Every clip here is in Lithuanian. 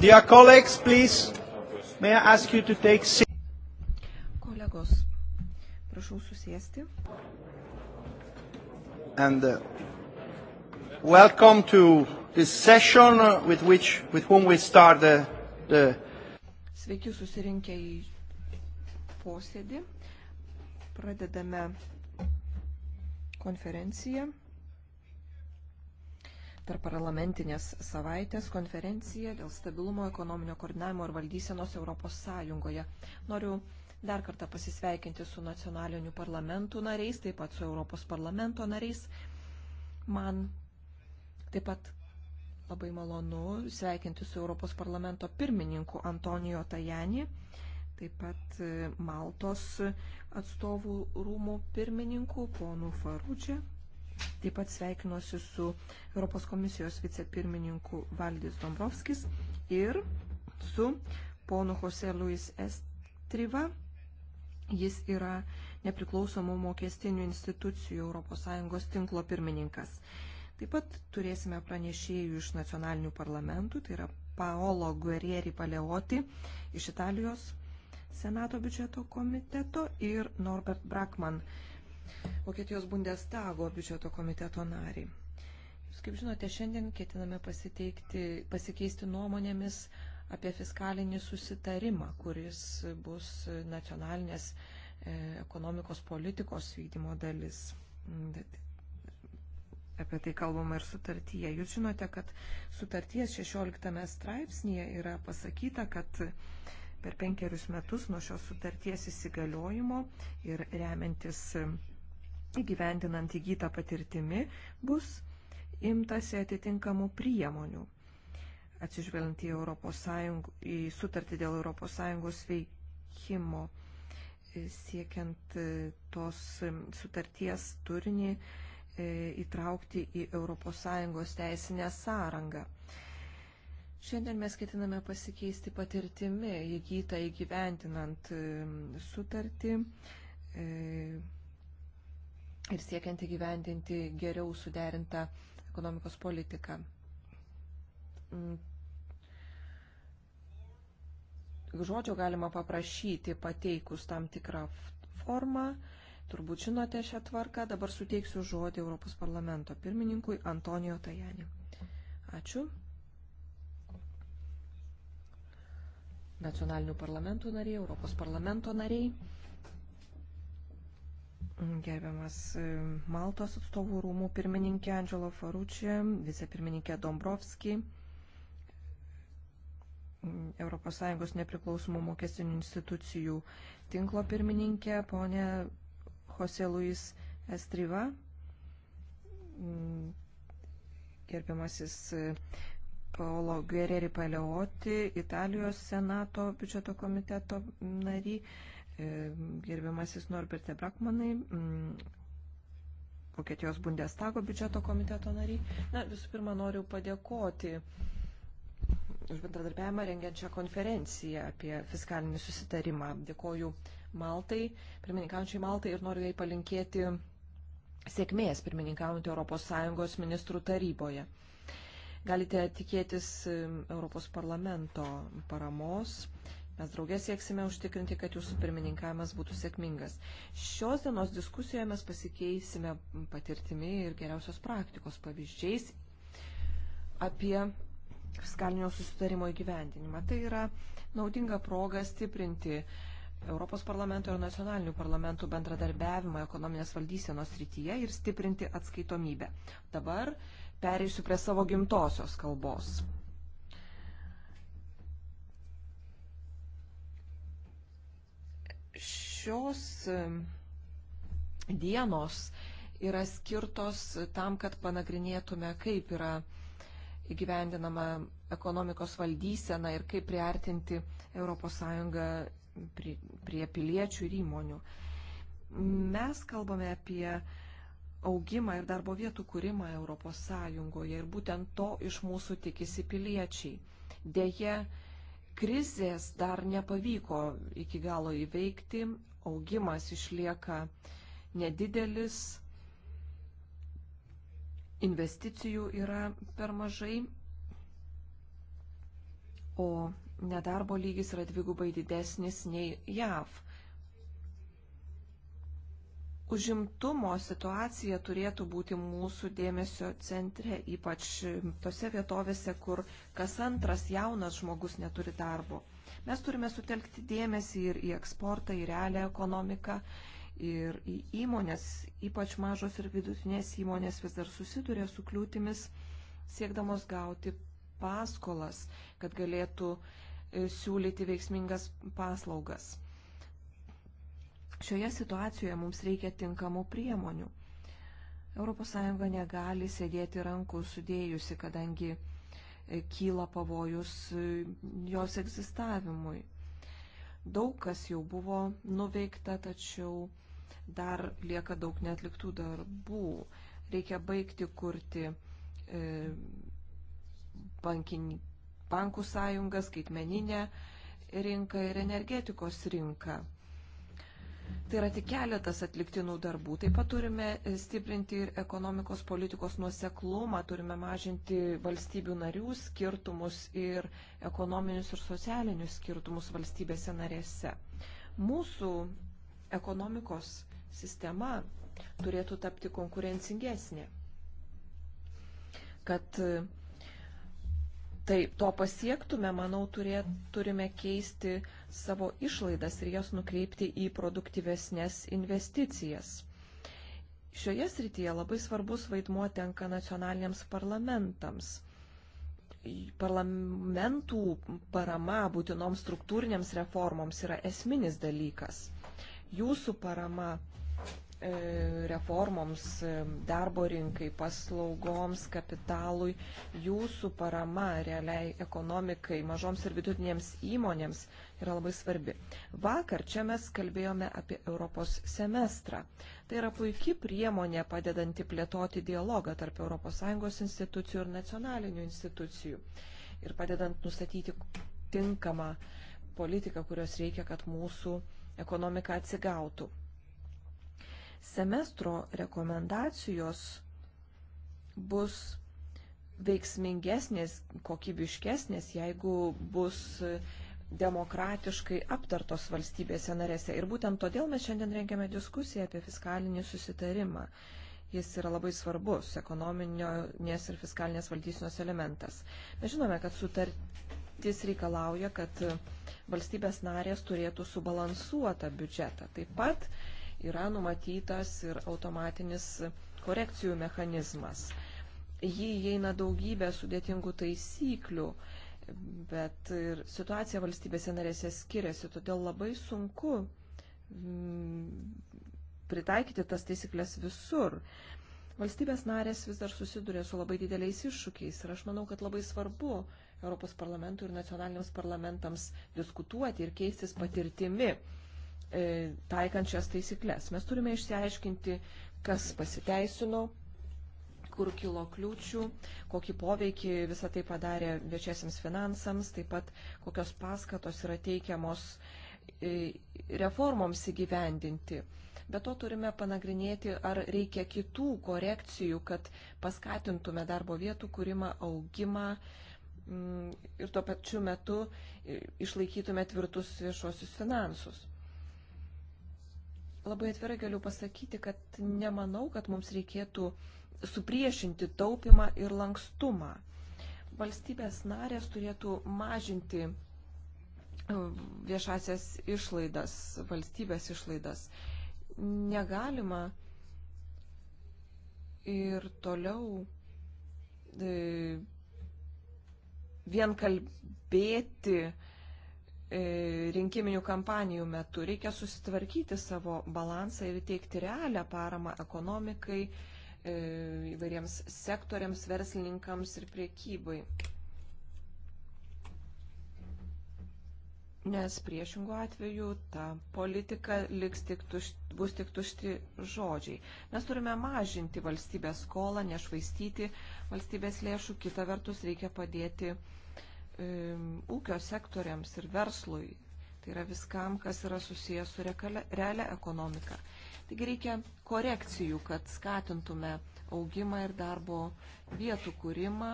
Dear colleagues, please, may I ask you to take seat? Kolegos, prašau susėsti. And uh, welcome to this session uh, with which, with whom we start the, the Sveiki susirinkę į posėdį. Pradedame konferenciją per parlamentinės savaitės konferenciją dėl stabilumo ekonominio koordinavimo ir valdysenos Europos Sąjungoje. Noriu dar kartą pasisveikinti su nacionaliniu parlamentų nariais, taip pat su Europos parlamento nariais. Man taip pat labai malonu sveikinti su Europos parlamento pirmininku Antonijo Tajani, taip pat e, Maltos atstovų rūmų pirmininku ponu Farūdžiu Taip pat sveikinuosi su Europos komisijos vicepirmininku Valdis Dombrovskis ir su ponu Jose Luis Estriva. Jis yra nepriklausomų mokestinių institucijų ES tinklo pirmininkas. Taip pat turėsime pranešėjų iš nacionalinių parlamentų, tai yra Paolo Guerrieri Paleoti iš Italijos Senato biudžeto komiteto ir Norbert Brackman Vokietijos Bundestago biudžeto komiteto narį. Jūs kaip žinote, šiandien ketiname pasikeisti nuomonėmis apie fiskalinį susitarimą, kuris bus nacionalinės e, ekonomikos politikos vykdymo dalis. Apie tai kalbama ir sutartyje. Jūs žinote, kad sutarties 16 straipsnėje yra pasakyta, kad per penkerius metus nuo šios sutarties įsigaliojimo ir remiantis įgyvendinant įgytą patirtimi, bus imtasi atitinkamų priemonių. Atsižvelgiant į, Sąjung, į sutartį dėl ES veikimo, e, siekiant e, tos e, sutarties turinį įtraukti į ES teisinę sąrangą. Šiandien mes ketiname pasikeisti patirtimi įgytą įgyventinant sutartį ir siekiant įgyvendinti geriau suderintą ekonomikos politiką. Mm. Žodžio galima paprašyti pateikus tam tikrą formą. Turbūt žinote šią tvarką. Dabar suteiksiu žodį Europos parlamento pirmininkui Antonijo Tajani. Ačiū. Nacionalinių parlamentų nariai, Europos parlamento nariai. Gerbiamas e, Maltos atstovų rūmų pirmininkė Angelo Faručia, vicepirmininkė Dombrovski, ES nepriklausomų mokestinių institucijų tinklo pirmininkė ponė Jose Luis Estriva, gerbiamasis e, Paolo Guerreri Paleoti, Italijos Senato biudžeto komiteto nariai E, gerbiamasis Norberte Brakmanai, Vokietijos Bundestago biudžeto komiteto nariai. Na, visų pirma, noriu padėkoti už bendradarbiavimą rengiančią konferenciją apie fiskalinį susitarimą. Dėkoju Maltai, pirmininkaujančiai Maltai ir noriu jai palinkėti sėkmės pirmininkaujant ES ministrų taryboje. Galite tikėtis e, Europos parlamento paramos Mes draugės sieksime užtikrinti, kad jūsų pirmininkavimas būtų sėkmingas. Šios dienos diskusijoje mes pasikeisime patirtimi ir geriausios praktikos pavyzdžiais apie fiskalinio susitarimo įgyvendinimą. Tai yra naudinga proga stiprinti Europos parlamento ir nacionalinių parlamentų bendradarbiavimą ekonominės valdysenos rytyje ir stiprinti atskaitomybę. Dabar pereisiu prie savo gimtosios kalbos. šios dienos yra skirtos tam, kad panagrinėtume, kaip yra įgyvendinama ekonomikos valdysena ir kaip priartinti ES prie, prie piliečių ir įmonių. Mes kalbame apie augimą ir darbo vietų kūrimą ES ir būtent to iš mūsų tikisi piliečiai. Deja, krizės dar nepavyko iki galo įveikti, augimas išlieka nedidelis, investicijų yra per mažai, o nedarbo lygis yra dvigubai didesnis nei JAV. Užimtumo situacija turėtų būti mūsų dėmesio centre, ypač tose vietovėse, kur kas antras jaunas žmogus neturi darbo. Mes turime sutelkti dėmesį ir į eksportą, į realią ekonomiką, ir į įmonės, ypač mažos ir vidutinės įmonės vis dar susiduria su kliūtimis, siekdamos gauti paskolas, kad galėtų e, siūlyti veiksmingas paslaugas. Šioje situacijoje mums reikia tinkamų priemonių. ES negali sėdėti rankų sudėjusi, kadangi kyla pavojus e, jos egzistavimui. Daug kas jau buvo nuveikta, tačiau dar lieka daug netliktų darbų. Reikia baigti kurti e, bankinį, bankų sąjungą, skaitmeninę rinką ir energetikos rinką. Tai yra tik keletas atliktinų darbų. Taip pat turime e, stiprinti ir ekonomikos politikos nuoseklumą, turime mažinti valstybių narių skirtumus ir ekonominius ir socialinius skirtumus valstybėse narėse. Mūsų ekonomikos sistema turėtų tapti konkurencingesnė, kad e, taip to pasiektume, manau, turė, turime keisti savo išlaidas ir jas nukreipti į produktyvesnės investicijas. Šioje srityje labai svarbus vaidmuo tenka nacionaliniams parlamentams. Parlamentų parama būtinoms struktūriniams reformoms yra esminis dalykas. Jūsų parama E, reformoms, e, darbo rinkai, paslaugoms, kapitalui, jūsų parama realiai ekonomikai, mažoms ir vidutinėms įmonėms yra labai svarbi. Vakar čia mes kalbėjome apie Europos semestrą. Tai yra puikia priemonė padedanti plėtoti dialogą tarp ES institucijų ir nacionalinių institucijų ir padedant nustatyti tinkamą politiką, kurios reikia, kad mūsų ekonomika atsigautų semestro rekomendacijos bus veiksmingesnės, kokybiškesnės, jeigu bus demokratiškai aptartos valstybėse narėse. Ir būtent todėl mes šiandien rengiame diskusiją apie fiskalinį susitarimą. Jis yra labai svarbus ekonominės ir fiskalinės valdysinos elementas. Mes žinome, kad sutartis reikalauja, kad valstybės narės turėtų subalansuotą biudžetą. Taip pat yra numatytas ir automatinis korekcijų mechanizmas. Jį įeina daugybė sudėtingų taisyklių, bet ir situacija valstybėse narėse skiriasi, todėl labai sunku mm, pritaikyti tas taisyklės visur. Valstybės narės vis dar susiduria su labai dideliais iššūkiais ir aš manau, kad labai svarbu Europos parlamentui ir nacionaliniams parlamentams diskutuoti ir keistis patirtimi E, taikančias taisyklės. Mes turime išsiaiškinti, kas pasiteisino, kur kilo kliūčių, kokį poveikį visą tai padarė viešiesiams finansams, taip pat kokios paskatos yra teikiamos e, reformoms įgyvendinti. Be to turime panagrinėti, ar reikia kitų korekcijų, kad paskatintume darbo vietų kūrimą, augimą mm, ir tuo pačiu metu e, išlaikytume tvirtus viešuosius finansus labai atvirai galiu pasakyti, kad nemanau, kad mums reikėtų supriešinti taupimą ir lankstumą. Valstybės narės turėtų mažinti e, viešasias išlaidas, valstybės išlaidas. Negalima ir toliau e, vien kalbėti, E, rinkiminių kampanijų metu. Reikia susitvarkyti savo balansą ir teikti realią paramą ekonomikai, e, įvairiems sektoriams, verslininkams ir priekybai. Nes priešingų atveju ta politika tik tušt, bus tik tušti žodžiai. Mes turime mažinti valstybės skolą, nešvaistyti valstybės lėšų, kita vertus reikia padėti uh, ūkio sektoriams ir verslui. Tai yra viskam, kas yra susijęs su realia ekonomika. Taigi reikia korekcijų, kad skatintume augimą ir darbo vietų kūrimą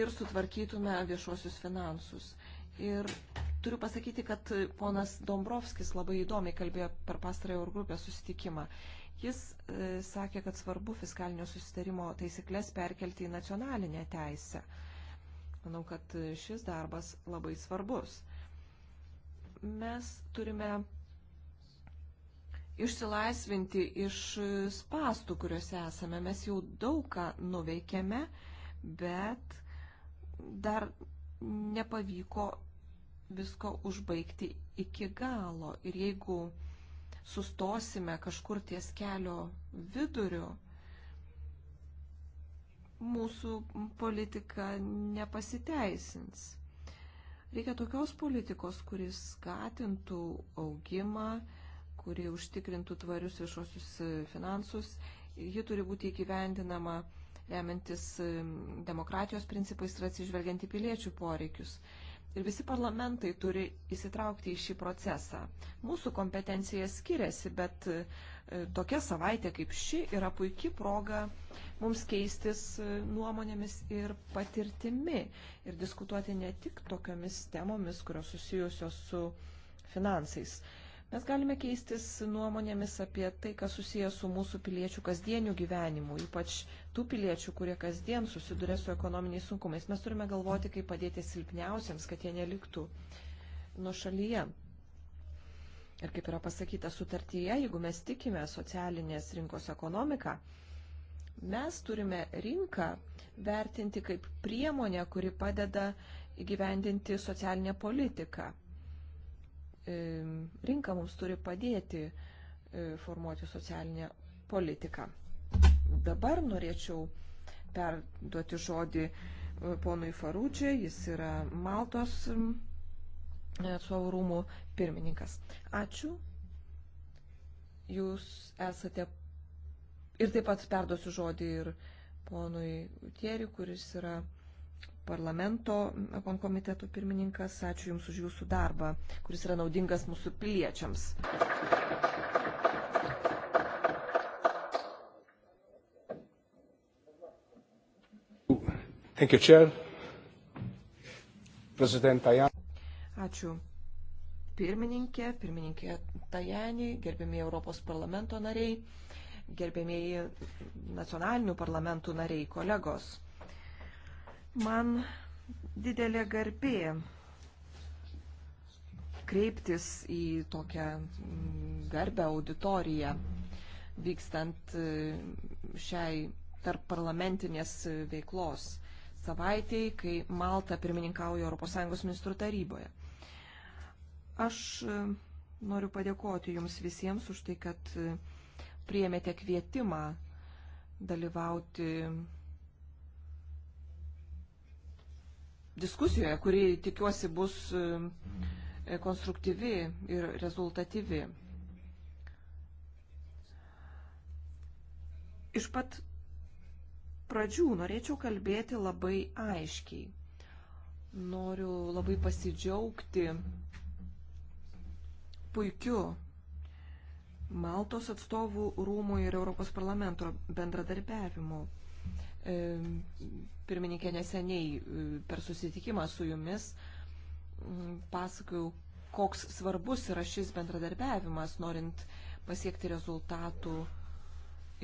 ir sutvarkytume viešuosius finansus. Ir turiu pasakyti, kad ponas Dombrovskis labai įdomiai kalbėjo per pastarąją Eurogrupę susitikimą. Jis e, sakė, kad svarbu fiskalinio susitarimo taisyklės perkelti į nacionalinę teisę. E, Manau, kad šis darbas labai svarbus. Mes turime išsilaisvinti iš spastų, kuriuose esame. Mes jau daug ką nuveikėme, bet dar nepavyko visko užbaigti iki galo. Ir jeigu sustosime kažkur ties kelio viduriu, mūsų politika nepasiteisins. Reikia tokios politikos, kuris skatintų augimą, kuri užtikrintų tvarius viešosius finansus. Ji turi būti įgyvendinama remiantis demokratijos principais ir atsižvelgiant į piliečių poreikius. Ir visi parlamentai turi įsitraukti į šį procesą. Mūsų kompetencija skiriasi, bet uh, E, tokia savaitė kaip ši yra puikia proga mums keistis e, nuomonėmis ir patirtimi ir diskutuoti ne tik tokiomis temomis, kurios susijusios su finansais. Mes galime keistis nuomonėmis apie tai, kas susijęs su mūsų piliečių kasdieniu gyvenimu, ypač tų piliečių, kurie kasdien susiduria su ekonominiais sunkumais. Mes turime galvoti, kaip padėti silpniausiams, kad jie neliktų nuo šalyje. Ir kaip yra pasakyta sutartyje, jeigu mes tikime socialinės rinkos ekonomiką, mes turime rinką vertinti kaip priemonę, kuri padeda įgyvendinti socialinę politiką. Rinka mums turi padėti e, formuoti socialinę politiką. Dabar norėčiau perduoti žodį e, ponui Farūdžiai, jis yra Maltos atstovų rūmų pirmininkas. Ačiū. Jūs esate ir taip pat perduosiu žodį ir ponui Tieri, kuris yra parlamento komiteto pirmininkas. Ačiū Jums už Jūsų darbą, kuris yra naudingas mūsų piliečiams. Thank you, Chair. President Tajani. Ačiū pirmininkė, pirmininkė Tajani, gerbėmiai Europos parlamento nariai, gerbėmiai nacionalinių parlamentų nariai, kolegos. Man didelė garbė kreiptis į tokią mm, garbę auditoriją, vykstant e, šiai tarp parlamentinės veiklos savaitėjai, kai Malta pirmininkauja ES ministrų taryboje. Aš e, noriu padėkoti Jums visiems už tai, kad e, priėmėte kvietimą dalyvauti diskusijoje, kuri tikiuosi bus e, konstruktyvi ir rezultatyvi. Iš pat pradžių norėčiau kalbėti labai aiškiai. Noriu labai pasidžiaugti puikiu Maltos atstovų rūmų ir Europos parlamento bendradarbiavimu. E, pirmininkė neseniai e, per susitikimą su jumis pasakojau, koks svarbus yra šis bendradarbiavimas, norint pasiekti rezultatų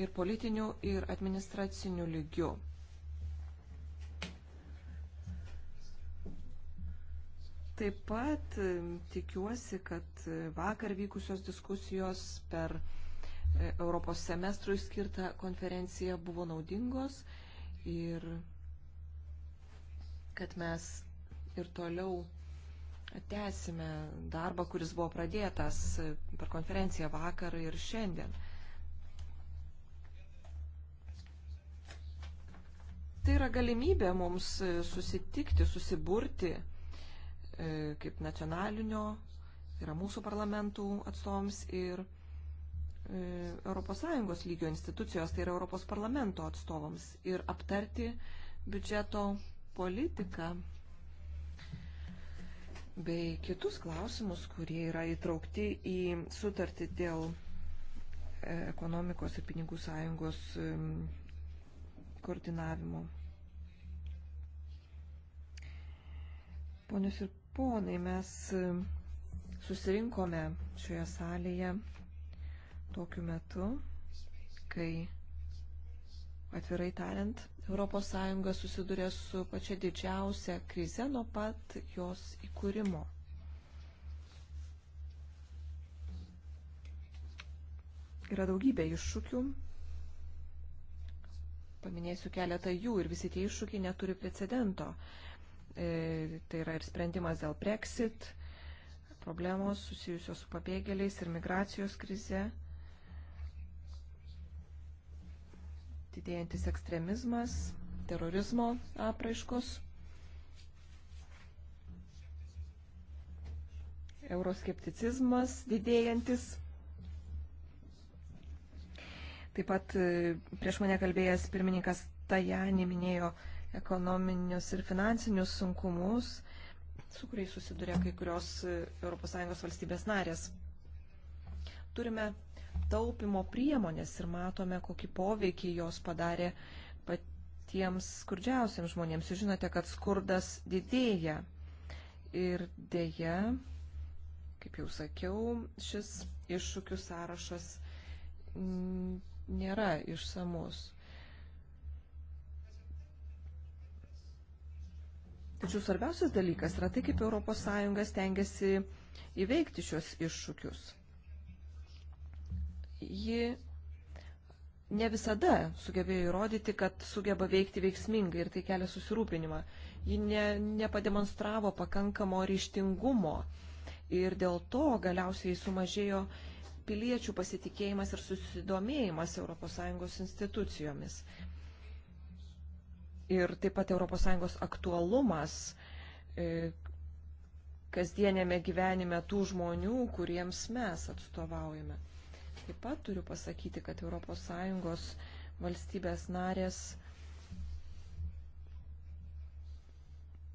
ir politinių, ir administracinių lygių. Taip pat e, tikiuosi, kad e, vakar vykusios diskusijos per e, Europos semestrui skirtą konferenciją buvo naudingos ir kad mes ir toliau tęsime darbą, kuris buvo pradėtas per konferenciją vakar ir šiandien. Tai yra galimybė mums susitikti, susiburti E, kaip nacionalinio, yra mūsų parlamentų atstovams ir ES lygio institucijos, tai yra Europos parlamento atstovams ir aptarti biudžeto politiką bei kitus klausimus, kurie yra įtraukti į sutartį dėl e, ekonomikos ir pinigų sąjungos e, koordinavimo. Ponios ir ponai, mes e, susirinkome šioje salėje tokiu metu, kai, atvirai tariant, ES susiduria su pačia didžiausia krize nuo pat jos įkūrimo. Yra daugybė iššūkių. Paminėsiu keletą jų ir visi tie iššūkiai neturi precedento. E, tai yra ir sprendimas dėl Brexit, problemos susijusios su pabėgėliais ir migracijos krize, didėjantis ekstremizmas, terorizmo apraiškos, euroskepticizmas didėjantis. Taip pat e, prieš mane kalbėjęs pirmininkas Tajani minėjo ekonominius ir finansinius sunkumus, su kuriais susiduria kai kurios ES valstybės narės. Turime taupimo priemonės ir matome, kokį poveikį jos padarė patiems skurdžiausiams žmonėms. Jūs žinote, kad skurdas didėja. Ir dėja, kaip jau sakiau, šis iššūkių sąrašas nėra išsamus. Tačiau svarbiausias dalykas yra tai, kaip ES stengiasi įveikti šios iššūkius. Ji ne visada sugebėjo įrodyti, kad sugeba veikti veiksmingai ir tai kelia susirūpinimą. Ji ne, nepademonstravo pakankamo ryštingumo ir dėl to galiausiai sumažėjo piliečių pasitikėjimas ir susidomėjimas ES institucijomis ir taip pat ES aktualumas e, kasdienėme gyvenime tų žmonių, kuriems mes atstovaujame. Taip pat turiu pasakyti, kad ES valstybės narės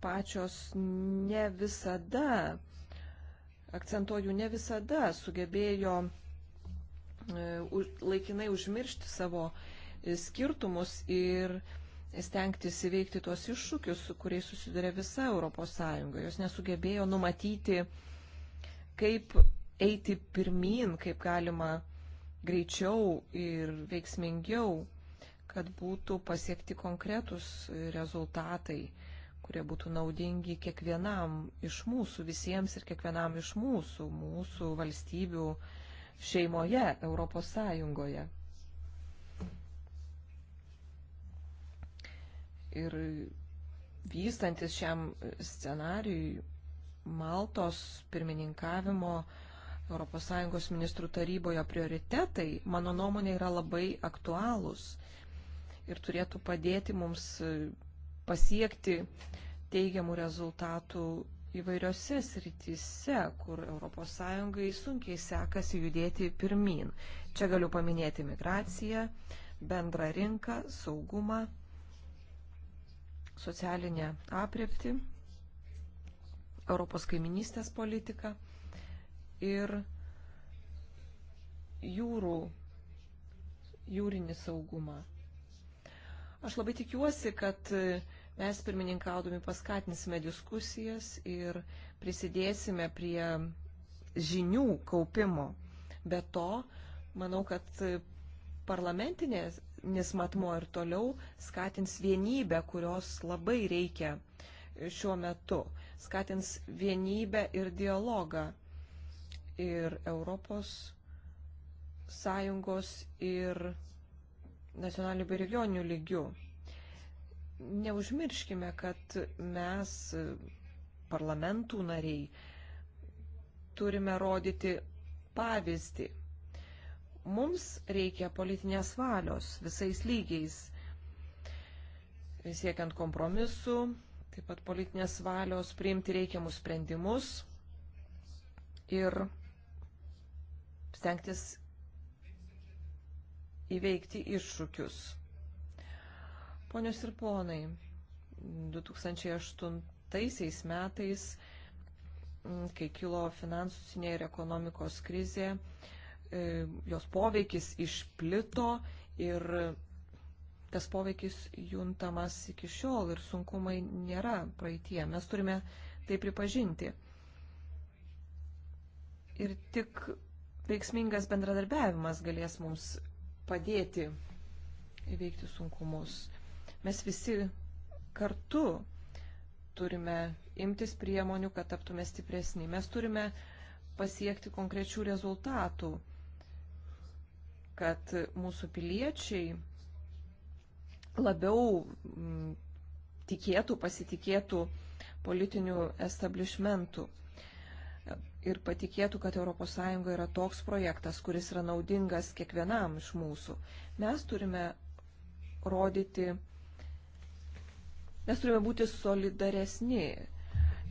pačios ne visada, akcentuoju, ne visada sugebėjo e, laikinai užmiršti savo e, skirtumus ir stengtis įveikti tuos iššūkius, su kuriais susiduria visa ES. Jos nesugebėjo numatyti, kaip eiti pirmin, kaip galima greičiau ir veiksmingiau, kad būtų pasiekti konkretus rezultatai, kurie būtų naudingi kiekvienam iš mūsų, visiems ir kiekvienam iš mūsų, mūsų valstybių šeimoje, Europos Sąjungoje. ir vystantis šiam scenarijui Maltos pirmininkavimo ES ministrų taryboje prioritetai, mano nuomonė, yra labai aktualūs ir turėtų padėti mums pasiekti teigiamų rezultatų įvairiose srityse, kur ES sunkiai sekasi judėti pirmin. Čia galiu paminėti migraciją, bendrą rinką, saugumą, socialinę apriepti, Europos kaiminystės politiką ir jūrų, jūrinį saugumą. Aš labai tikiuosi, kad mes pirmininkaudami paskatinsime diskusijas ir prisidėsime prie žinių kaupimo. Be to, manau, kad parlamentinės nes matmo ir toliau skatins vienybę, kurios labai reikia šiuo metu, skatins vienybę ir dialogą ir Europos Sąjungos ir nacionalinių bei regioninių lygių. Neužmirškime, kad mes, parlamentų nariai, turime rodyti pavyzdį Mums reikia politinės valios visais lygiais, siekiant kompromisų, taip pat politinės valios priimti reikiamus sprendimus ir stengtis įveikti iššūkius. Ponios ir ponai, 2008 metais, kai kilo finansinė ir ekonomikos krizė, E, jos poveikis išplito ir tas poveikis juntamas iki šiol ir sunkumai nėra praeitie. Mes turime tai pripažinti. Ir tik veiksmingas bendradarbiavimas galės mums padėti įveikti sunkumus. Mes visi kartu turime imtis priemonių, kad taptume stipresni. Mes turime pasiekti konkrečių rezultatų kad mūsų piliečiai labiau mm, tikėtų, pasitikėtų politinių establishmentų ir patikėtų, kad ES yra toks projektas, kuris yra naudingas kiekvienam iš mūsų. Mes turime rodyti, mes turime būti solidaresni.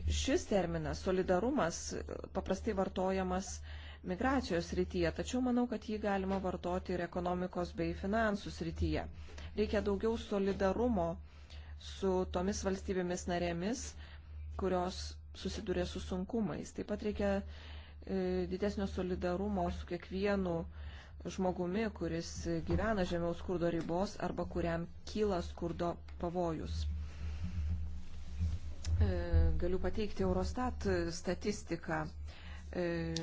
Šis terminas solidarumas paprastai vartojamas uh, migracijos srityje, tačiau manau, kad jį galima vartoti ir ekonomikos bei finansų srityje. Reikia daugiau solidarumo su tomis valstybėmis narėmis, kurios susiduria su sunkumais. Taip pat reikia e, didesnio solidarumo su kiekvienu žmogumi, kuris gyvena žemiau skurdo ribos arba kuriam kyla skurdo pavojus. E, galiu pateikti Eurostat statistiką. E, E,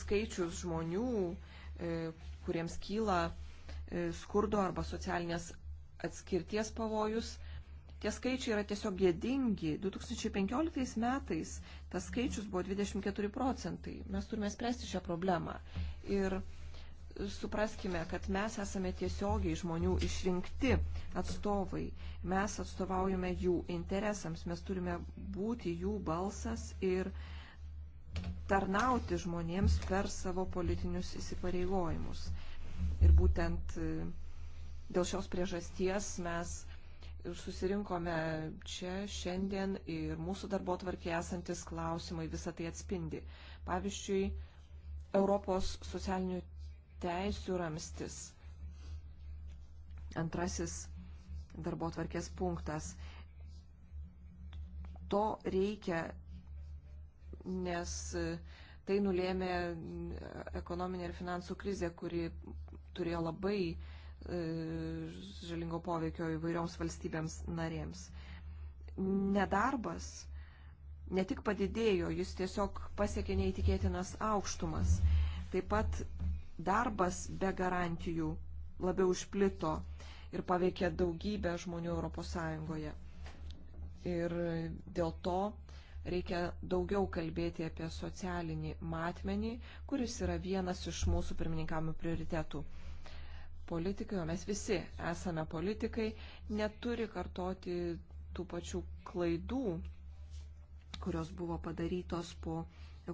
skaičius žmonių, e, kuriems kyla e, skurdo arba socialinės atskirties pavojus. Tie skaičiai yra tiesiog gėdingi. 2015 metais tas skaičius buvo 24 procentai. Mes turime spręsti šią problemą. Ir supraskime, kad mes esame tiesiogiai žmonių išrinkti atstovai. Mes atstovaujame jų interesams, mes turime būti jų balsas ir tarnauti žmonėms per savo politinius įsipareigojimus. Ir būtent e, dėl šios priežasties mes susirinkome čia šiandien ir mūsų darbo tvarkė esantis klausimai visą tai atspindi. Pavyzdžiui, Europos socialinių teisų ramstis. Antrasis darbo tvarkės punktas. To reikia, nes tai nulėmė ekonominė ir finansų krizė, kuri turėjo labai e, žalingo poveikio įvairioms valstybėms narėms. Nedarbas ne tik padidėjo, jis tiesiog pasiekė neįtikėtinas aukštumas. Taip pat darbas be garantijų labiau išplito ir paveikė daugybę žmonių ES. Ir dėl to reikia daugiau kalbėti apie socialinį matmenį, kuris yra vienas iš mūsų pirmininkamų prioritetų. Politikai, o mes visi esame politikai, neturi kartoti tų pačių klaidų, kurios buvo padarytos po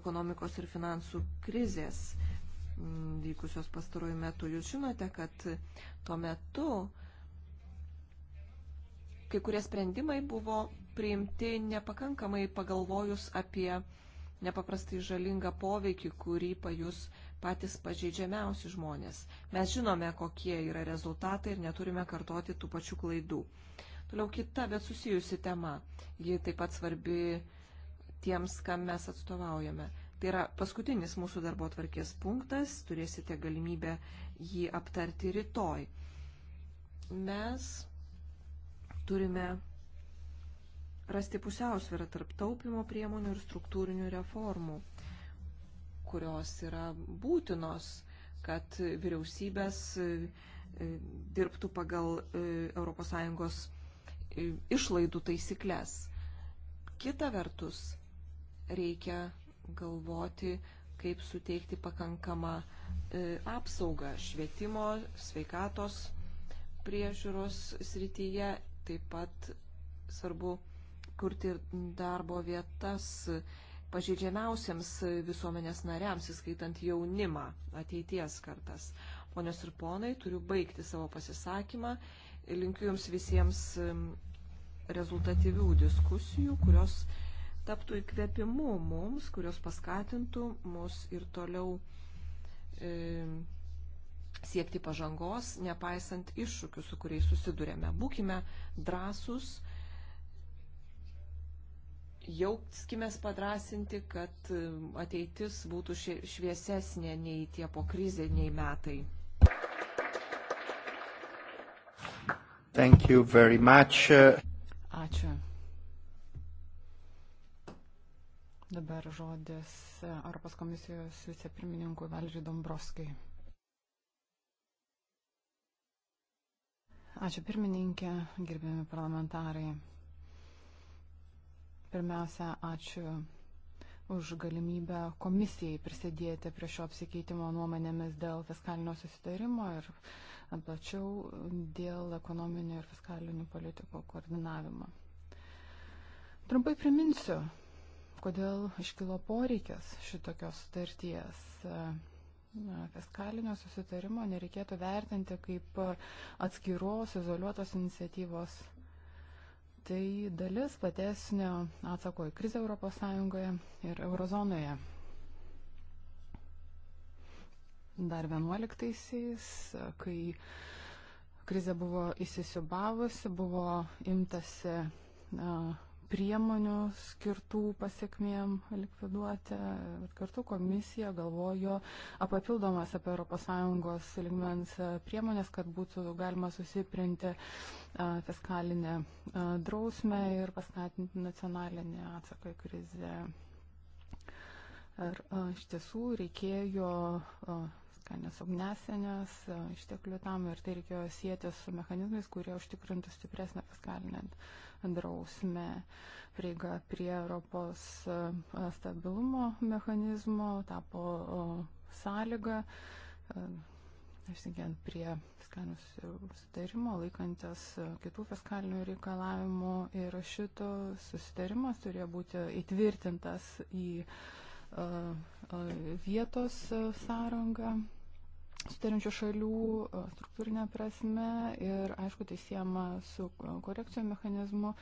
ekonomikos ir finansų krizės vykusios pastarojų metų. Jūs žinote, kad tuo metu kai kurie sprendimai buvo priimti nepakankamai pagalvojus apie nepaprastai žalingą poveikį, kurį pajus patys pažeidžiamiausi žmonės. Mes žinome, kokie yra rezultatai ir neturime kartoti tų pačių klaidų. Toliau kita, bet susijusi tema. Ji taip pat svarbi tiems, kam mes atstovaujame. Tai yra paskutinis mūsų darbo tvarkės punktas, turėsite galimybę jį aptarti rytoj. Mes turime rasti pusiausvyrą tarp taupimo priemonių ir struktūrinių reformų, kurios yra būtinos, kad vyriausybės e, e, dirbtų pagal ES e, išlaidų taisyklės. Kita vertus, reikia galvoti, kaip suteikti pakankamą e, apsaugą švietimo, sveikatos priežiūros srityje. Taip pat svarbu kurti ir darbo vietas pažeidžiamiausiams visuomenės nariams, įskaitant jaunimą, ateities kartas. Ponios ir ponai, turiu baigti savo pasisakymą. Linkiu Jums visiems rezultatyvių diskusijų, kurios taptų įkvėpimu mums, kurios paskatintų mus ir toliau e, siekti pažangos, nepaisant iššūkių, su kuriais susidurėme. Būkime drąsus, jaukskime padrasinti, kad e, ateitis būtų šviesesnė nei tie po krizė, nei metai. Ačiū. Dabar žodis Europos komisijos vicepirmininkui Valdžiui Dombrovskijai. Ačiū pirmininkė, gerbiami parlamentarai. Pirmiausia, ačiū už galimybę komisijai prisidėti prie šio apsikeitimo nuomonėmis dėl fiskalinio susitarimo ir plačiau dėl ekonominio ir fiskalinių politikų koordinavimo. Trumpai priminsiu, kodėl iškilo poreikis šitokios sutarties. Fiskalinio susitarimo nereikėtų vertinti kaip atskiros izoliuotos iniciatyvos. Tai dalis platesnio atsako į krizę ES ir eurozonoje. Dar 11-aisiais, kai krizė buvo įsisiubavusi, buvo imtasi uh, priemonių skirtų pasiekmėm likviduoti. Ir kartu komisija galvojo papildomas apie ES lygmens e, priemonės, kad būtų galima susiprinti e, fiskalinę e, drausmę ir paskatinti nacionalinį atsaką į krizę. Ir iš tiesų reikėjo nes ugnesenės, išteklių tam ir tai reikėjo sieti su mechanizmais, kurie užtikrintų stipresnę fiskalinę drausmę drausmę, prieiga prie Europos e, stabilumo mechanizmo tapo sąlyga e, išsigiant prie fiskalinių susitarimo, laikantis e, kitų fiskalinių reikalavimų ir šito susitarimas turėjo būti įtvirtintas į vietos sąrangą sutarinčių šalių e, struktūrinė prasme ir, aišku, tai siema su korekcijų mechanizmu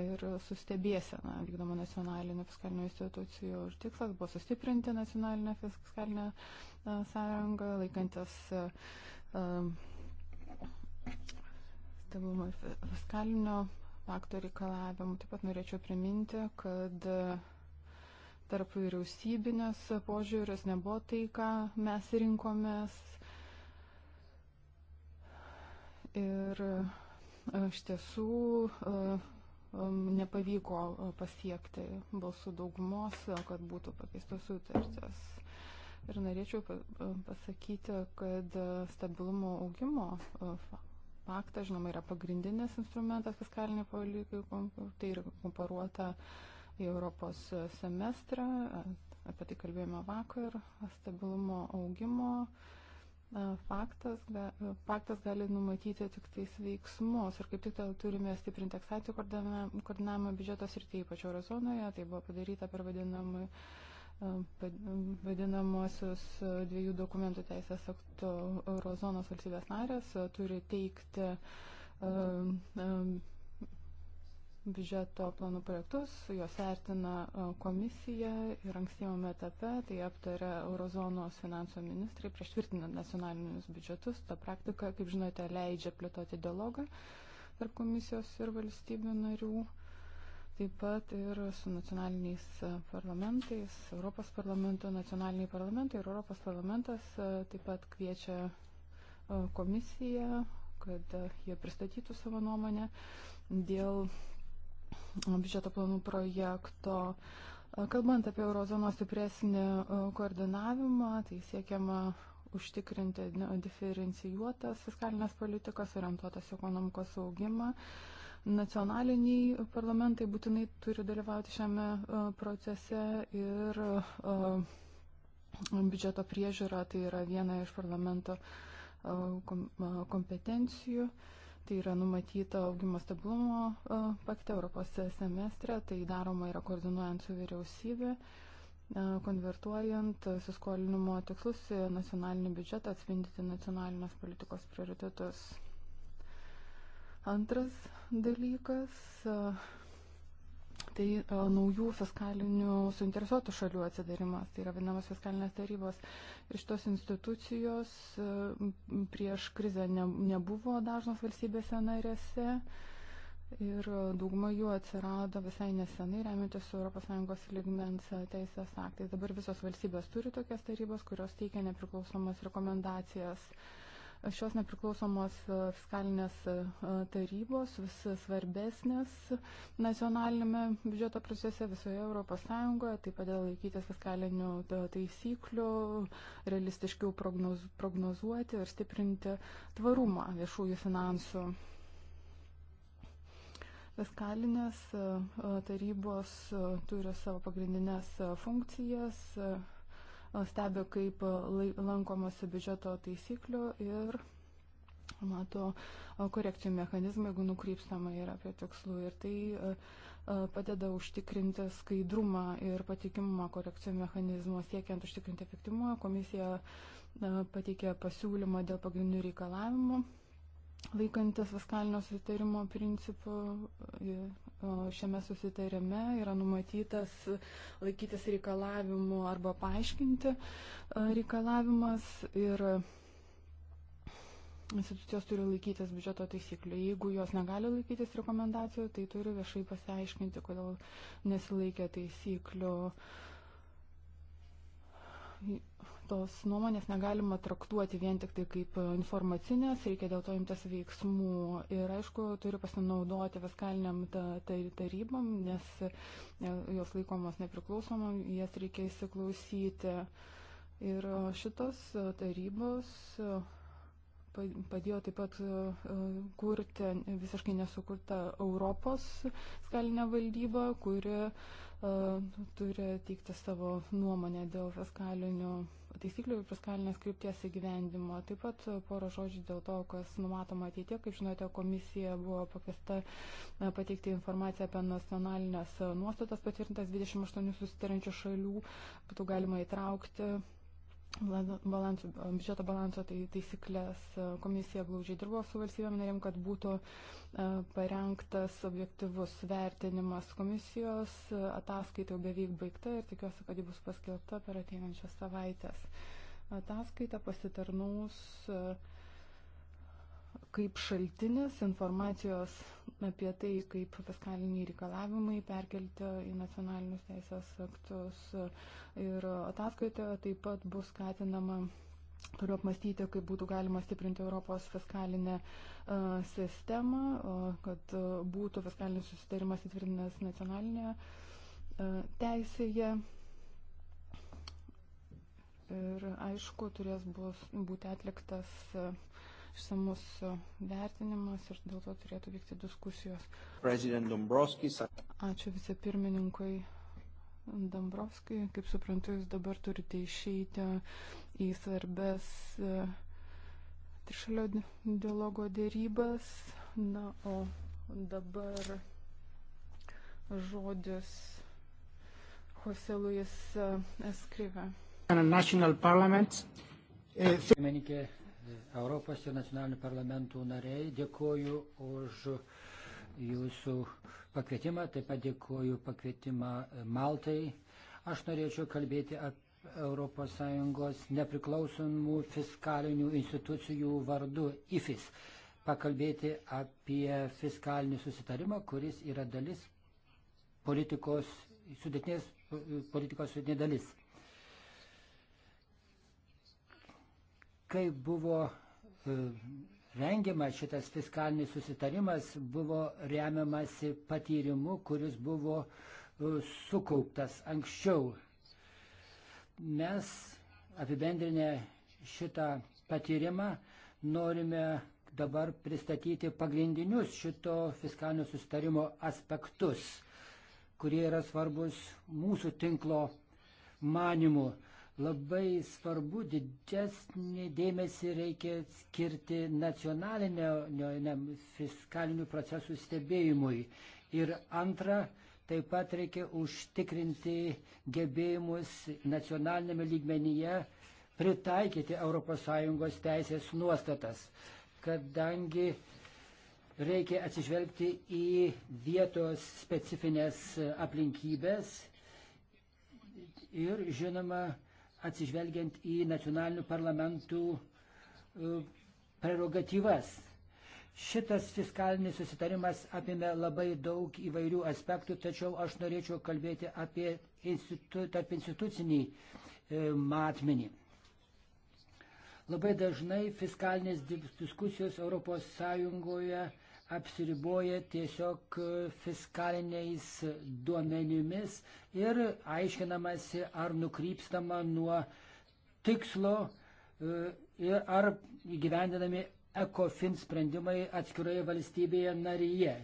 ir su stebėsena vykdoma nacionalinių fiskalinių institucijų. Ir tikslas buvo sustiprinti nacionalinę fiskalinę e, sąrangą, laikantis e, stabilumo ir fiskalinio fakto reikalavimų. Taip pat norėčiau priminti, kad tarp vyriausybinės požiūris nebuvo tai, ką mes rinkomės. Ir e, iš tiesų e, e, nepavyko pasiekti balsų daugumos, kad būtų pakeistos sutartis. Ir norėčiau pasakyti, kad stabilumo augimo paktas, žinoma, yra pagrindinis instrumentas fiskaliniai politikai, tai yra komparuota uh, į Europos semestrą, apie tai kalbėjome vakar, stabilumo augimo e, faktas, e, faktas gali numatyti tik tais veiksmus ir kaip tik turime stiprinti eksacijų koordinavimą biudžetos ir tai ypač eurozonoje, tai buvo padaryta per vadinamą e, vadinamosius dviejų dokumentų teisės aktų eurozonos valstybės narės turi teikti biudžeto planų projektus, juos vertina e, komisija ir ankstyvame etape tai aptarė Eurozonos finansų ministrai prieš tvirtinant nacionalinius biudžetus. Ta praktika, kaip žinote, leidžia plėtoti dialogą tarp komisijos ir valstybių narių, taip pat ir su nacionaliniais e, parlamentais, Europos parlamento, nacionaliniai parlamentai ir Europos parlamentas e, taip pat kviečia komisiją, kad jie pristatytų savo nuomonę dėl biudžeto planų projekto. Kalbant apie eurozonos stipresnį e, koordinavimą, tai siekiama užtikrinti diferencijuotas fiskalinės politikos orientuotas ekonomikos augimą. Nacionaliniai parlamentai būtinai turi dalyvauti šiame e, procese ir e, biudžeto priežiūra tai yra viena iš parlamento kompetencijų. Uh, Tai yra numatyta augimo stabilumo e, pakte Europos semestre, tai daroma yra koordinuojant su vyriausybė, e, konvertuojant suskolinimo tikslus į nacionalinį biudžetą atspindyti nacionalinės politikos prioritetus. Antras dalykas e, tai e, naujų fiskalinių suinteresuotų šalių atsidarimas, tai yra vienamas fiskalinės tarybos. Iš tos institucijos e, prieš krizę ne, nebuvo dažnos valstybėse narėse. Ir e, dauguma jų atsirado visai nesenai, remiantis ES lygmens teisės aktais. Dabar visos valstybės turi tokias tarybas, kurios teikia nepriklausomas rekomendacijas uh, šios nepriklausomos e, fiskalinės e, tarybos vis svarbesnės nacionalinėme biudžeto procese visoje ES, taip pat dėl laikytis fiskalinių e, taisyklių, realistiškiau prognoz, prognozuoti ir stiprinti tvarumą viešųjų finansų fiskalinės tarybos turi savo pagrindinės funkcijas stebi, kaip e, lankomasi biudžeto taisyklių ir mato e, korekcijų mechanizmą, jeigu nukrypstama yra prie tikslų. Ir tai e, padeda užtikrinti skaidrumą ir patikimumą korekcijų mechanizmo. Siekiant užtikrinti efektyvumą, komisija pateikė pasiūlymą dėl pagrindinių reikalavimų laikantis fiskalinio sutarimo principų. Ir šiame susitarime yra numatytas laikytis reikalavimų arba paaiškinti e, reikalavimas ir institucijos turi laikytis biudžeto taisyklių. Jeigu jos negali laikytis rekomendacijų, tai turi viešai pasiaiškinti, kodėl nesilaikė taisyklių. Uh, tos nuomonės negalima traktuoti vien tik tai kaip informacinės, reikia dėl to imtas veiksmų ir aišku, turi pasinaudoti fiskaliniam tai, tarybam, nes e, jos laikomos nepriklausomam, jas reikia įsiklausyti. Ir šitos tarybos padėjo taip pat e, e, kurti visiškai nesukurtą Europos fiskalinę valdybą, kuri e, turi teikti savo nuomonę dėl fiskalinių taisyklių ir fiskalinės krypties įgyvendimo. Taip pat porą žodžių dėl to, kas numatoma ateitie. Kaip žinote, komisija buvo pakviesta pateikti informaciją apie nacionalinės nuostatas patvirtintas 28 susitarančių šalių, būtų galima įtraukti balanso, biudžeto balanso tai, taisyklės. E, komisija glaužiai dirbo su valstybėm narėm, kad būtų e, parengtas objektivus vertinimas komisijos. E, ataskaita jau beveik baigta ir tikiuosi, kad ji bus paskelbta per ateinančias savaitės. Ataskaita pasitarnaus uh, kaip šaltinis informacijos apie tai, kaip fiskaliniai reikalavimai perkelti į nacionalinius teisės aktus ir ataskaitoje taip pat bus skatinama turiu apmastyti, kaip būtų galima stiprinti Europos fiskalinę e, sistemą, kad e, būtų fiskalinis susitarimas įtvirtinęs nacionalinėje e, teisėje. Ir aišku, turės bus, būti atliktas išsamus e, vertinimas ir dėl to turėtų vykti diskusijos. Ačiū vicepirmininkui Dombrovskai. Kaip suprantu, jūs dabar turite išeiti į svarbes e, trišalio dialogo dėrybas. Na, o dabar žodis Jose Luis e, Escrive. National Parliament. Pirmininkė, Europos ir nacionalinių parlamentų nariai, dėkoju už jūsų pakvietimą, taip pat dėkoju pakvietimą Maltai. Aš norėčiau kalbėti apie ES nepriklausomų fiskalinių institucijų vardu IFIS, pakalbėti apie fiskalinį susitarimą, kuris yra dalis politikos, sudėtinės politikos sudėtinė dalis. Kai buvo e, rengiamas šitas fiskalinis susitarimas, buvo remiamasi patyrimu, kuris buvo e, sukauptas anksčiau. Mes apibendrinę šitą patyrimą norime dabar pristatyti pagrindinius šito fiskalinio sustarimo aspektus, kurie yra svarbus mūsų tinklo manimu. Labai svarbu didesnį dėmesį reikia skirti nacionaliniam fiskalinių procesų stebėjimui. Ir antra, taip pat reikia užtikrinti gebėjimus nacionalinėme lygmenyje pritaikyti ES teisės nuostatas, kadangi reikia atsižvelgti į vietos specifines aplinkybės ir, žinoma, atsižvelgiant į nacionalinių parlamentų e, prerogatyvas. Šitas fiskalinis susitarimas apima labai daug įvairių aspektų, tačiau aš norėčiau kalbėti apie institu, tarp institucinį e, matmenį. Labai dažnai fiskalinės diskusijos ES apsiriboja tiesiog fiskaliniais duomenimis ir aiškinamasi, ar nukrypstama nuo tikslo e, ir ar įgyvendinami ECOFIN sprendimai atskiroje valstybėje narėje.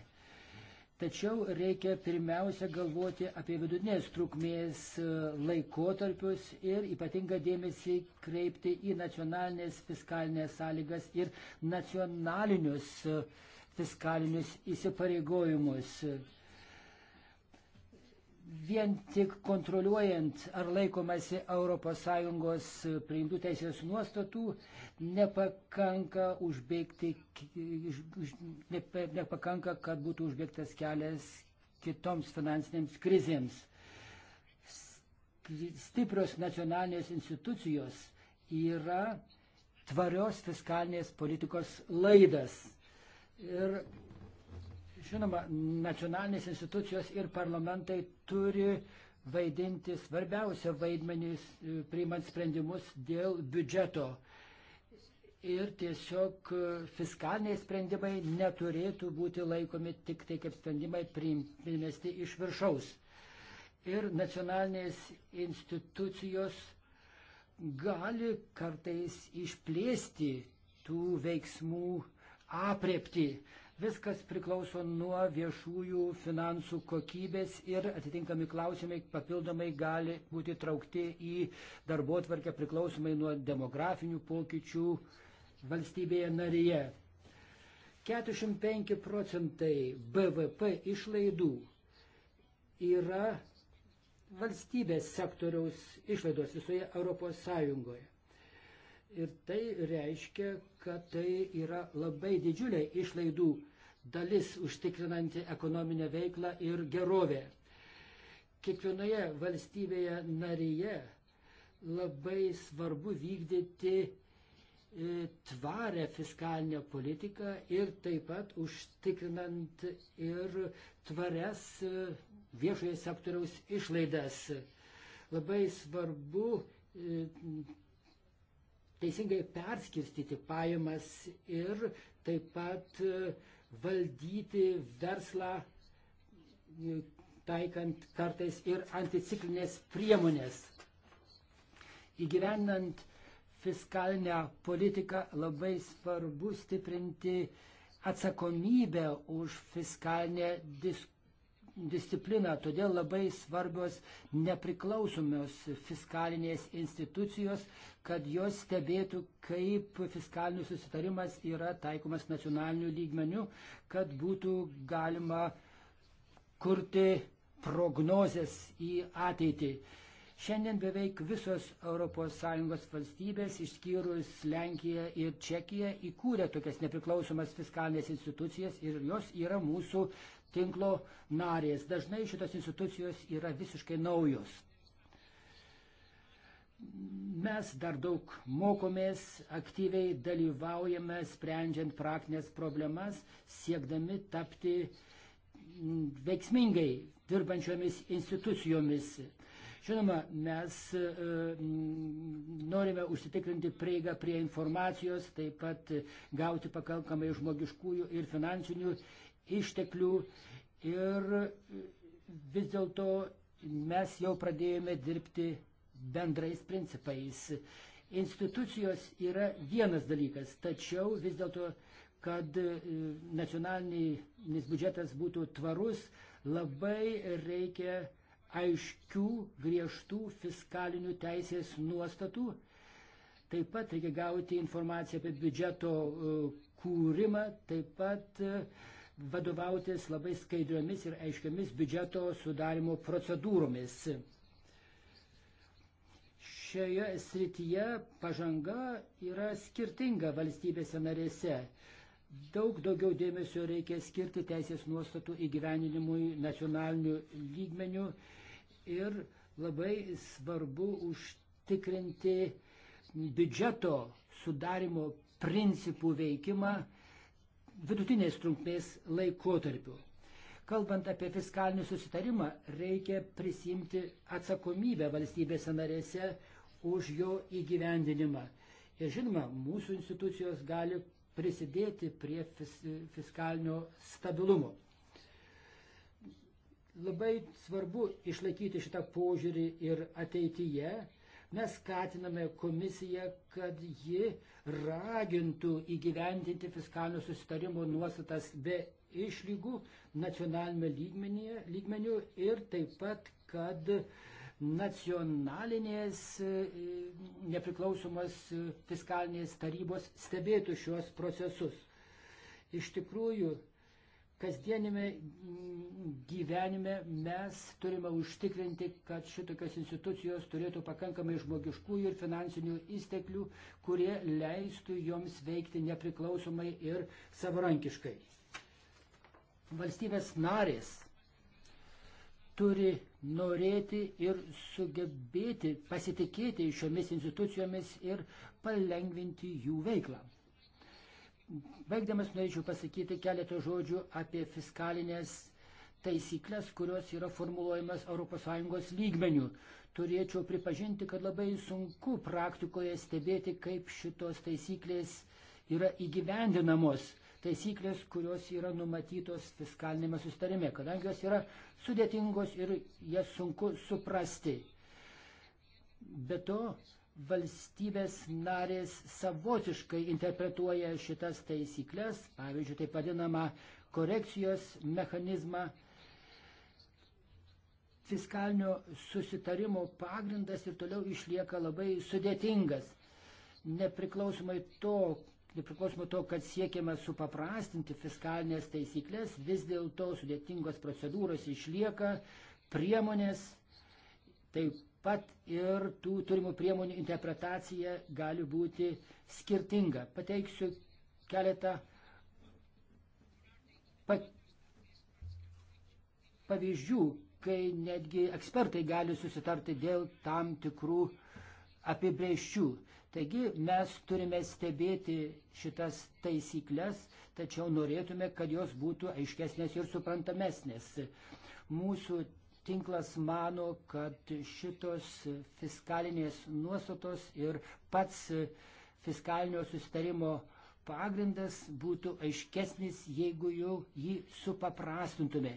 Tačiau reikia pirmiausia galvoti apie vidutinės trukmės e, laikotarpius ir ypatingą dėmesį kreipti į nacionalinės fiskalinės sąlygas ir nacionalinius uh, fiskalinius įsipareigojimus. Vien tik kontroliuojant, ar laikomasi ES priimtų teisės nuostatų, nepakanka, užbėgti, už, nepa, nepakanka, kad būtų užbėgtas kelias kitoms finansinėms krizėms. Stiprios nacionalinės institucijos yra tvarios fiskalinės politikos laidas. Ir žinoma, nacionalinės institucijos ir parlamentai turi vaidinti svarbiausią vaidmenį e, priimant sprendimus dėl biudžeto. Ir tiesiog e, fiskaliniai sprendimai neturėtų būti laikomi tik tai kaip sprendimai primesti iš viršaus. Ir nacionalinės institucijos gali kartais išplėsti tų veiksmų apriepti. Viskas priklauso nuo viešųjų finansų kokybės ir atitinkami klausimai papildomai gali būti traukti į darbo tvarkę priklausomai nuo demografinių pokyčių valstybėje narėje. 45 procentai BVP išlaidų yra valstybės sektoriaus išlaidos visoje Europos Sąjungoje. Ir tai reiškia, kad tai yra labai didžiulė išlaidų dalis užtikrinanti ekonominę veiklą ir gerovę. Kiekvienoje valstybėje narėje labai svarbu vykdyti e, tvarę fiskalinę politiką ir taip pat užtikrinant ir tvarias e, viešojo sektoriaus išlaidas. Labai svarbu e, teisingai perskirstyti pajamas ir taip pat e, valdyti verslą, e, taikant kartais ir anticiklinės priemonės. Įgyvenant fiskalinę politiką labai svarbu stiprinti atsakomybę už fiskalinę diskusiją discipliną, todėl labai svarbios nepriklausomios fiskalinės institucijos, kad jos stebėtų, kaip fiskalinis susitarimas yra taikomas nacionaliniu lygmeniu, kad būtų galima kurti prognozes į ateitį. Šiandien beveik visos ES valstybės, išskyrus Lenkiją ir Čekiją, įkūrė tokias nepriklausomas fiskalinės institucijas ir jos yra mūsų tinklo narės. Dažnai šitos institucijos yra visiškai naujos. Mes dar daug mokomės, aktyviai dalyvaujame, sprendžiant praktinės problemas, siekdami tapti veiksmingai dirbančiomis institucijomis. Žinoma, mes e, norime užsitikrinti prieigą prie informacijos, taip pat gauti pakankamai žmogiškųjų ir finansinių išteklių ir vis dėlto mes jau pradėjome dirbti bendrais principais. Institucijos yra vienas dalykas, tačiau vis dėlto, kad e, nacionalinis biudžetas būtų tvarus, labai reikia aiškių, griežtų fiskalinių teisės nuostatų. Taip pat reikia gauti informaciją apie biudžeto e, kūrimą, taip pat uh, vadovautis labai skaidriomis ir aiškiomis biudžeto sudarimo procedūromis. Šioje srityje pažanga yra skirtinga valstybėse narėse. Daug daugiau dėmesio reikia skirti teisės nuostatų įgyveninimui nacionaliniu lygmeniu ir labai svarbu užtikrinti biudžeto sudarimo principų veikimą vidutinės trumpės laikotarpiu. Kalbant apie fiskalinį susitarimą, reikia prisimti atsakomybę valstybėse narėse už jo įgyvendinimą. Ir žinoma, mūsų institucijos gali prisidėti prie fis, fiskalinio stabilumo. Labai svarbu išlaikyti šitą požiūrį ir ateityje, Mes skatiname komisiją, kad ji ragintų įgyvendinti fiskalinio susitarimo nuostatas be išlygų nacionalinėme lygmenyje, lygmeniu ir taip pat, kad nacionalinės e, nepriklausomos fiskalinės tarybos stebėtų šios procesus. Iš tikrųjų, kasdienime gyvenime mes turime užtikrinti, kad šitokios institucijos turėtų pakankamai žmogiškųjų ir finansinių įsteklių, kurie leistų joms veikti nepriklausomai ir savarankiškai. Valstybės narės turi norėti ir sugebėti pasitikėti šiomis institucijomis ir palengvinti jų veiklą. Baigdamas norėčiau pasakyti keletą žodžių apie fiskalinės taisyklės, kurios yra formuluojamas ES lygmenių. Turėčiau pripažinti, kad labai sunku praktikoje stebėti, kaip šitos taisyklės yra įgyvendinamos. Taisyklės, kurios yra numatytos fiskalinėme sustarime, kadangi jos yra sudėtingos ir jas sunku suprasti. Be to, valstybės narės savotiškai interpretuoja šitas taisyklės, pavyzdžiui, taip vadinamą korekcijos mechanizmą. Fiskalinio susitarimo pagrindas ir toliau išlieka labai sudėtingas. Nepriklausomai to, nepriklausomai to kad siekiama supaprastinti fiskalinės taisyklės, vis dėlto sudėtingos procedūros išlieka, priemonės taip pat ir tų turimų priemonių interpretacija gali būti skirtinga. Pateiksiu keletą pa pavyzdžių, kai netgi ekspertai gali susitarti dėl tam tikrų apibrėžčių. Taigi mes turime stebėti šitas taisyklės, tačiau norėtume, kad jos būtų aiškesnės ir suprantamesnės. Mūsų tinklas mano, kad šitos fiskalinės nuostatos ir pats fiskalinio sustarimo pagrindas būtų aiškesnis, jeigu jau jį supaprastintume.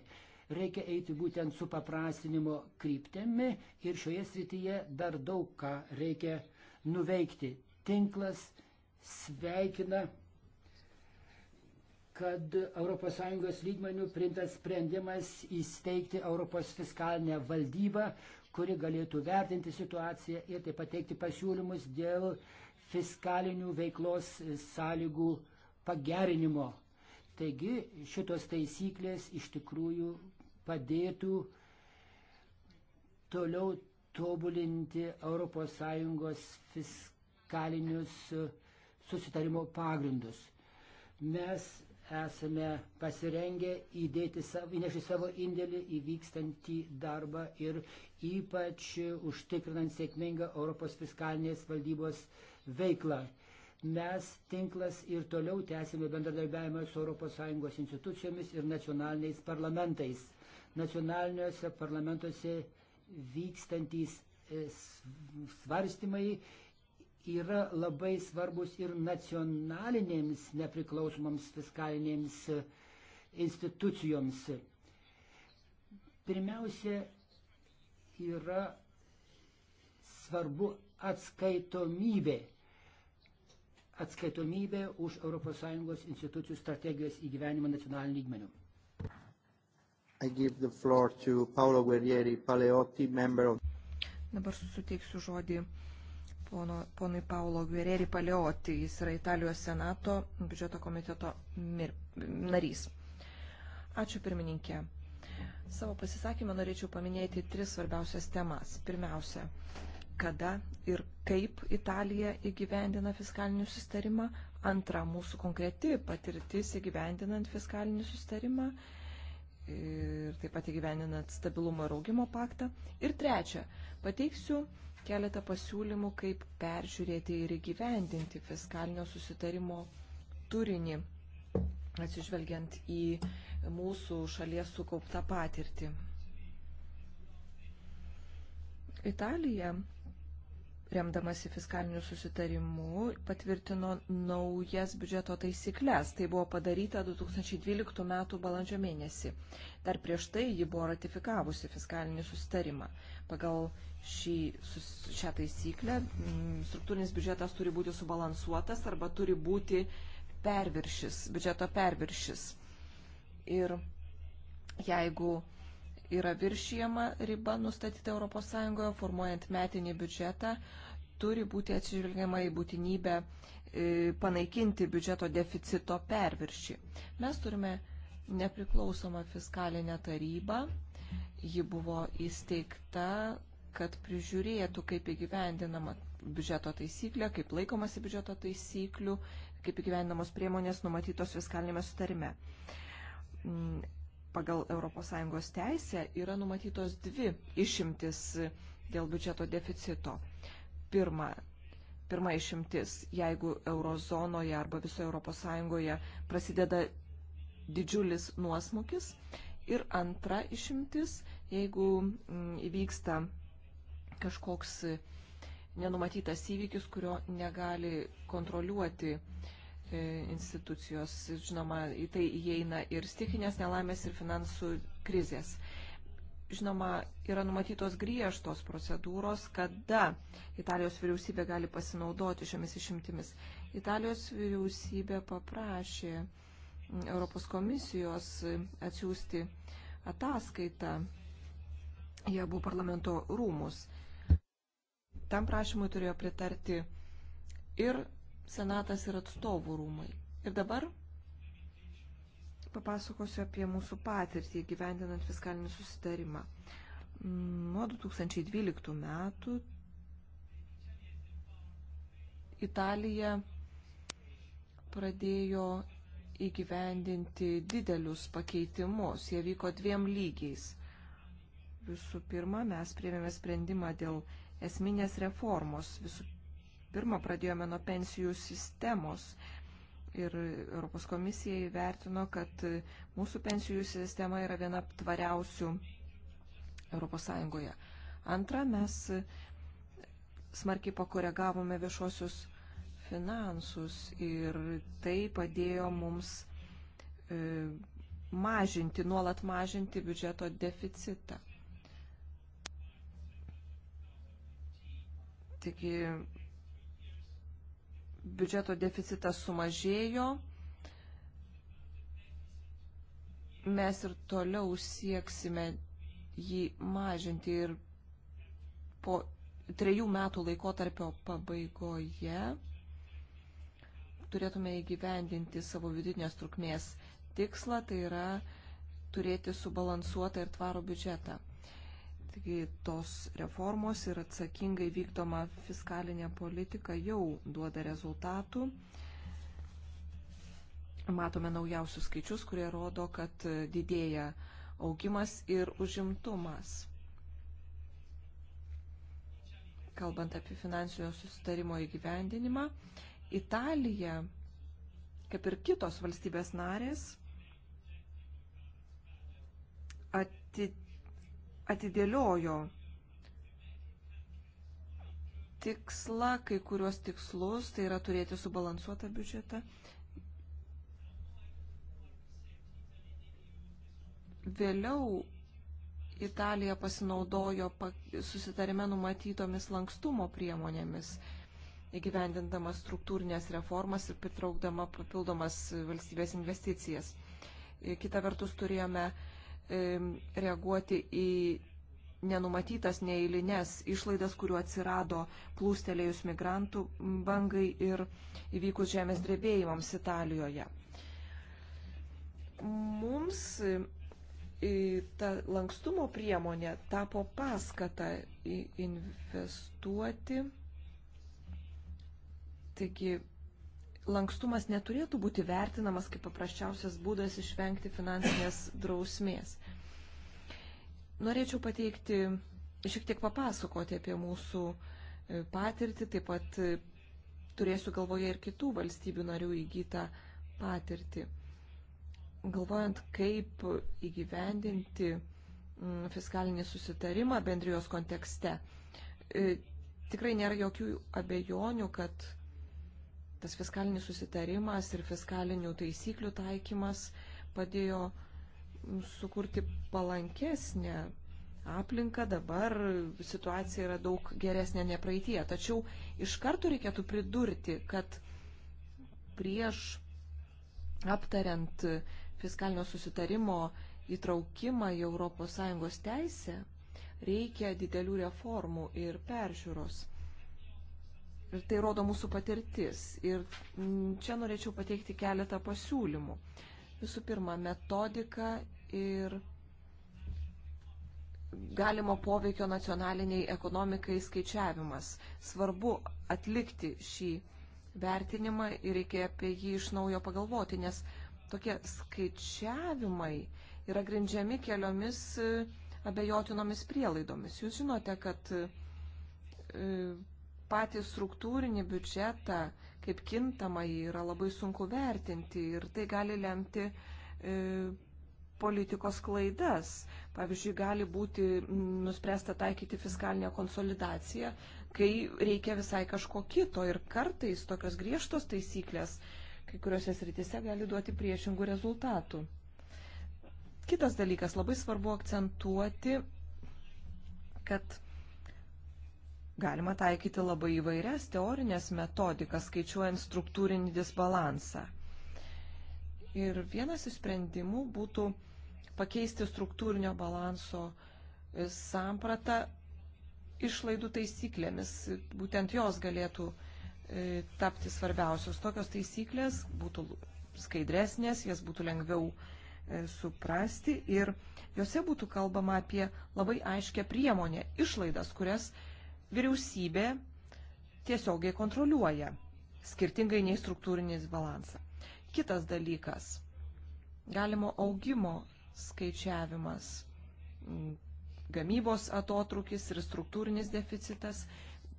Reikia eiti būtent supaprastinimo kryptimi ir šioje srityje dar daug ką reikia nuveikti. Tinklas sveikina kad ES lygmenių printas sprendimas įsteigti Europos fiskalinę valdybą, kuri galėtų vertinti situaciją ir taip pateikti pasiūlymus dėl fiskalinių veiklos sąlygų pagerinimo. Taigi šitos taisyklės iš tikrųjų padėtų toliau tobulinti ES fiskalinius susitarimo pagrindus. Mes esame pasirengę įdėti savo, įnešti savo indėlį į vykstantį darbą ir ypač užtikrinant sėkmingą Europos fiskalinės valdybos veiklą. Mes tinklas ir toliau tęsime bendradarbiavimą su ES institucijomis ir nacionaliniais parlamentais. Nacionaliniuose parlamentuose vykstantys e, svarstymai yra labai svarbus ir nacionalinėms nepriklausomoms fiskalinėms institucijoms. Pirmiausia, yra svarbu atskaitomybė. Atskaitomybė už ES institucijų strategijos įgyvenimą nacionalinį lygmenių. I give the floor to Paolo Guerrieri Paleotti, member of... Dabar suteiksiu žodį uh, pono, ponui Paulo Guerreri Paleoti. Jis yra Italijos Senato biudžeto komiteto mir, narys. Ačiū pirmininkė. Savo pasisakymą norėčiau paminėti tris svarbiausias temas. Pirmiausia, kada ir kaip Italija įgyvendina fiskalinį sustarimą. Antra, mūsų konkreti patirtis įgyvendinant fiskalinį sustarimą ir taip pat įgyvendinant stabilumo ir augimo paktą. Ir trečia, pateiksiu keletą pasiūlymų, kaip peržiūrėti ir įgyvendinti fiskalinio susitarimo turinį, atsižvelgiant į mūsų šalies sukauptą patirtį. Italija remdamasi fiskaliniu susitarimu, patvirtino naujas biudžeto taisyklės. Tai buvo padaryta 2012 m. balandžio mėnesį. Dar prieš tai ji buvo ratifikavusi fiskalinį susitarimą. Pagal šį, šią taisyklę mm, struktūrinis biudžetas turi būti subalansuotas arba turi būti perviršis, biudžeto perviršis. Ir jeigu yra viršijama riba nustatyta ES, formuojant metinį biudžetą, turi būti atsižvelgiama į būtinybę e, panaikinti biudžeto deficito perviršį. Mes turime nepriklausomą fiskalinę tarybą. Ji buvo įsteigta, kad prižiūrėtų, kaip įgyvendinama biudžeto taisyklė, kaip laikomasi biudžeto taisyklių, kaip įgyvendinamos priemonės numatytos fiskalinėme sutarime pagal ES teisę yra numatytos dvi išimtis dėl biudžeto deficito. Pirma, pirma išimtis, jeigu eurozonoje arba visoje ES prasideda didžiulis nuosmukis. Ir antra išimtis, jeigu mm, įvyksta kažkoks nenumatytas įvykis, kurio negali kontroliuoti uh, E, institucijos. Žinoma, į tai įeina ir stikinės nelaimės, ir finansų krizės. Žinoma, yra numatytos griežtos procedūros, kada Italijos vyriausybė gali pasinaudoti šiomis išimtimis. Italijos vyriausybė paprašė Europos komisijos atsiųsti ataskaitą į abu parlamento rūmus. Tam prašymui turėjo pritarti ir Senatas ir atstovų rūmai. Ir dabar papasakosiu apie mūsų patirtį gyvendinant fiskalinį susitarimą. Nuo 2012 metų Italija pradėjo įgyvendinti didelius pakeitimus. Jie vyko dviem lygiais. Visų pirma, mes priėmėme sprendimą dėl esminės reformos. Visų pirmą pradėjome nuo pensijų sistemos. Ir Europos komisija įvertino, kad mūsų pensijų sistema yra viena tvariausių Europos Sąjungoje. Antra, mes smarkiai pakoregavome viešosius finansus ir tai padėjo mums e, mažinti, nuolat mažinti biudžeto deficitą. Taigi biudžeto deficitas sumažėjo. Mes ir toliau sieksime jį mažinti ir po trejų metų laikotarpio pabaigoje turėtume įgyvendinti savo vidinės trukmės tikslą, tai yra turėti subalansuotą ir tvarų biudžetą. Taigi tos reformos ir atsakingai vykdoma fiskalinė politika jau duoda rezultatų. Matome naujausius skaičius, kurie rodo, kad didėja augimas ir užimtumas. Kalbant apie finansinio susitarimo įgyvendinimą, Italija, kaip ir kitos valstybės narės, atitinka atidėliojo tikslą, kai kuriuos tikslus, tai yra turėti subalansuotą biudžetą. Vėliau Italija pasinaudojo susitarime numatytomis lankstumo priemonėmis, įgyvendindama struktūrinės reformas ir pritraukdama papildomas valstybės investicijas. Kita vertus turėjome uh, reaguoti į nenumatytas neįlinės išlaidas, kuriuo atsirado plūstelėjus migrantų bangai ir įvykus žemės drebėjimams Italijoje. Mums e, ta lankstumo priemonė tapo paskata investuoti. Taigi lankstumas neturėtų būti vertinamas kaip paprasčiausias būdas išvengti finansinės drausmės. Norėčiau pateikti, šiek tiek papasakoti apie mūsų e, patirtį, taip pat e, turėsiu galvoje ir kitų valstybių narių įgytą patirtį. Galvojant, kaip įgyvendinti mm, fiskalinį susitarimą bendrijos kontekste, e, tikrai nėra jokių abejonių, kad Tas fiskalinis susitarimas ir fiskalinių taisyklių taikymas padėjo sukurti palankesnę aplinką. Dabar situacija yra daug geresnė nei praeitie. Tačiau iš karto reikėtų pridurti, kad prieš aptariant fiskalinio susitarimo įtraukimą į ES teisę reikia didelių reformų ir peržiūros. Ir tai rodo mūsų patirtis. Ir čia norėčiau pateikti keletą pasiūlymų. Visų pirma, metodika ir galimo poveikio nacionaliniai ekonomikai skaičiavimas. Svarbu atlikti šį vertinimą ir reikia apie jį iš naujo pagalvoti, nes tokie skaičiavimai yra grindžiami keliomis e, abejotinomis prielaidomis. Jūs žinote, kad e, patį struktūrinį biudžetą kaip kintamą yra labai sunku vertinti ir tai gali lemti e, politikos klaidas. Pavyzdžiui, gali būti nuspręsta taikyti fiskalinę konsolidaciją, kai reikia visai kažko kito ir kartais tokios griežtos taisyklės kai kuriuose sritise gali duoti priešingų rezultatų. Kitas dalykas, labai svarbu akcentuoti, kad Galima taikyti labai įvairias teorinės metodikas, skaičiuojant struktūrinį disbalansą. Ir vienas iš sprendimų būtų pakeisti struktūrinio balanso e, sampratą išlaidų taisyklėmis. Būtent jos galėtų e, tapti svarbiausios. Tokios taisyklės būtų skaidresnės, jas būtų lengviau e, suprasti ir jose būtų kalbama apie labai aiškę priemonę, išlaidas, kurias vyriausybė tiesiogiai kontroliuoja, skirtingai nei struktūrinis balansą. Kitas dalykas - galimo augimo skaičiavimas, gamybos atotrukis ir struktūrinis deficitas.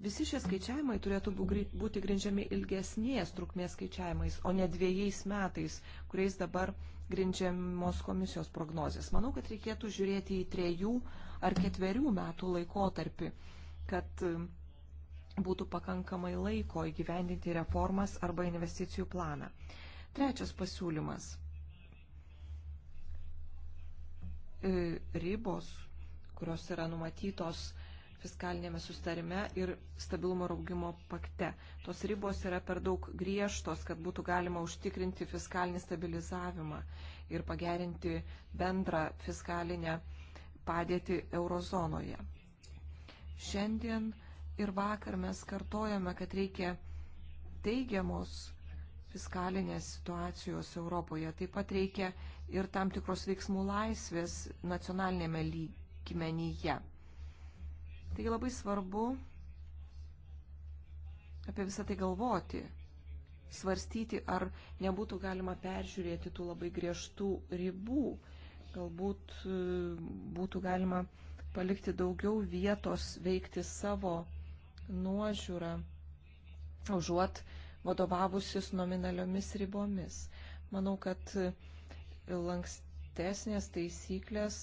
Visi šie skaičiavimai turėtų būti grindžiami ilgesnės trukmės skaičiavimais, o ne dviejais metais, kuriais dabar grindžiamos komisijos prognozės. Manau, kad reikėtų žiūrėti į trejų ar ketverių metų laikotarpį kad e, būtų pakankamai laiko įgyvendinti reformas arba investicijų planą. Trečias pasiūlymas. E, ribos, kurios yra numatytos fiskalinėme sustarime ir stabilumo raugimo pakte. Tos ribos yra per daug griežtos, kad būtų galima užtikrinti fiskalinį stabilizavimą ir pagerinti bendrą fiskalinę padėtį eurozonoje. Šiandien ir vakar mes kartojame, kad reikia teigiamos fiskalinės situacijos Europoje. Taip pat reikia ir tam tikros veiksmų laisvės nacionalinėme lygmenyje. Taigi labai svarbu apie visą tai galvoti, svarstyti, ar nebūtų galima peržiūrėti tų labai griežtų ribų. Galbūt e, būtų galima uh, palikti daugiau vietos veikti savo nuožiūrą, užuot vadovavusius nominaliomis ribomis. Manau, kad lankstesnės taisyklės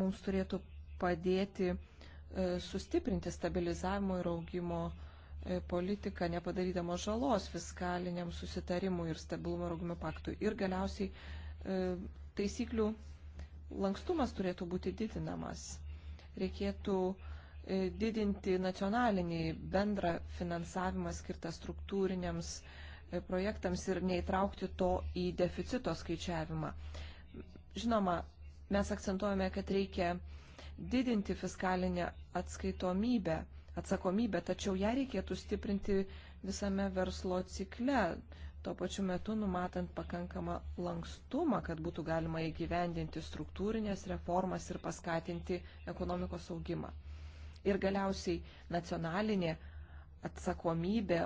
mums turėtų padėti e, sustiprinti stabilizavimo ir augimo e, politiką, nepadarydama žalos fiskaliniam susitarimui ir stabilumo ir augimo paktui. Ir galiausiai e, taisyklių lankstumas turėtų būti didinamas reikėtų e, didinti nacionalinį bendrą finansavimą skirtą struktūriniams e, projektams ir neįtraukti to į deficito skaičiavimą. Žinoma, mes akcentuojame, kad reikia didinti fiskalinę atskaitomybę, atsakomybę, tačiau ją reikėtų stiprinti visame verslo cikle, tuo pačiu metu numatant pakankamą lankstumą, kad būtų galima įgyvendinti struktūrinės reformas ir paskatinti ekonomikos augimą. Ir galiausiai nacionalinė atsakomybė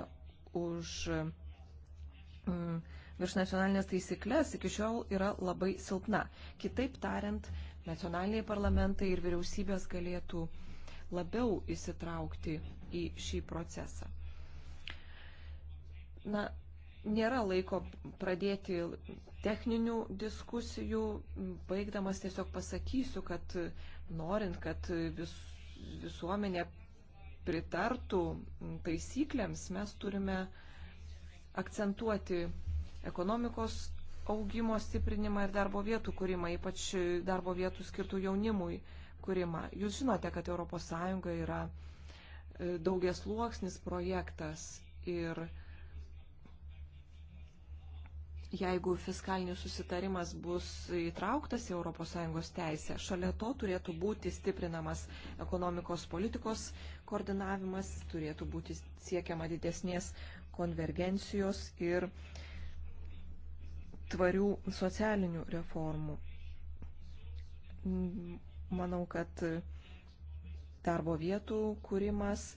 už mm, virš nacionalinės taisyklės iki šiol yra labai silpna. Kitaip tariant, nacionaliniai parlamentai ir vyriausybės galėtų labiau įsitraukti į šį procesą. Na, nėra laiko pradėti techninių diskusijų. Baigdamas tiesiog pasakysiu, kad norint, kad vis, visuomenė pritartų taisyklėms, mes turime akcentuoti ekonomikos augimo stiprinimą ir darbo vietų kūrimą, ypač darbo vietų skirtų jaunimui kūrimą. Jūs žinote, kad ES yra e, daugias luoksnis projektas ir jeigu fiskalinis susitarimas bus įtrauktas į ES teisę, šalia to turėtų būti stiprinamas ekonomikos politikos koordinavimas, turėtų būti siekiama didesnės konvergencijos ir tvarių socialinių reformų. Manau, kad darbo vietų kūrimas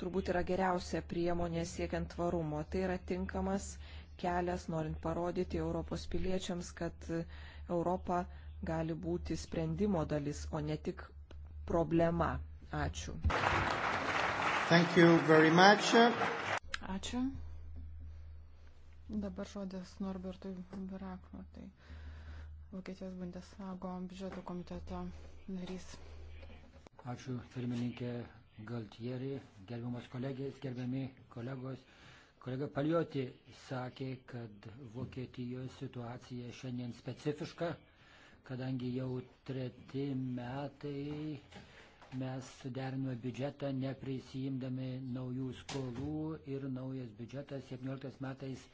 turbūt yra geriausia priemonė siekiant tvarumo. Tai yra tinkamas kelias, norint parodyti Europos piliečiams, kad Europa gali būti sprendimo dalis, o ne tik problema. Ačiū. Ačiū. Dabar žodis Norbertui Birakno, tai Vokietijos Bundeslago biudžeto komiteto narys. Ačiū, pirmininkė Galtieri, gerbiamas kolegės, gerbiami kolegos. Kolega Palioti sakė, kad Vokietijos situacija šiandien specifiška, kadangi jau treti metai mes suderinome biudžetą, neprisijimdami naujų skolų ir naujas biudžetas 17 metais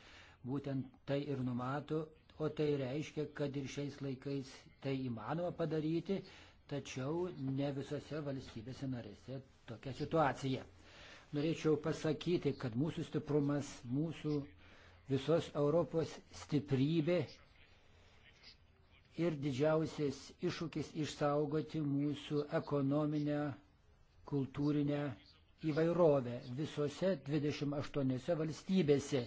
būtent tai ir numato, o tai reiškia, kad ir šiais laikais tai įmanoma padaryti, tačiau ne visose valstybėse narėse tokia situacija norėčiau pasakyti, kad mūsų stiprumas, mūsų visos Europos stiprybė ir didžiausias iššūkis išsaugoti mūsų ekonominę, kultūrinę įvairovę visose 28 valstybėse.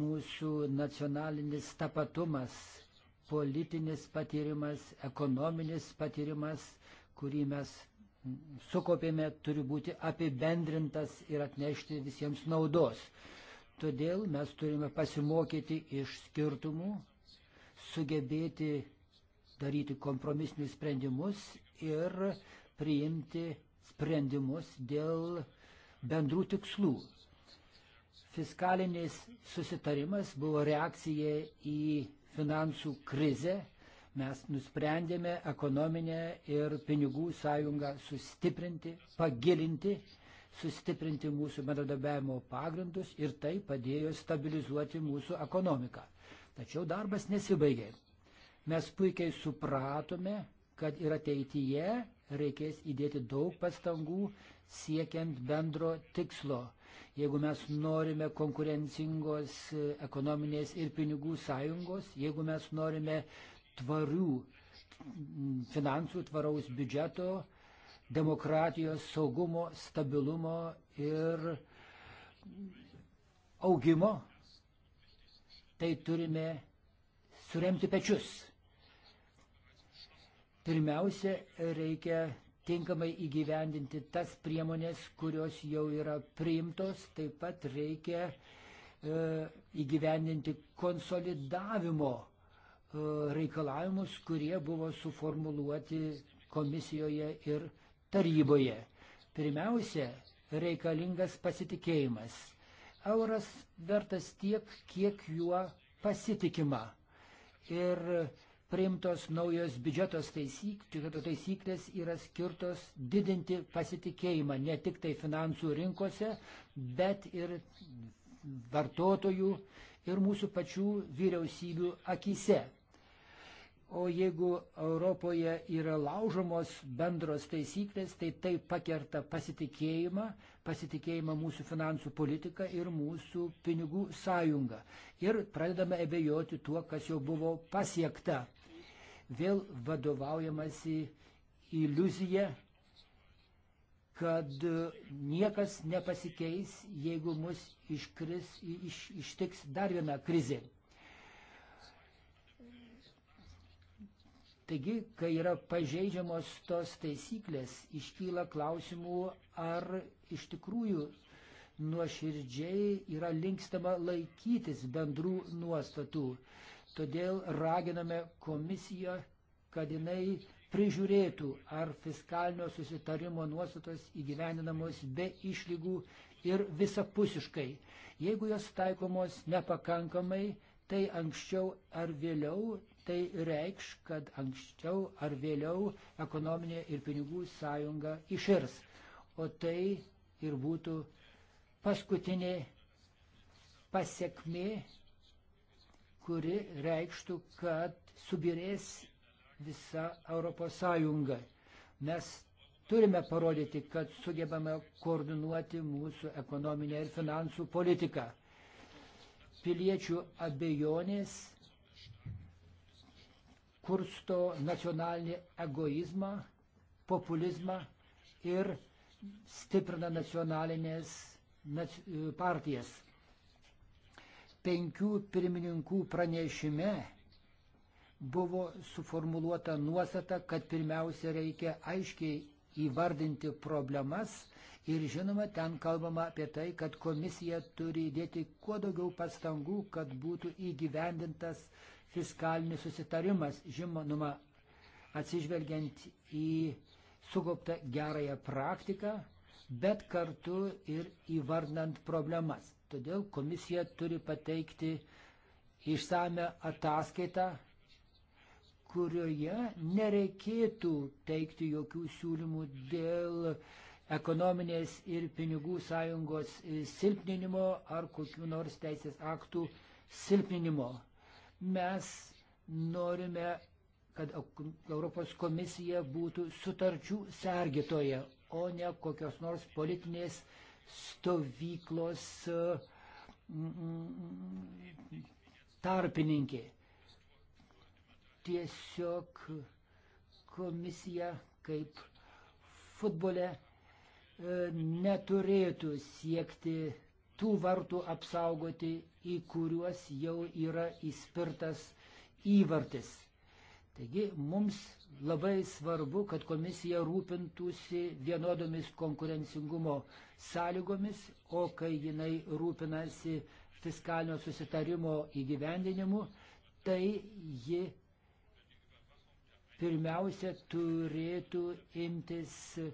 Mūsų nacionalinis tapatumas, politinis patyrimas, ekonominis patyrimas, kurį mes sukopėme, turi būti apibendrintas ir atnešti visiems naudos. Todėl mes turime pasimokyti iš skirtumų, sugebėti daryti kompromisinius sprendimus ir priimti sprendimus dėl bendrų tikslų. Fiskalinis susitarimas buvo reakcija į finansų krizę Mes nusprendėme ekonominę ir pinigų sąjungą sustiprinti, pagilinti, sustiprinti mūsų bendradarbiavimo pagrindus ir tai padėjo stabilizuoti mūsų ekonomiką. Tačiau darbas nesibaigė. Mes puikiai supratome, kad ir ateityje reikės įdėti daug pastangų siekiant bendro tikslo. Jeigu mes norime konkurencingos e, ekonominės ir pinigų sąjungos, jeigu mes norime tvarių finansų, tvaraus biudžeto, demokratijos, saugumo, stabilumo ir augimo, tai turime suremti pečius. Pirmiausia, reikia tinkamai įgyvendinti tas priemonės, kurios jau yra priimtos, taip pat reikia e, įgyvendinti konsolidavimo reikalavimus, kurie buvo suformuluoti komisijoje ir taryboje. Pirmiausia, reikalingas pasitikėjimas. Euras vertas tiek, kiek juo pasitikima. Ir priimtos naujos biudžetos taisyklės yra skirtos didinti pasitikėjimą ne tik tai finansų rinkose, bet ir vartotojų ir mūsų pačių vyriausybių akise. O jeigu Europoje yra laužomos bendros taisyklės, tai tai pakerta pasitikėjimą, pasitikėjimą mūsų finansų politiką ir mūsų pinigų sąjungą. Ir pradedame abejoti tuo, kas jau buvo pasiekta. Vėl vadovaujamasi iliuzija, kad niekas nepasikeis, jeigu mus iškris, iš, ištiks dar viena krizė. Taigi, kai yra pažeidžiamos tos taisyklės, iškyla klausimų, ar iš tikrųjų nuoširdžiai yra linkstama laikytis bendrų nuostatų. Todėl raginame komisiją, kad jinai prižiūrėtų, ar fiskalinio susitarimo nuostatos įgyveninamos be išlygų ir visapusiškai. Jeigu jos taikomos nepakankamai, tai anksčiau ar vėliau tai reikš, kad anksčiau ar vėliau ekonominė ir pinigų sąjunga iširs. O tai ir būtų paskutinė pasiekmė, kuri reikštų, kad subirės visa Europos sąjunga. Mes turime parodyti, kad sugebame koordinuoti mūsų ekonominę ir finansų politiką. Piliečių abejonės kursto nacionalinį egoizmą, populizmą ir stiprina nacionalinės nac, partijas. Penkių pirmininkų pranešime buvo suformuluota nuostata, kad pirmiausia reikia aiškiai įvardinti problemas ir žinoma, ten kalbama apie tai, kad komisija turi įdėti kuo daugiau pastangų, kad būtų įgyvendintas uh, fiskalinis susitarimas, žinoma, atsižvelgiant į sukauptą gerąją praktiką, bet kartu ir įvardant problemas. Todėl komisija turi pateikti išsame ataskaitą, kurioje nereikėtų teikti jokių siūlymų dėl ekonominės ir pinigų sąjungos silpninimo ar kokių nors teisės aktų silpninimo. Mes norime, kad Europos komisija būtų sutarčių sergitoje, o ne kokios nors politinės stovyklos mm, mm, tarpininkė. Tiesiog komisija kaip futbole e, neturėtų siekti tų vartų apsaugoti, į kuriuos jau yra įspirtas įvartis. Taigi mums labai svarbu, kad komisija rūpintųsi vienodomis konkurencingumo sąlygomis, o kai jinai rūpinasi fiskalinio susitarimo įgyvendinimu, tai ji pirmiausia turėtų imtis e,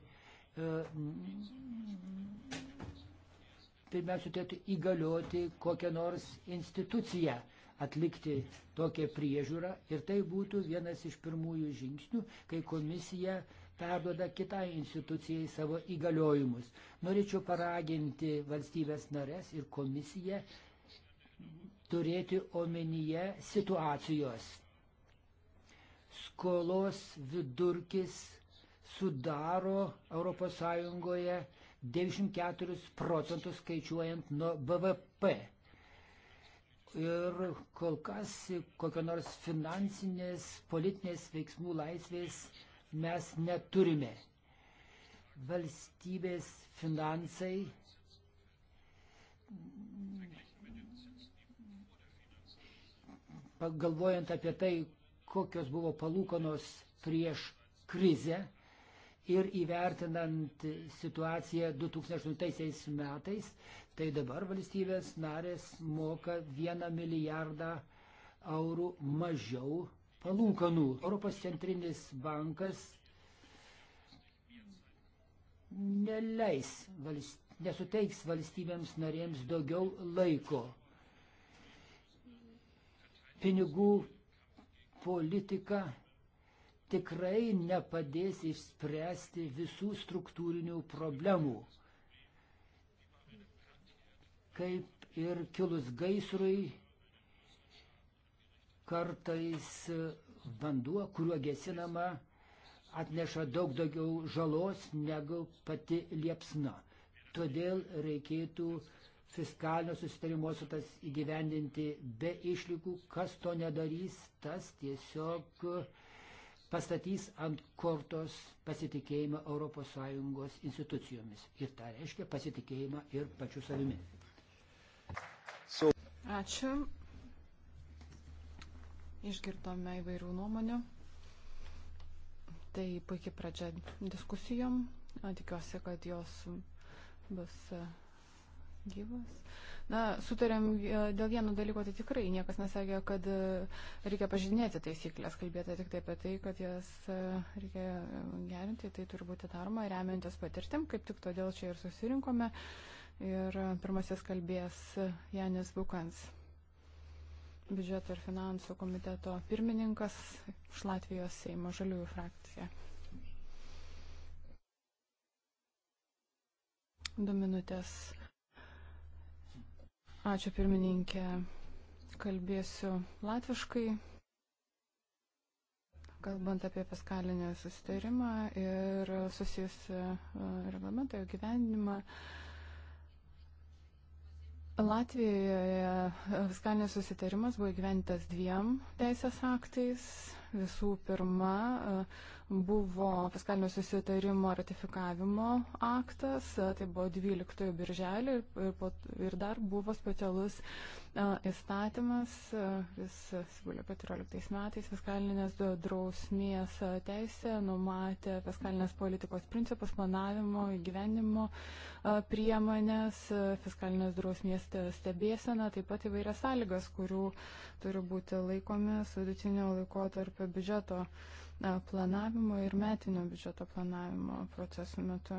pirmiausia turėtų įgalioti kokią nors instituciją atlikti tokią priežiūrą ir tai būtų vienas iš pirmųjų žingsnių, kai komisija perduoda kitai institucijai savo įgaliojimus. Norėčiau paraginti valstybės narės ir komisiją turėti omenyje situacijos. Skolos vidurkis sudaro ES 94 procentus skaičiuojant nuo BVP. Ir kol kas kokio nors finansinės, politinės veiksmų laisvės mes neturime. Valstybės finansai galvojant apie tai, kokios buvo palūkanos prieš krizę, ir įvertinant situaciją 2008 metais, tai dabar valstybės narės moka 1 milijardą eurų mažiau palūkanų. Europos centrinis bankas neleis, nesuteiks valstybėms narėms daugiau laiko. Pinigų politika tikrai nepadės išspręsti visų struktūrinių problemų. Kaip ir kilus gaisrui, kartais vanduo, kuriuo gesinama, atneša daug daugiau žalos negu pati liepsna. Todėl reikėtų fiskalinio susitarimo sutas įgyvendinti be išlygų. Kas to nedarys, tas tiesiog uh, pastatys ant kortos pasitikėjimą ES institucijomis. Ir tai reiškia pasitikėjimą ir pačiu savimi. So. Ačiū. Išgirdome įvairių nuomonių. Tai puikia pradžia diskusijom. Tikiuosi, kad jos bus e, gyvas. Na, sutarėm e, dėl vieno dalyko, tai tikrai niekas nesakė, kad e, reikia pažydinėti taisyklės, kalbėta tik tai apie tai, kad jas e, reikia gerinti, tai turi būti daroma remiantis patirtim, kaip tik todėl čia ir susirinkome. Ir pirmasis kalbės Janis Bukans, biudžeto ir finansų komiteto pirmininkas iš Latvijos Seimo žaliųjų frakcija. Du minutės Ačiū pirmininkė. Kalbėsiu latviškai, kalbant apie paskalinį susitarimą ir susijusi e, reglamentą, jo gyvenimą. Latvijoje e, fiskalinis susitarimas buvo įgyventas dviem teisės aktais visų pirma e, buvo fiskalinio susitarimo ratifikavimo aktas, e, tai buvo 12 birželį ir, po, ir dar buvo specialus e, įstatymas, jis siūlė 14 metais fiskalinės drausmės teisė, numatė fiskalinės politikos principus, planavimo, gyvenimo priemonės, fiskalinės drausmės stebėsena, taip pat įvairias sąlygas, kurių turi būti laikomi sudutinio laiko tarp apie biudžeto e, planavimo ir metinio biudžeto planavimo procesų metu.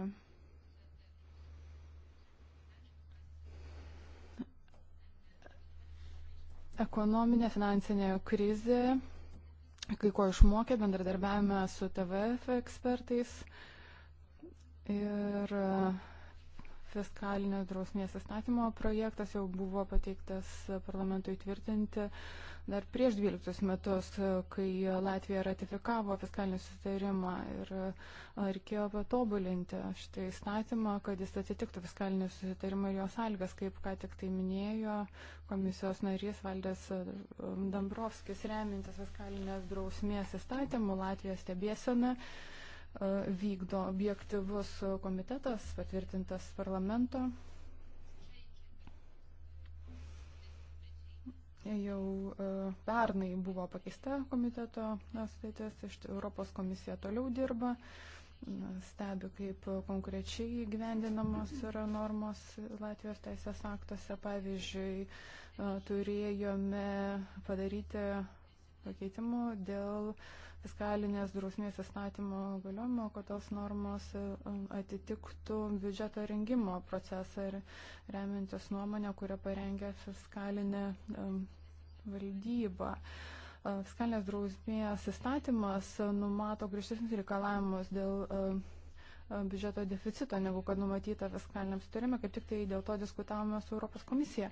Ekonominė finansinė krizė kai ko išmokė bendradarbiavime su TVF ekspertais ir uh, fiskalinės drausmės įstatymo projektas jau buvo pateiktas parlamentui tvirtinti dar prieš 12 metus, kai Latvija ratifikavo fiskalinį susitarimą ir reikėjo patobulinti šitą įstatymą, kad jis atitiktų fiskalinį susitarimą ir jo sąlygas, kaip ką tik tai minėjo komisijos narys Valdės Dambrovskis, remintis fiskalinės drausmės įstatymu Latvijos stebėsena. E, vykdo objektivus komitetas patvirtintas parlamento. Jau e, pernai buvo pakeista komiteto sudėtis, iš Europos komisija toliau dirba, stebi, kaip konkrečiai gyvendinamos yra normos Latvijos teisės aktuose. Pavyzdžiui, e, turėjome padaryti pakeitimų dėl fiskalinės drausmės įstatymo galiojimo, kad tos normos e, atitiktų biudžeto rengimo procesą ir remiantis nuomonę, kurią parengė fiskalinė e, valdyba. E, fiskalinės drausmės įstatymas numato grįžtesnius reikalavimus dėl E, biudžeto deficito, negu kad numatyta fiskaliniam sutarime, kaip tik tai dėl to diskutavome su Europos komisija.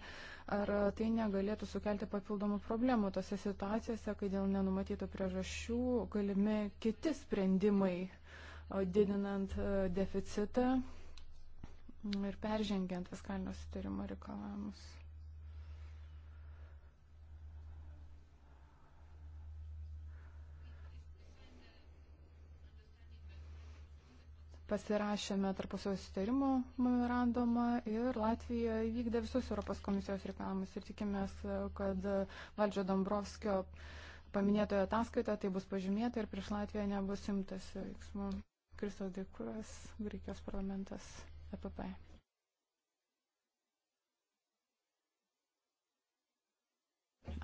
Ar tai negalėtų sukelti papildomų problemų tose situacijose, kai dėl nenumatytų priežasčių galimi kiti sprendimai, e, didinant e, deficitą ir peržengiant fiskalinio sutarimo reikalavimus? pasirašėme tarpusio sustarimo memorandumą ir Latvija įvykdė visus Europos komisijos reikalavimus ir tikimės, kad valdžio Dombrovskio paminėtoje ataskaitoje tai bus pažymėta ir prieš Latviją nebus imtas veiksmų. Kristas Dikuras, Graikijos parlamentas, EPP.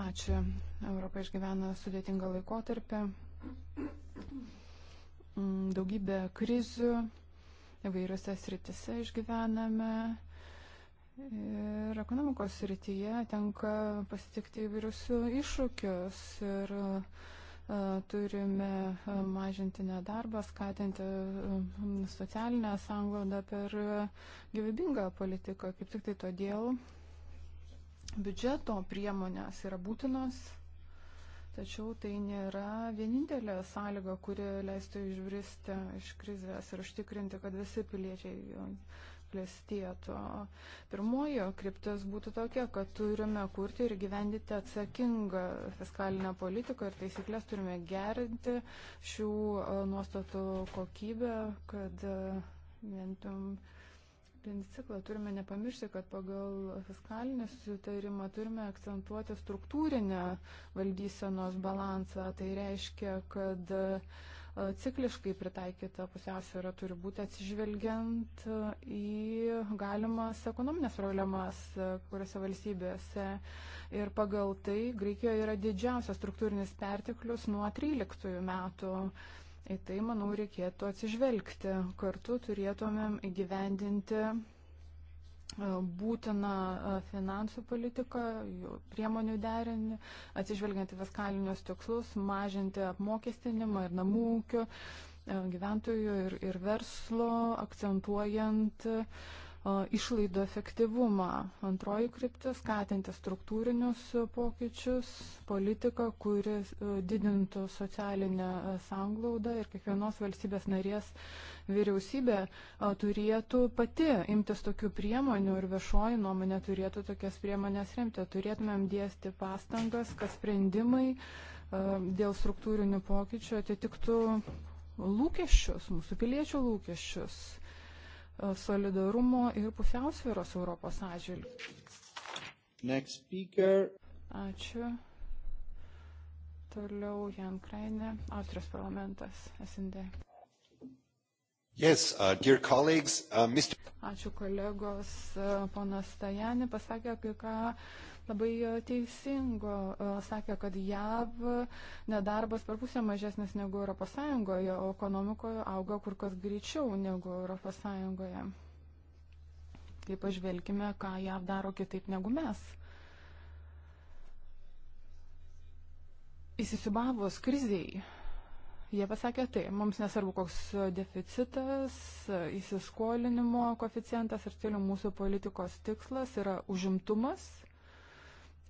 Ačiū. Europa išgyvena sudėtingą laikotarpį. Mm, daugybę krizių, įvairiose sritise išgyvename. Ir ekonomikos srityje tenka pasitikti įvairius iššūkius ir e, turime e, mažinti nedarbą, skatinti e, socialinę sąnglaudą per gyvybingą politiką. Kaip tik tai todėl biudžeto priemonės yra būtinos Tačiau tai nėra vienintelė sąlyga, kuri leistų išbristi iš krizės ir užtikrinti, kad visi piliečiai klestėtų. Pirmoji kryptis būtų tokia, kad turime kurti ir gyvendyti atsakingą fiskalinę politiką ir taisyklės turime gerinti šių e, nuostatų kokybę, kad e, vientum. Uh, Apims ciklą turime nepamiršti, kad pagal fiskalinį susitarimą turime akcentuoti struktūrinę valdysenos balansą. Tai reiškia, kad e, cikliškai pritaikyta pusiausvėra turi būti atsižvelgiant e, į galimas ekonominės problemas, e, kuriuose valstybėse. Ir pagal tai Graikijoje yra didžiausias struktūrinis perteklius nuo 13 metų. Į tai, manau, reikėtų atsižvelgti. Kartu turėtumėm įgyvendinti e, būtiną e, finansų politiką, jų priemonių derinį, atsižvelgiant į fiskalinius tikslus, mažinti apmokestinimą ir namų ūkių e, gyventojų ir, ir verslo, akcentuojant uh, išlaidų efektyvumą. Antroji kryptis - skatinti struktūrinius pokyčius, politiką, kuris didintų socialinę sanglaudą ir kiekvienos valstybės narės vyriausybė turėtų pati imtis tokių priemonių ir viešoji nuomonė turėtų tokias priemonės remti. Turėtumėm dėsti pastangas, kad sprendimai dėl struktūrinių pokyčių atitiktų lūkesčius, mūsų piliečių lūkesčius solidarumo ir pusiausvėros Europos atžvilgių. Ačiū. Toliau Jan Krainė, Austrijos parlamentas, SND. Yes, uh, dear colleagues, uh, Mr. Ačiū kolegos, uh, ponas Tajani pasakė kai ką. Uh, labai e, teisingo. E, sakė, kad JAV nedarbas per pusę mažesnis negu ES, o ekonomikoje auga kur kas greičiau negu ES. Kaip pažvelkime, ką JAV daro kitaip negu mes. Įsisubavus kriziai, Jie pasakė tai, mums nesvarbu, koks deficitas, įsiskolinimo koficijantas ir toliau mūsų politikos tikslas yra užimtumas,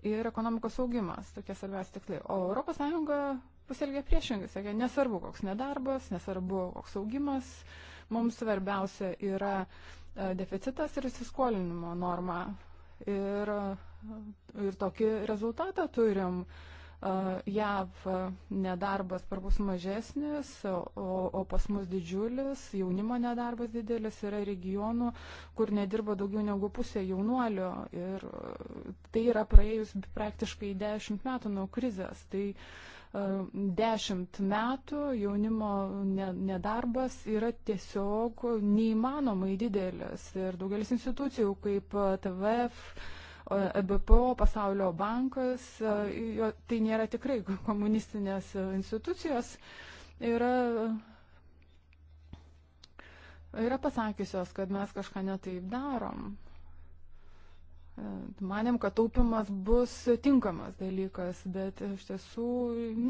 ir ekonomikos augimas, tokie svarbiausi tikslai. O ES pasielgia priešingai, sakė, nesvarbu koks nedarbas, nesvarbu koks augimas, mums svarbiausia yra e, deficitas ir įsiskolinimo norma. Ir, e, ir tokį rezultatą turim. Uh, JAV nedarbas parbus mažesnis, o, o pas mus didžiulis, jaunimo nedarbas didelis, yra regionų, kur nedirba daugiau negu pusė jaunuolio. Ir e, tai yra praėjus praktiškai dešimt metų nuo krizės. Tai e, dešimt metų jaunimo nedarbas yra tiesiog neįmanomai didelis. Ir daugelis institucijų kaip e, TVF, EBPO, e pasaulio bankas, e, tai nėra tikrai komunistinės institucijos, yra, yra pasakiusios, kad mes kažką netaip darom. Manėm, kad taupimas bus tinkamas dalykas, bet iš tiesų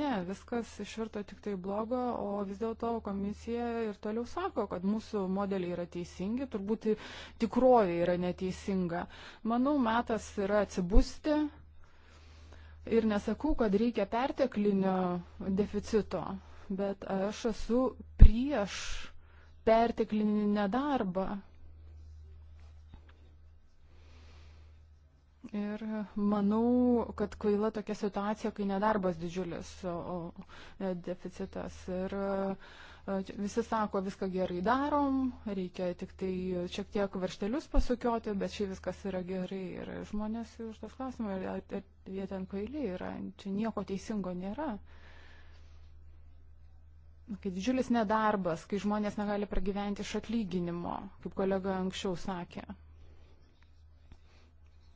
ne, viskas išvirto tik tai blogo, o vis dėlto komisija ir toliau sako, kad mūsų modeliai yra teisingi, turbūt tikrovė yra neteisinga. Manau, metas yra atsibusti ir nesakau, kad reikia perteklinio deficito, bet aš esu prieš perteklinį nedarbą Ir manau, kad kvaila tokia situacija, kai nedarbas didžiulis, o deficitas. Ir e, visi sako, viską gerai darom, reikia tik tai šiek tiek varštelius pasukioti, bet šiaip viskas yra gerai. Ir žmonės už tas klausimą, ar jie ten kvailiai yra, čia nieko teisingo nėra. Kai didžiulis nedarbas, kai žmonės negali pragyventi iš atlyginimo, kaip kolega anksčiau sakė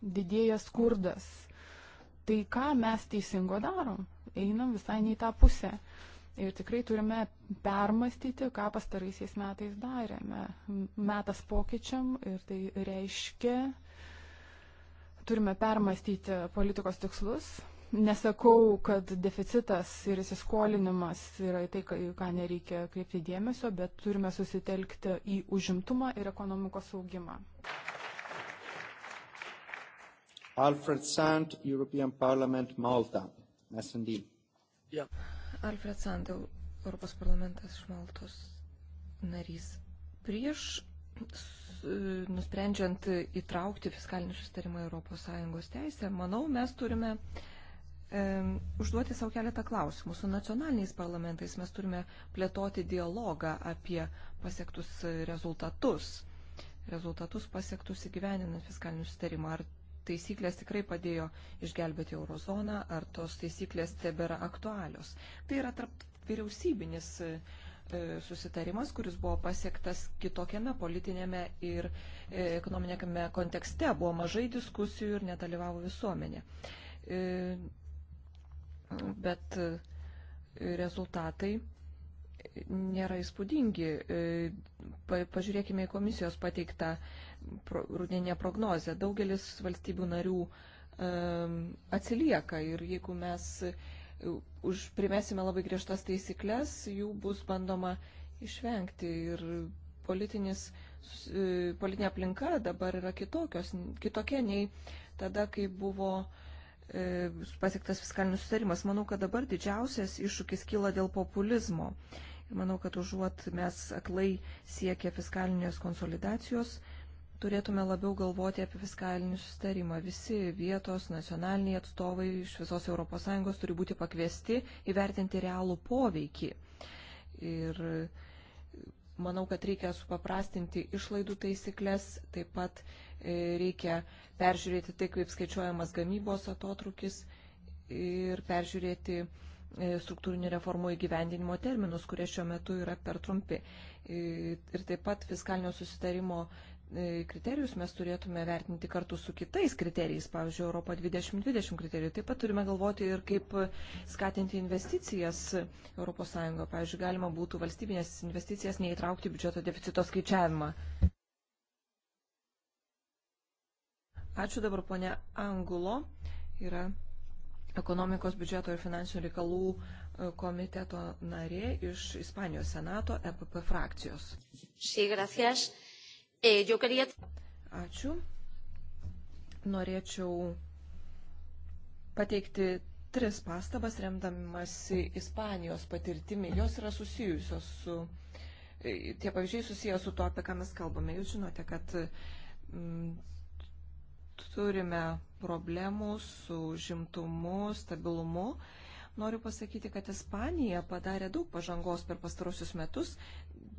didėja skurdas. Tai ką mes teisingo darom? Einam visai ne į tą pusę. Ir tikrai turime permastyti, ką pastaraisiais metais darėme. Metas pokyčiam ir tai reiškia, turime permastyti politikos tikslus. Nesakau, kad deficitas ir įsiskolinimas yra tai, ką nereikia kreipti dėmesio, bet turime susitelkti į užimtumą ir ekonomikos augimą. Alfred Sand, European Parliament, Malta, SND. Yeah. Alfred Sand, Europos parlamentas iš Maltos narys. Prieš nusprendžiant įtraukti fiskalinį sustarimą Europos Sąjungos teisę, manau, mes turime e, užduoti savo keletą klausimų. Su nacionaliniais parlamentais mes turime plėtoti dialogą apie pasiektus rezultatus, rezultatus pasiektus įgyveninant fiskalinį sustarimą. Ar taisyklės tikrai padėjo išgelbėti eurozoną, ar tos taisyklės tebėra aktualios. Tai yra tarp vyriausybinis e, susitarimas, kuris buvo pasiektas kitokiame politinėme ir e, ekonominėme kontekste, buvo mažai diskusijų ir nedalyvavo visuomenė. E, bet rezultatai nėra įspūdingi. Pažiūrėkime į komisijos pateiktą rūdienė prognozė. Daugelis valstybių narių atsilieka ir jeigu mes e, už, primesime labai griežtas taisyklės, jų bus bandoma išvengti ir politinis, e, politinė aplinka dabar yra kitokios, kitokia nei tada, kai buvo e, pasiektas fiskalinis sutarimas. Manau, kad dabar didžiausias iššūkis kyla dėl populizmo. Ir manau, kad užuot mes aklai siekia fiskalinės konsolidacijos, e, turėtume labiau galvoti apie fiskalinį sustarimą. Visi vietos nacionaliniai atstovai iš visos ES turi būti pakviesti įvertinti realų poveikį. Ir manau, kad reikia supaprastinti išlaidų taisyklės, taip pat e, reikia peržiūrėti tai, kaip skaičiuojamas gamybos atotrukis ir peržiūrėti e, struktūrinių reformų įgyvendinimo terminus, kurie šiuo metu yra per trumpi. E, ir taip pat fiskalinio susitarimo E, kriterijus mes turėtume vertinti kartu su kitais kriterijais, pavyzdžiui, Europo 2020 kriterijų. Taip pat turime galvoti ir kaip skatinti investicijas ES. Pavyzdžiui, galima būtų valstybinės investicijas neįtraukti biudžeto deficito skaičiavimą. Ačiū dabar ponė Angulo, yra ekonomikos biudžeto ir finansinių reikalų e, komiteto narė iš Ispanijos senato EPP frakcijos. Sí, gracias. Eh, Ačiū. Norėčiau pateikti tris pastabas remdamasi Ispanijos patirtimi. Jos yra susijusios su, e, tie pavyzdžiai susijęs su to, apie ką mes kalbame. Jūs žinote, kad m, mm, turime problemų su žimtumu, stabilumu. Noriu pasakyti, kad Ispanija padarė daug pažangos per pastarosius metus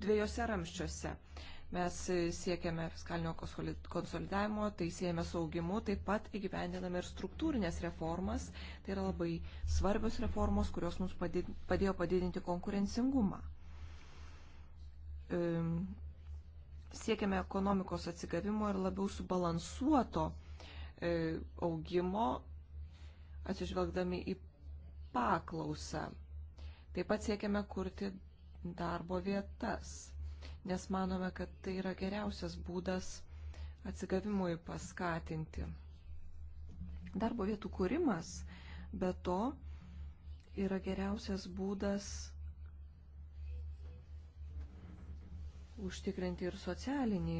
dviejose ramščiuose. Uh, Mes siekiame fiskalinio konsolidavimo, tai siejame su augimu, taip pat įgyvendiname ir struktūrinės reformas. Tai yra labai svarbios reformos, kurios mums padėjo padidinti konkurencingumą. Ehm, siekiame ekonomikos atsigavimo ir labiau subalansuoto e, augimo, atsižvelgdami į paklausą. Taip pat siekiame kurti darbo vietas nes manome, kad tai yra geriausias būdas atsigavimui paskatinti. Darbo vietų kūrimas be to yra geriausias būdas užtikrinti ir socialinį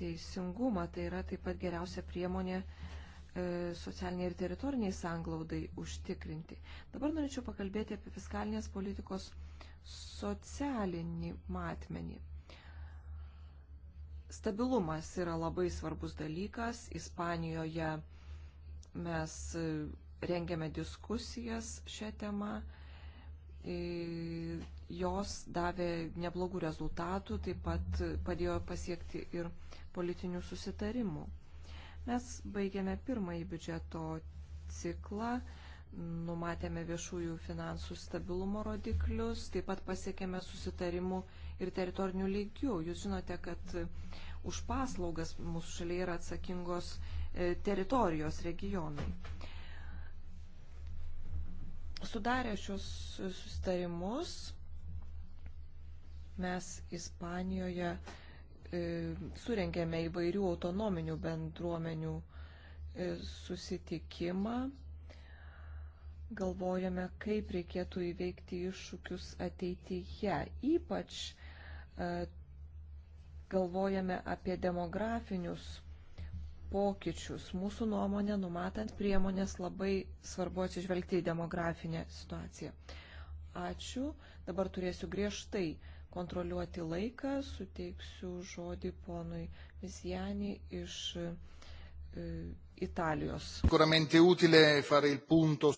teisingumą. Tai yra taip pat geriausia priemonė e, socialiniai ir teritoriniai sanglaudai užtikrinti. Dabar norėčiau pakalbėti apie fiskalinės politikos socialinį matmenį. Stabilumas yra labai svarbus dalykas. Ispanijoje mes e, rengiame diskusijas šią temą. E, jos davė neblogų rezultatų, taip pat padėjo pasiekti ir politinių susitarimų. Mes baigėme pirmąjį biudžeto ciklą numatėme viešųjų finansų stabilumo rodiklius, taip pat pasiekėme susitarimų ir teritorinių lygių. Jūs žinote, kad už paslaugas mūsų šalyje yra atsakingos e, teritorijos regionai. Sudarę šios susitarimus, mes Ispanijoje e, surengėme įvairių autonominių bendruomenių e, susitikimą galvojame, kaip reikėtų įveikti iššūkius ateityje. Ypač e, galvojame apie demografinius pokyčius. Mūsų nuomonė, numatant priemonės, labai svarbu atsižvelgti į demografinę situaciją. Ačiū. Dabar turėsiu griežtai kontroliuoti laiką. Suteiksiu žodį ponui Misijanį iš e, Italijos. Sicuramente utile fare il punto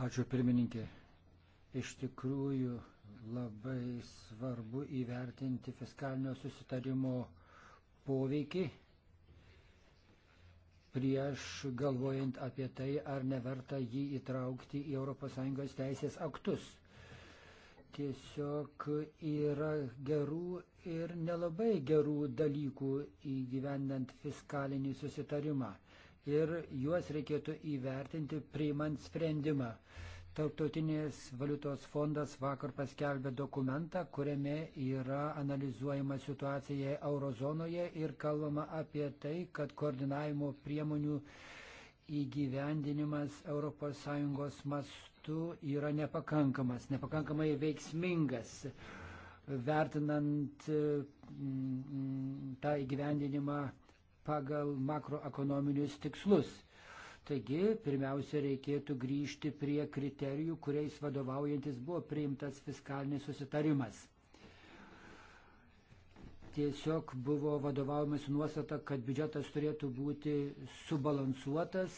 Ačiū pirmininkė. Iš tikrųjų labai svarbu įvertinti fiskalinio susitarimo poveikį prieš galvojant apie tai, ar neverta jį įtraukti į ES teisės aktus. Tiesiog yra gerų ir nelabai gerų dalykų įgyvendant fiskalinį susitarimą ir juos reikėtų įvertinti priimant sprendimą. Tarptautinės valiutos fondas vakar paskelbė dokumentą, kuriame yra analizuojama situacija eurozonoje ir kalbama apie tai, kad koordinavimo priemonių įgyvendinimas ES mastu yra nepakankamas, nepakankamai veiksmingas vertinant mm, mm, tą įgyvendinimą pagal makroekonominius tikslus. Taigi, pirmiausia, reikėtų grįžti prie kriterijų, kuriais vadovaujantis buvo priimtas fiskalinis susitarimas. Tiesiog buvo vadovaujamas nuostata, kad biudžetas turėtų būti subalansuotas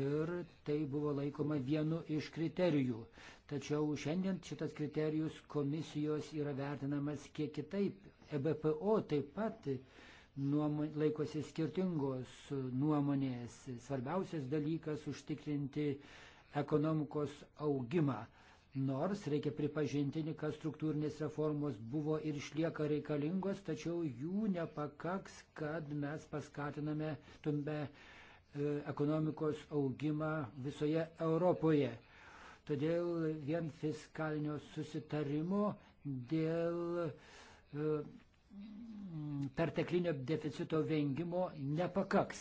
ir tai buvo laikoma vienu iš kriterijų. Tačiau šiandien šitas kriterijus komisijos yra vertinamas kiek kitaip. EBPO taip pat nuomon, laikosi skirtingos nuomonės. Svarbiausias dalykas - užtikrinti ekonomikos augimą. Nors reikia pripažinti, kad struktūrinės reformos buvo ir išlieka reikalingos, tačiau jų nepakaks, kad mes paskatiname tumbe ekonomikos augimą visoje Europoje. Todėl vien fiskalinio susitarimo dėl e, Mm, perteklinio deficito vengimo nepakaks.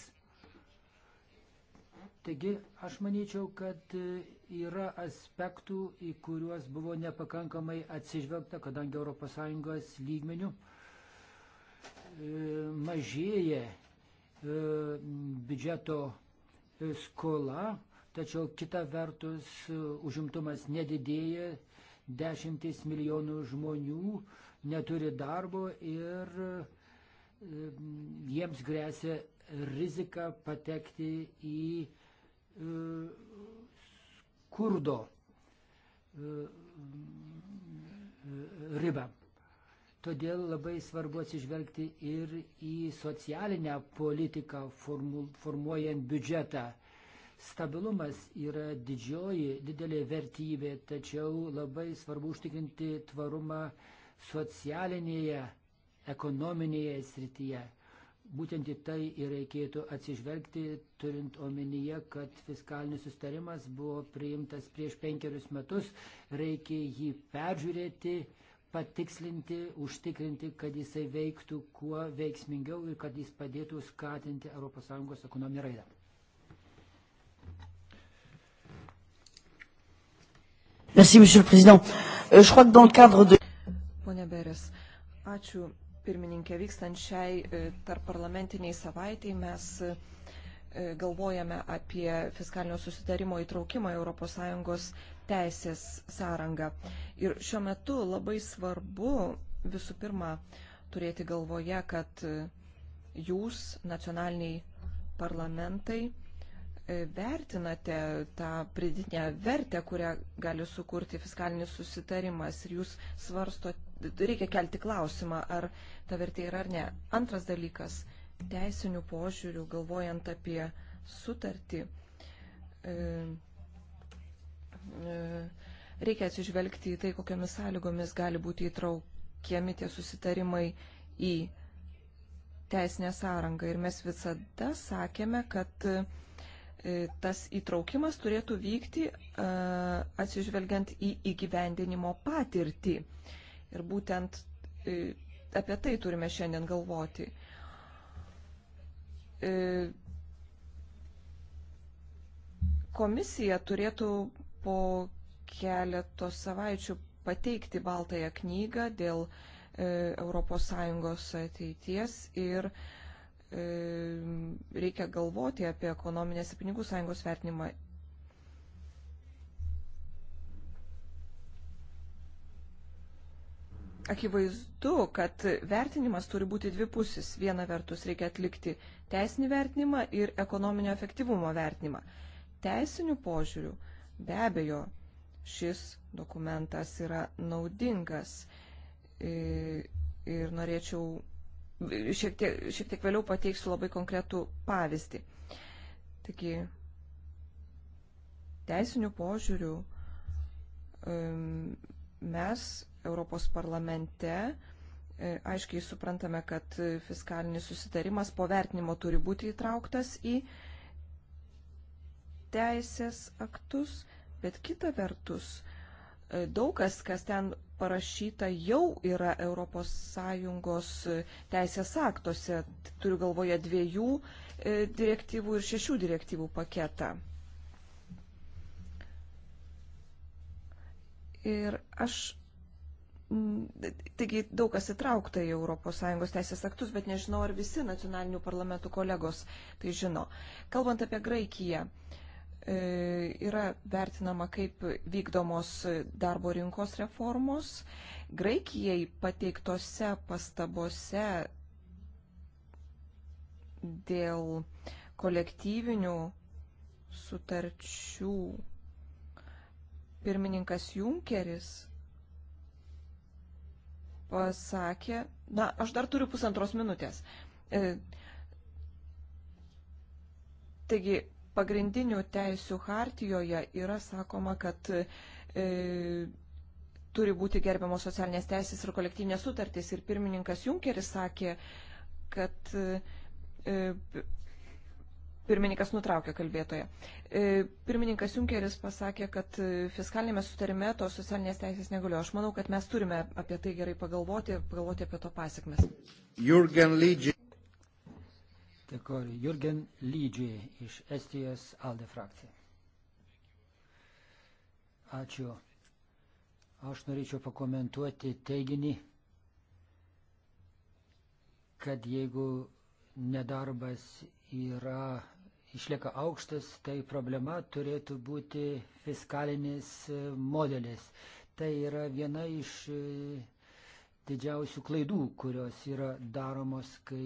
Taigi aš manyčiau, kad e, yra aspektų, į kuriuos buvo nepakankamai atsižvelgta, kadangi ES lygmenių e, mažėja e, biudžeto skola, tačiau kita vertus užimtumas nedidėja, dešimtis milijonų žmonių neturi darbo ir jiems grėsia rizika patekti į e, skurdo e, e, ribą. Todėl labai svarbu atsižvelgti ir į socialinę politiką formu, formuojant biudžetą. Stabilumas yra didžioji, didelė vertybė, tačiau labai svarbu užtikrinti tvarumą uh, socialinėje, ekonominėje srityje. Būtent į tai ir reikėtų atsižvelgti, turint omenyje, kad fiskalinis sustarimas buvo priimtas prieš penkerius metus, reikia jį peržiūrėti, patikslinti, užtikrinti, kad jisai veiktų kuo veiksmingiau ir kad jis padėtų skatinti ES ekonominę raidą. Merci, Monsieur le Président. Euh, je crois que dans le cadre de... Beres. Ačiū, pirmininkė. Vykstant šiai e, tarp parlamentiniai savaitėjai mes e, galvojame apie fiskalinio susitarimo įtraukimą ES teisės sąrangą. Ir šiuo metu labai svarbu visų pirma turėti galvoje, kad e, jūs, nacionaliniai parlamentai, vertinate tą pridinę vertę, kurią gali sukurti fiskalinis susitarimas ir jūs svarsto, reikia kelti klausimą, ar ta vertė yra ar ne. Antras dalykas, teisinių požiūrių, galvojant apie sutartį, e, e, reikia atsižvelgti į tai, kokiamis sąlygomis gali būti įtraukiami tie susitarimai į teisinę sąrangą. Ir mes visada sakėme, kad E, tas įtraukimas turėtų vykti e, atsižvelgiant į įgyvendinimo patirtį. Ir būtent e, apie tai turime šiandien galvoti. Komisija turėtų po keletos savaičių pateikti baltąją knygą dėl ES ateities ir e, E, reikia galvoti apie ekonominės ir pinigų sąjungos vertinimą. Akivaizdu, kad vertinimas turi būti dvipusis. Viena vertus reikia atlikti teisinį vertinimą ir ekonominio efektyvumo vertinimą. Teisinių požiūrių be abejo šis dokumentas yra naudingas e, ir norėčiau šiek tiek, šiek tiek vėliau pateiksiu labai konkretų pavyzdį. Taigi, teisinių požiūrių mes Europos parlamente e, aiškiai suprantame, kad fiskalinis susitarimas po vertinimo turi būti įtrauktas į teisės aktus, bet kita vertus, e, daug kas, kas ten parašyta jau yra ES teisės aktuose, turiu galvoje dviejų e, direktyvų ir šešių direktyvų paketą. Ir aš, mm, taigi daug kas įtraukta į ES teisės aktus, bet nežinau, ar visi nacionalinių parlamentų kolegos tai žino. Kalbant apie Graikiją, E, yra vertinama kaip vykdomos darbo rinkos reformos. Graikijai pateiktose pastabose dėl kolektyvinių sutarčių pirmininkas Junkeris pasakė, na, aš dar turiu pusantros minutės. E, taigi, pagrindinių teisių hartijoje yra sakoma, kad e, turi būti gerbiamos socialinės teisės ir kolektyvinės sutartys. Ir pirmininkas Junkeris sakė, kad e, Pirmininkas nutraukė kalbėtoje. Pirmininkas Junkeris pasakė, kad e, fiskalinėme sutarime tos socialinės teisės negaliu. Aš manau, kad mes turime apie tai gerai pagalvoti, pagalvoti apie to pasiekmes. Jurgen Lydžį. Dėkoju. Jurgen Lydžiai iš Estijos Alde frakcija. Ačiū. Aš norėčiau pakomentuoti teiginį, kad jeigu nedarbas yra išlieka aukštas, tai problema turėtų būti fiskalinis e, modelis. Tai yra viena iš e, didžiausių klaidų, kurios yra daromos, kai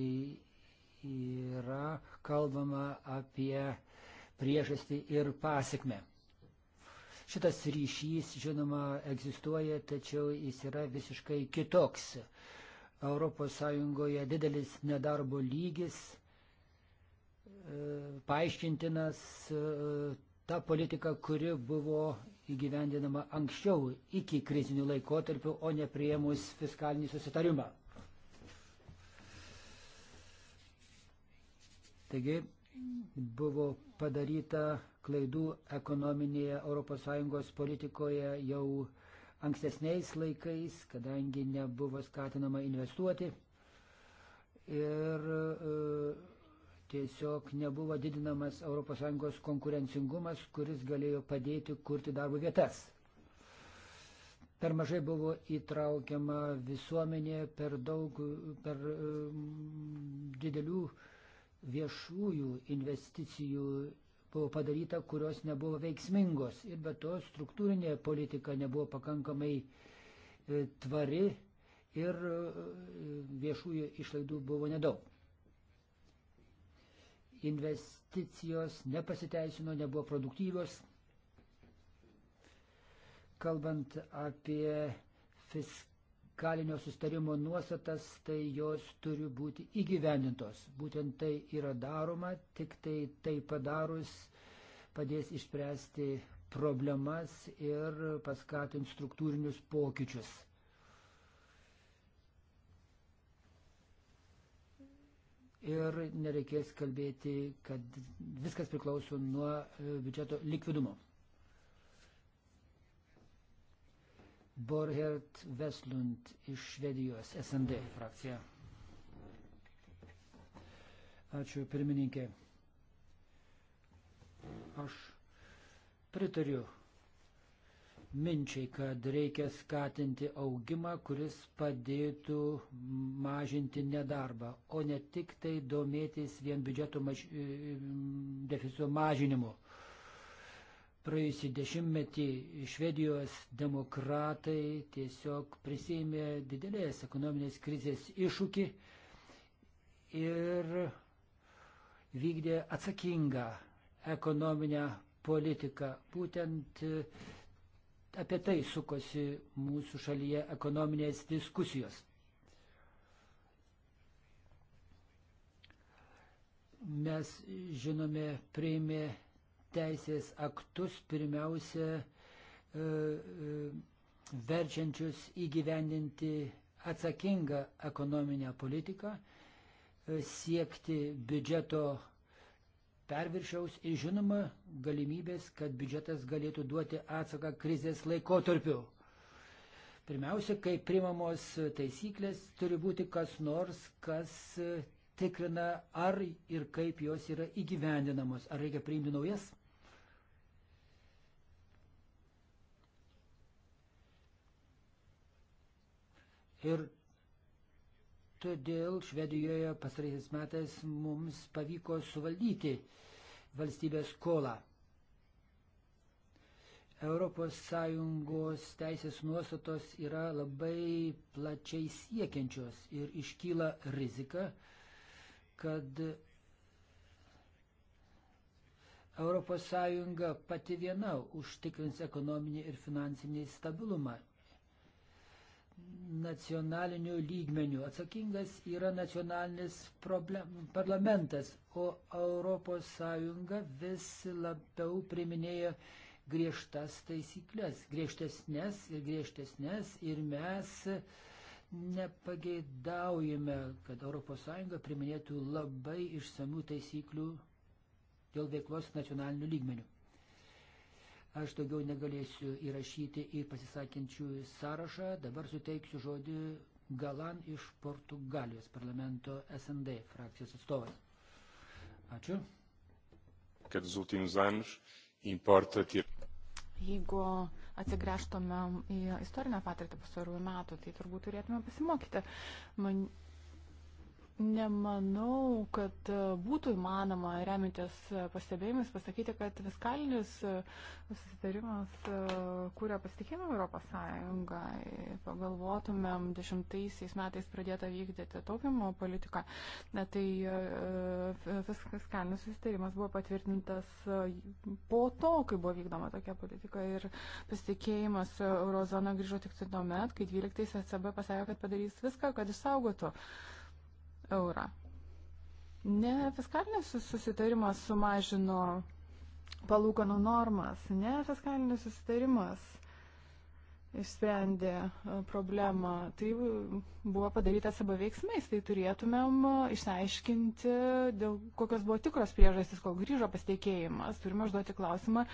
yra kalbama apie priežastį ir pasiekmę. Šitas ryšys, žinoma, egzistuoja, tačiau jis yra visiškai kitoks. ES didelis nedarbo lygis e, paaiškintinas e, ta politika, kuri buvo įgyvendinama anksčiau iki krizinių laikotarpių, o ne prieimus fiskalinį susitarimą. Taigi buvo padaryta klaidų ekonominėje ES politikoje jau ankstesniais laikais, kadangi nebuvo skatinama investuoti ir e, tiesiog nebuvo didinamas ES konkurencingumas, kuris galėjo padėti kurti darbo vietas per mažai buvo įtraukiama visuomenė, per daug, per didelių viešųjų investicijų buvo padaryta, kurios nebuvo veiksmingos. Ir be to struktūrinė politika nebuvo pakankamai e, tvari ir e, viešųjų išlaidų buvo nedaug. Investicijos nepasiteisino, nebuvo produktyvios. Kalbant apie fisk kalinio sustarimo nuostatas, tai jos turi būti įgyvendintos. Būtent tai yra daroma, tik tai tai padarus padės išspręsti problemas ir paskatins struktūrinius pokyčius. ir nereikės kalbėti, kad viskas priklauso nuo e, biudžeto likvidumo. Borhert Veslund iš Švedijos SND frakcija. Ačiū pirmininkė. Aš pritariu minčiai, kad reikia skatinti augimą, kuris padėtų mažinti nedarbą, o ne tik tai domėtis vien biudžeto maž... E, deficito mažinimu. Praėjusį dešimtmetį Švedijos demokratai tiesiog prisėmė didelės ekonominės krizės iššūkį ir vykdė atsakingą ekonominę politiką. Būtent e, apie tai sukosi mūsų šalyje ekonominės diskusijos. Mes žinome, priėmė teisės aktus pirmiausia e, e, verčiančius įgyvendinti atsakingą ekonominę politiką, e, siekti biudžeto perviršiaus ir žinoma galimybės, kad biudžetas galėtų duoti atsaką krizės laikotarpiu. Pirmiausia, kai primamos taisyklės, turi būti kas nors, kas tikrina, ar ir kaip jos yra įgyvendinamos, ar reikia priimti naujas Ir todėl Švedijoje pastaraisiais metais mums pavyko suvaldyti valstybės skolą. ES teisės nuostatos yra labai plačiai siekiančios ir iškyla rizika, kad ES pati viena užtikrins ekonominį ir finansinį stabilumą nacionaliniu lygmeniu. Atsakingas yra nacionalinis problem, parlamentas, o ES vis labiau priminėjo griežtas taisyklės, griežtesnės ir griežtesnės ir mes nepageidaujame, kad ES priminėtų labai išsamių taisyklių dėl veiklos nacionaliniu lygmeniu. Aš daugiau negalėsiu įrašyti į pasisakinčiųjų sąrašą. Dabar suteiksiu žodį Galan iš Portugalijos parlamento SND frakcijos atstovas. Ačiū. Kad últimos anos importa ter. Jeigu atsigręžtumėm į istorinę patirtį pastarųjų metų, tai turbūt turėtume pasimokyti. Man, Nemanau, kad e, būtų įmanoma, remintis e, pastebėjimais, pasakyti, kad fiskalinis e, susitarimas kūrė pasitikėjimą Europos Sąjungą. Pagalvotumėm, dešimtaisiais metais pradėta vykdyti taupimo politiką. Na, tai fiskalinis susitarimas buvo patvirtintas po to, kai buvo vykdoma tokia politika ir pasitikėjimas Eurozoną grįžo tik tuomet, kai 12 ECB pasakė, kad padarys viską, kad išsaugotų. Uh, eurą. Ne fiskalinis susitarimas sumažino palūkanų normas, ne fiskalinis susitarimas išsprendė e, problemą. Tai buvo padaryta savo veiksmais, tai turėtumėm e, išsiaiškinti, dėl kokios buvo tikros priežastys, kol grįžo pasitikėjimas. Turime užduoti klausimą,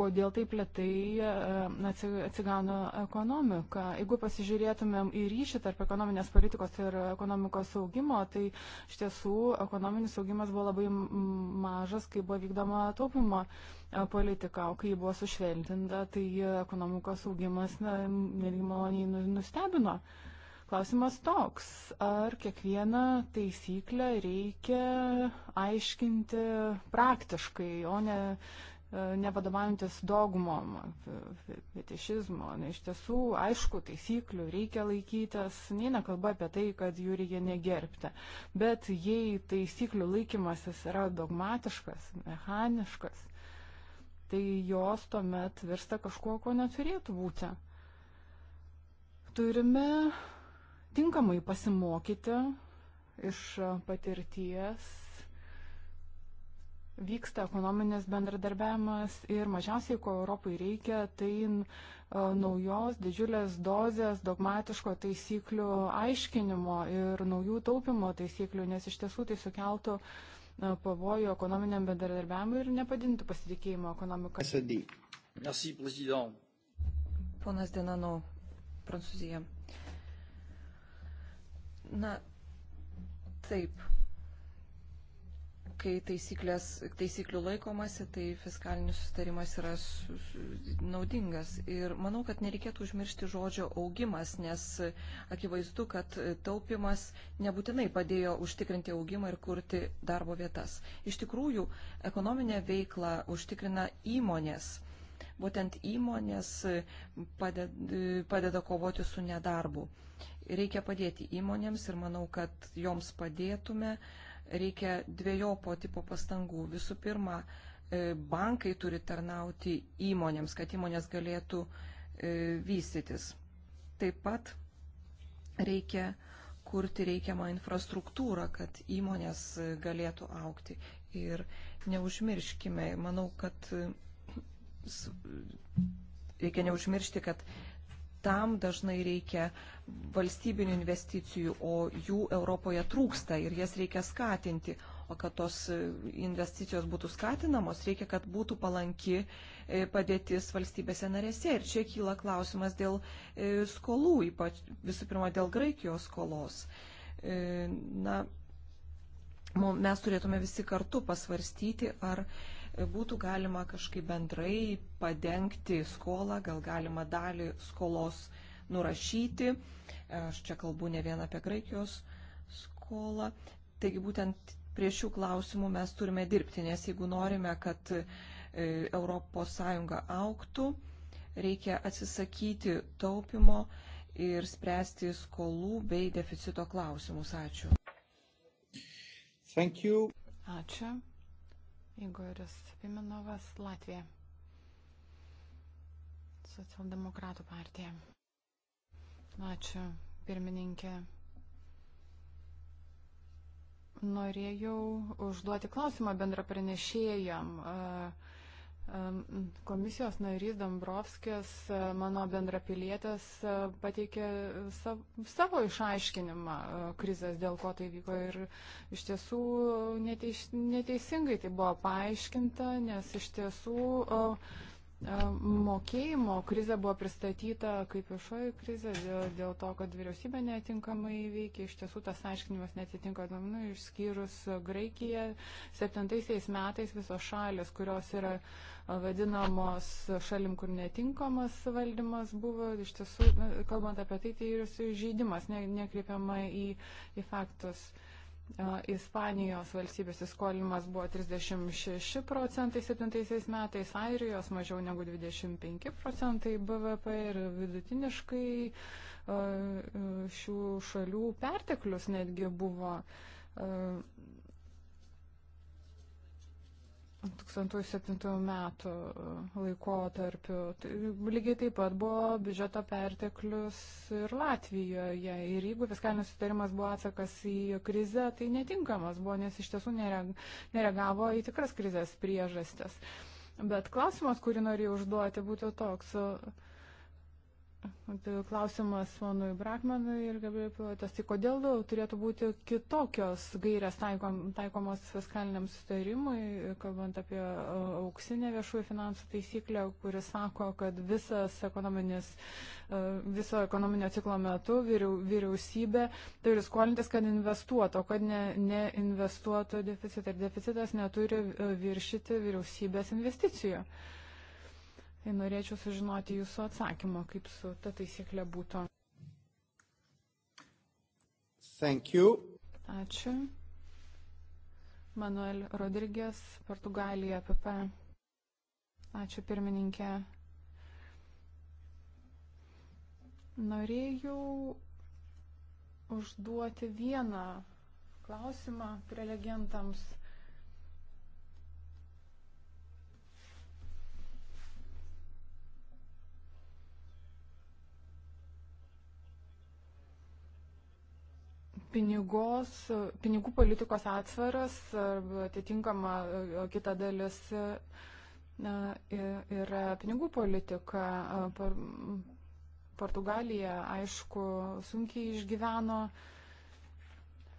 kodėl taip lietai e, atsigauna ekonomika. Jeigu pasižiūrėtumėm į ryšį tarp ekonominės politikos ir ekonomikos augimo, tai iš tiesų ekonominis augimas buvo labai mažas, kai buvo vykdoma taupimo politika, o kai buvo sušveltinta, tai ekonomikos augimas netgi maloniai nu, nustebino. Klausimas toks, ar kiekvieną taisyklę reikia aiškinti praktiškai, o ne, e, nevadovaujantis dogmom, fetišizmo. Na, iš tiesų, aišku, taisyklių reikia laikytis, neina kalba apie tai, kad jų reikia negerbti. Bet jei taisyklių laikymasis yra dogmatiškas, mechaniškas, tai jos tuomet virsta kažkuo, ko neturėtų būti. Turime tinkamai pasimokyti iš patirties. Vyksta ekonominis bendradarbiavimas ir mažiausiai, ko Europai reikia, tai e, naujos didžiulės dozės dogmatiško taisyklių aiškinimo ir naujų taupimo taisyklių, nes iš tiesų tai sukeltų uh, pavojų ekonominiam bendradarbiavimui ir nepadintų pasitikėjimo ekonomiką. Merci, prezident. Ponas Denano, Prancūzija. Na, taip, kai taisyklių laikomasi, tai fiskalinis sustarimas yra naudingas. Ir manau, kad nereikėtų užmiršti žodžio augimas, nes akivaizdu, kad taupimas nebūtinai padėjo užtikrinti augimą ir kurti darbo vietas. Iš tikrųjų, ekonominę veiklą užtikrina įmonės. Būtent įmonės padeda, padeda kovoti su nedarbu. Reikia padėti įmonėms ir manau, kad joms padėtume uh, reikia dviejopo tipo pastangų. Visų pirma, e, bankai turi tarnauti įmonėms, kad įmonės galėtų e, vystytis. Taip pat reikia kurti reikiamą infrastruktūrą, kad įmonės e, galėtų aukti. Ir neužmirškime, manau, kad reikia neužmiršti, kad tam dažnai reikia valstybinių investicijų, o jų Europoje trūksta ir jas reikia skatinti. O kad tos e, investicijos būtų skatinamos, reikia, kad būtų palanki e, padėtis valstybėse narėse. Ir čia kyla klausimas dėl e, skolų, ypač visų pirma dėl Graikijos skolos. Na, mes turėtume visi kartu pasvarstyti, ar būtų galima kažkaip bendrai padengti skolą, gal galima dalį skolos nurašyti. Aš čia kalbu ne vien apie Graikijos skolą. Taigi būtent prie šių klausimų mes turime dirbti, nes jeigu norime, kad ES auktų, reikia atsisakyti taupimo ir spręsti skolų bei deficito klausimus. Ačiū. Ačiū. Igoris Piminovas, Latvija. Socialdemokratų partija. Ačiū, pirmininkė. Norėjau užduoti klausimą bendra pranešėjam. Uh, Komisijos narys Dombrovskis, e, mano bendrapilietis, e, pateikė savo išaiškinimą e, krizės, dėl ko tai vyko ir iš tiesų neteis, neteisingai tai buvo paaiškinta, nes iš tiesų mokėjimo krizė buvo pristatyta kaip viešoji krizė dėl, dėl to, kad vyriausybė netinkamai veikia. Iš tiesų tas aiškinimas netitinka duomenų, nu, nu, išskyrus Graikiją. Septintaisiais metais visos šalis, kurios yra uh, vadinamos šalim, kur netinkamas valdymas buvo, iš tiesų, kalbant apie tai, tai yra sužeidimas, ne, nekreipiama į, į faktus. Ispanijos valstybės įskolimas buvo 36 procentai 7 metais, Airijos mažiau negu 25 procentai BVP ir vidutiniškai šių šalių perteklius netgi buvo 2007 metų e, laikotarpiu. Tai, lygiai taip pat buvo biudžeto perteklius ir Latvijoje. Ir jeigu fiskalinis sutarimas buvo atsakas į krizę, tai netinkamas buvo, nes iš tiesų nereagavo į tikras krizės priežastis. Bet klausimas, kurį norėjau užduoti, būtų toks. Uh, Tai klausimas ponui Brakmanui ir Gabrieliui Pilotas, tai kodėl turėtų būti kitokios gairės taikom, taikomos fiskaliniam sustarimui, kalbant apie e, auksinę viešųjų finansų taisyklę, kuris sako, kad visas ekonominis, e, viso ekonominio ciklo metu vyriau, vyriausybė turi skolintis, kad investuotų, kad ne, neinvestuotų deficitą ir deficitas neturi e, viršyti vyriausybės investicijų. Uh, Ir tai norėčiau sužinoti jūsų atsakymą, kaip su ta taisyklė būtų. Thank you. Ačiū. Manuel Rodrygės, Portugalija, PP. Ačiū pirmininkė. Norėjau užduoti vieną klausimą prelegentams. pinigos, pinigų politikos atsvaras arba atitinkama e, kita dalis e, yra pinigų politika. Portugalija, aišku, sunkiai išgyveno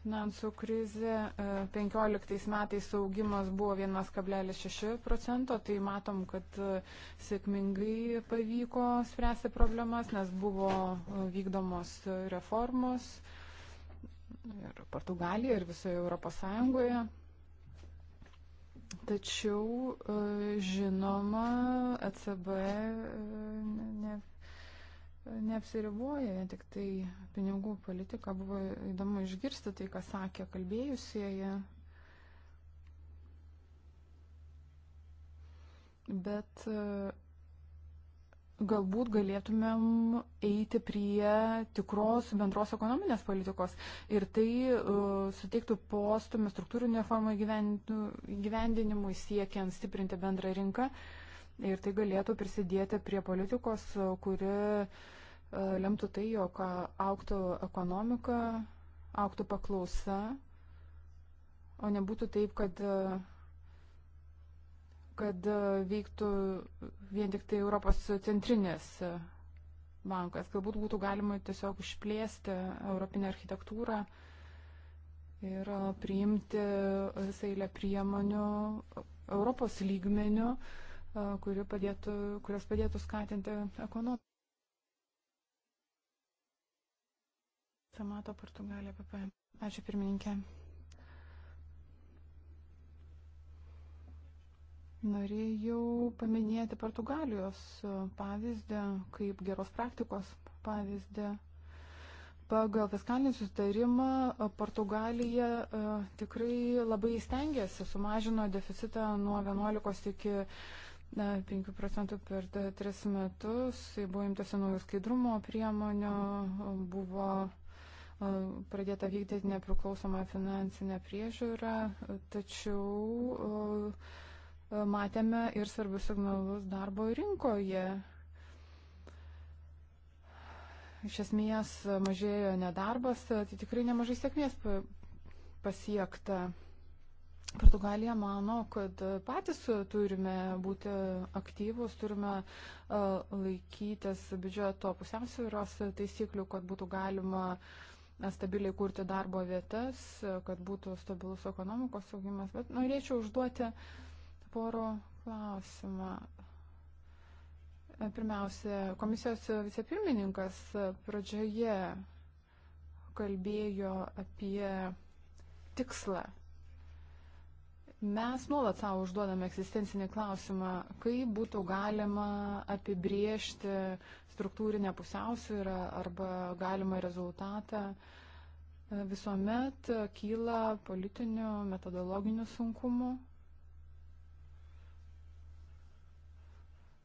finansų krizė. 15 e, metais augimas buvo 1,6 procento, tai matom, kad sėkmingai pavyko spręsti problemas, nes buvo vykdomos reformos. Uh, ir Portugalijoje, ir visoje Europos Sąjungoje. Tačiau, e, žinoma, ECB e, ne, neapsiriboja, ne tik tai pinigų politika. Buvo įdomu išgirsti tai, ką sakė kalbėjusieji. Bet e, galbūt galėtumėm eiti prie tikros bendros ekonominės politikos ir tai uh, suteiktų postumį struktūrinio reformų gyvendinimui siekiant stiprinti bendrą rinką ir tai galėtų prisidėti prie politikos, kuri uh, lemtų tai, jog auktų ekonomika, auktų paklausa, o nebūtų taip, kad uh, kad e, veiktų vien tik tai Europos centrinės e, bankas. Galbūt būtų galima tiesiog išplėsti europinę architektūrą ir e, priimti visą eilę priemonių Europos lygmenių, kuri padėtų, kurios padėtų skatinti ekonomiką. Samato Portugalija, PPM. Ačiū pirmininkė. Norėjau paminėti Portugalijos pavyzdį kaip geros praktikos pavyzdį. Pagal fiskalinį sustarimą Portugalija e, tikrai labai stengiasi, sumažino deficitą nuo 11 iki 5 procentų per 3 metus. Buvo imtasi naujų skaidrumo priemonių, buvo e, pradėta vykdyti nepriklausomą finansinę priežiūrą, tačiau uh, E, matėme ir svarbius signalus darbo rinkoje. Iš esmės mažėjo nedarbas, e, tai tikrai nemažai sėkmės pasiekta. Portugalija mano, kad patys turime būti aktyvus, turime e, laikytis biudžeto pusiausvyros taisyklių, kad būtų galima stabiliai kurti darbo vietas, kad būtų stabilus ekonomikos augimas. Bet norėčiau užduoti uh, porų klausimą. Pirmiausia, komisijos vicepirmininkas pradžioje kalbėjo apie tikslą. Mes nuolat savo užduodame egzistencinį klausimą, kaip būtų galima apibriežti struktūrinę pusiausvyrą arba galimą rezultatą. Visuomet kyla politinių metodologinių sunkumų.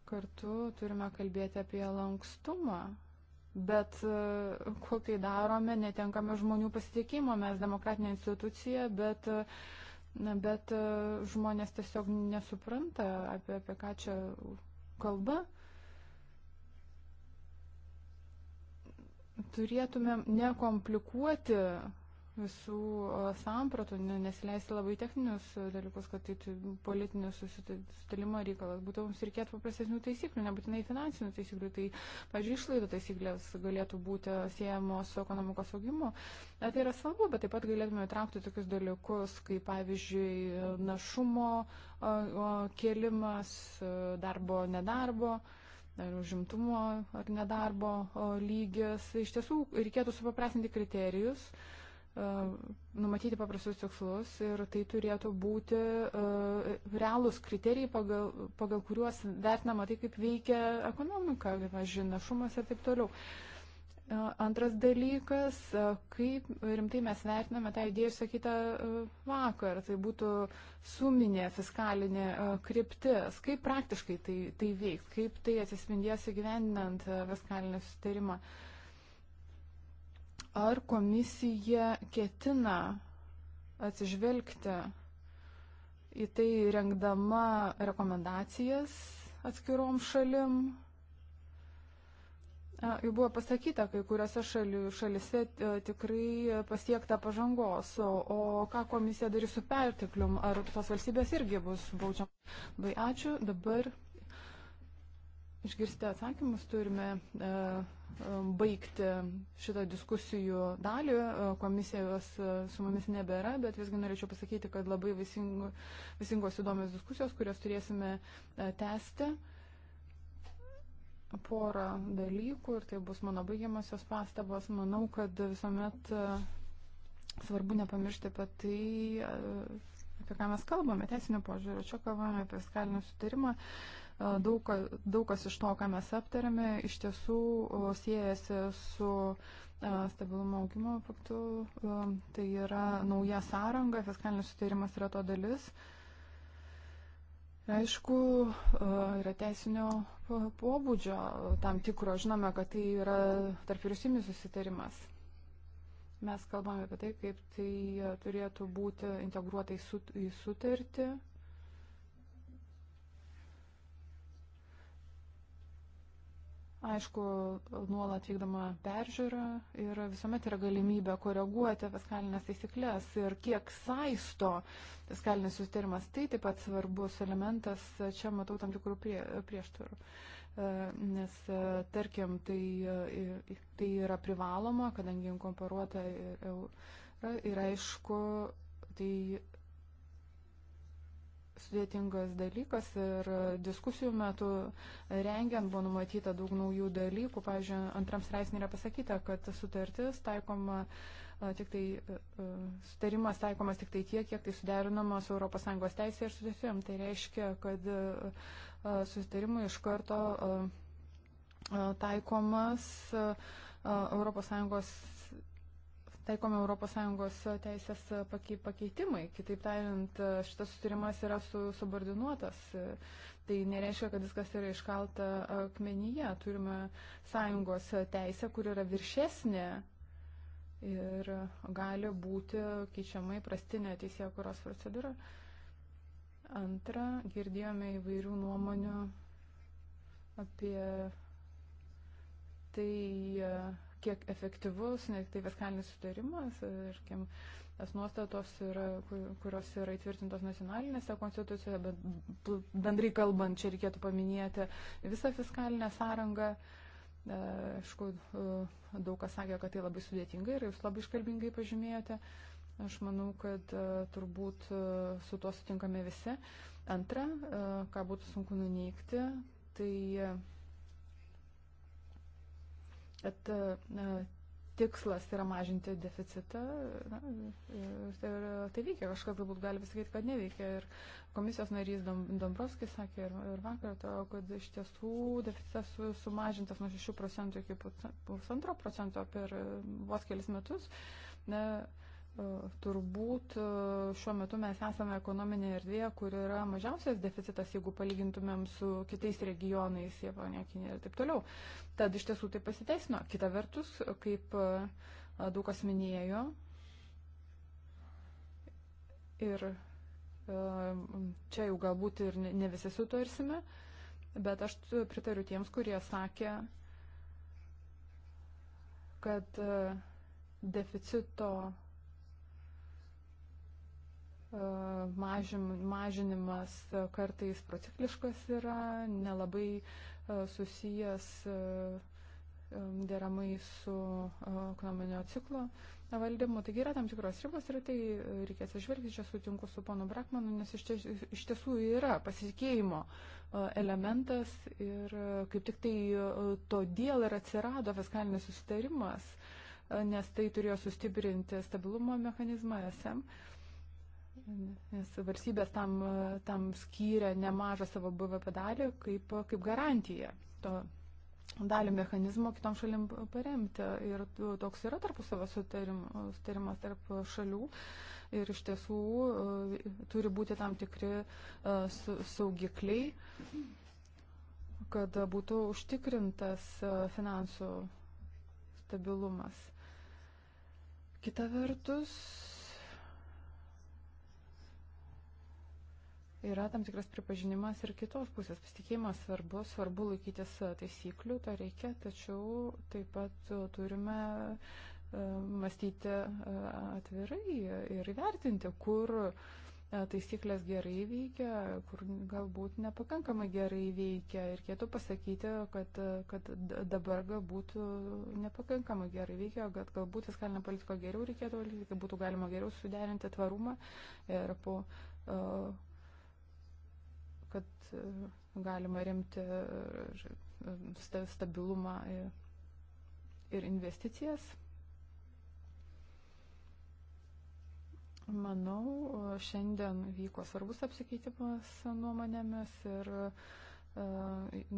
kartu turime kalbėti apie lankstumą. Bet e, kol tai darome, netenkame žmonių pasitikimo, mes demokratinė institucija, bet, e, na, bet e, žmonės tiesiog nesupranta, apie, apie ką čia kalba. Turėtumėm nekomplikuoti visų sampratų, nesileisti labai techninius e, dalykus, kad tai politinio susitarimo reikalas. Būtų mums reikėtų paprastesnių taisyklių, nebūtinai finansinių taisyklių. Tai, pažiūrėjau, išlaidų taisyklės galėtų būti e, siejamos su ekonomikos augimu. Na, tai yra svarbu, bet taip pat galėtume įtraukti tokius dalykus, kaip, pavyzdžiui, našumo kėlimas, e, darbo, nedarbo ar užimtumo ar nedarbo lygis. Iš tiesų reikėtų supaprastinti kriterijus, uh, E, numatyti paprastus tikslus ir tai turėtų būti e, realūs kriterijai, pagal, pagal kuriuos vertinama tai, kaip veikia ekonomika, žinašumas ir taip toliau. E, antras dalykas, kaip rimtai mes vertiname tą idėją išsakytą vakar, tai būtų suminė fiskalinė kryptis, kaip praktiškai tai, tai veiks, kaip tai atsispindės įgyvendinant fiskalinį sustarimą. Uh, Ar komisija ketina atsižvelgti į tai rengdama rekomendacijas atskirom šalim. Jau buvo pasakyta, kai kuriuose šali, šalise e, tikrai pasiekta pažangos, o, o ką komisija darys su pertiklium, ar tos valstybės irgi bus baudžiamas. Bai ačiū, dabar išgirsti atsakymus, turime e, e, baigti šitą diskusijų dalį. E, komisijos su mumis nebėra, bet visgi norėčiau pasakyti, kad labai visingos, visingos įdomios diskusijos, kurias turėsime tęsti. Porą dalykų ir tai bus mano baigiamasios pastabos. Manau, kad visuomet svarbu nepamiršti apie tai, apie ką mes kalbame, teisinio požiūrio. Čia kalbame apie skalinį sutarimą. Uh, daug, daug kas iš to, ką mes aptarėme, iš tiesų siejasi su stabilumo augimo paktu. Tai yra nauja sąranga, fiskalinis sutarimas yra to dalis. Aišku, yra teisinio pobūdžio tam tikro, žinome, kad tai yra tarp vyriausybinis susitarimas. Mes kalbame apie tai, kaip tai turėtų būti integruotai į sutartį. Aišku, nuolat vykdoma peržiūra ir visuomet yra galimybė koreguoti fiskalinės taisyklės ir kiek saisto fiskalinis sustarimas, tai taip pat svarbus elementas, čia matau tam tikrų prie, prieštarų. E, nes, e, tarkim, tai, e, tai yra privaloma, kadangi inkorporuota ir, ir aišku, tai sudėtingas dalykas ir diskusijų metu rengiant buvo numatyta daug naujų dalykų. Pavyzdžiui, antram straipsnė yra pasakyta, kad sutartis taikoma tik tai, sutarimas taikomas tik tai tiek, kiek tai suderinama su ES teisė ir sudėtim. Tai reiškia, kad susitarimui iš karto taikomas ES taikomi ES teisės pakeitimai. Kitaip tariant, šitas sutarimas yra su, subordinuotas. Tai nereiškia, kad viskas yra iškalta akmenyje. Turime sąjungos teisę, kur yra viršesnė ir gali būti keičiama įprastinė teisėjo kuros procedūra. Antra, girdėjome įvairių nuomonių apie tai, kiek efektyvus ne tik tai fiskalinis sutarimas, tarkim, tas nuostatos, yra, kurios yra įtvirtintos nacionalinėse konstitucijose, bet bendrai kalbant, čia reikėtų paminėti visą fiskalinę sąrangą. E, aišku, e, daug kas sakė, kad tai labai sudėtinga ir jūs labai iškalbingai pažymėjote. Aš manau, kad e, turbūt su tuo sutinkame visi. Antra, ką būtų sunku nuneikti, tai kad tikslas yra mažinti deficitą na, ir, ir tai veikia, kažkas galbūt gali pasakyti, kad neveikia. Ir komisijos narys Dombrovskis sakė ir, ir vakar, to, kad iš tiesų deficitas sumažintas nuo 6 procentų iki 1,5 procento per vos kelis metus. Na, E, turbūt e, šiuo metu mes esame ekonominė erdvėje, kur yra mažiausias deficitas, jeigu palygintumėm su kitais regionais, Japonija, Kinija ir taip toliau. Tad iš tiesų tai pasiteisino. Kita vertus, kaip e, daug kas minėjo, ir čia jau galbūt ir ne visi su to irsime, bet aš pritariu tiems, kurie sakė, kad deficito E, mažim, mažinimas e, kartais procikliškas yra, nelabai e, susijęs deramai su ekonominio ciklo valdymu. Taigi yra tam tikros ribos ir tai reikės išvelgti, čia sutinku su ponu Brakmanu, nes iš, ties, iš tiesų yra pasitikėjimo elementas ir kaip tik tai todėl ir atsirado fiskalinis susitarimas, nes tai turėjo sustiprinti stabilumo mechanizmą SM. Uh, nes valstybės tam, tam skyrė nemažą savo BVP dalį kaip, kaip garantiją to dalį mechanizmo kitom šalim paremti. Ir toks yra tarpusavio sutarimas tarp šalių. Ir iš tiesų e, turi būti tam tikri e, saugikliai, kad būtų užtikrintas e, finansų stabilumas. Kita vertus, yra tam tikras pripažinimas ir kitos pusės. Pasitikėjimas svarbu, svarbu laikytis e, taisyklių, to reikia, tačiau taip pat e, turime e, mąstyti atvirai ir įvertinti, kur taisyklės gerai veikia, kur galbūt nepakankamai gerai veikia. Ir reikėtų pasakyti, kad, kad dabar galbūt nepakankamai gerai veikia, kad galbūt fiskalinę politiką geriau reikėtų valdyti, kad būtų galima geriau suderinti tvarumą ir po kad e, galima remti e, stabilumą ir investicijas. Manau, šiandien vyko svarbus apsikeitimas nuomonėmis ir e,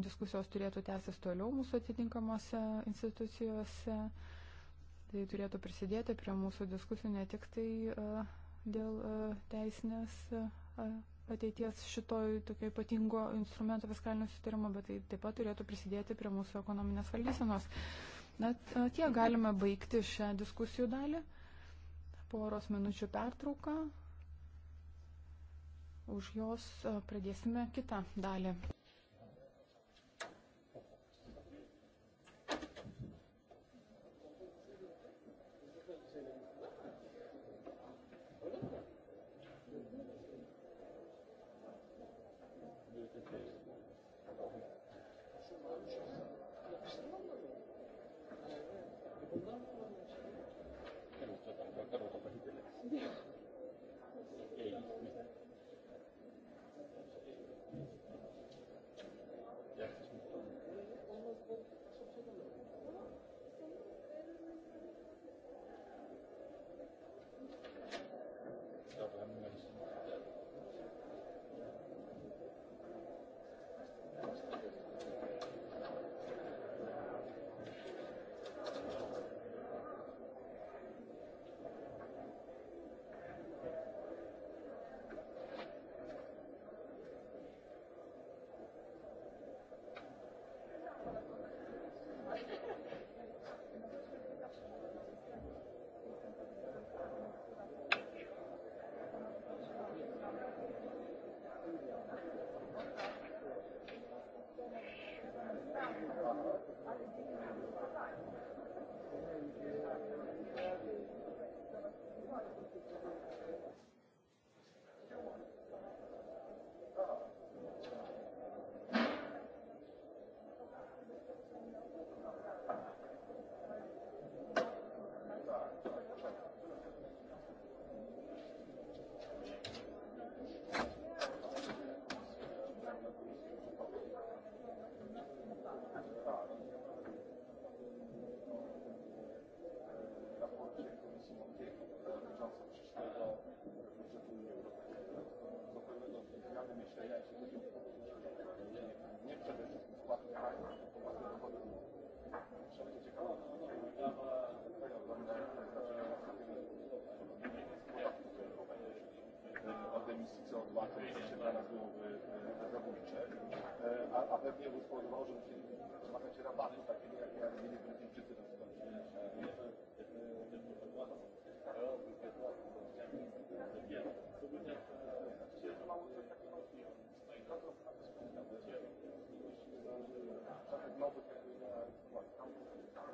diskusijos turėtų tęsis toliau mūsų atitinkamose institucijose. Tai turėtų prisidėti prie mūsų diskusijų ne tik tai dėl teisinės ateities šitoj tokio ypatingo instrumento fiskalinio sutarimo, bet tai taip pat turėtų prisidėti prie mūsų ekonominės valdysenos. Net tie galime baigti šią diskusijų dalį. Poros minučių pertrauką. Už jos pradėsime kitą dalį.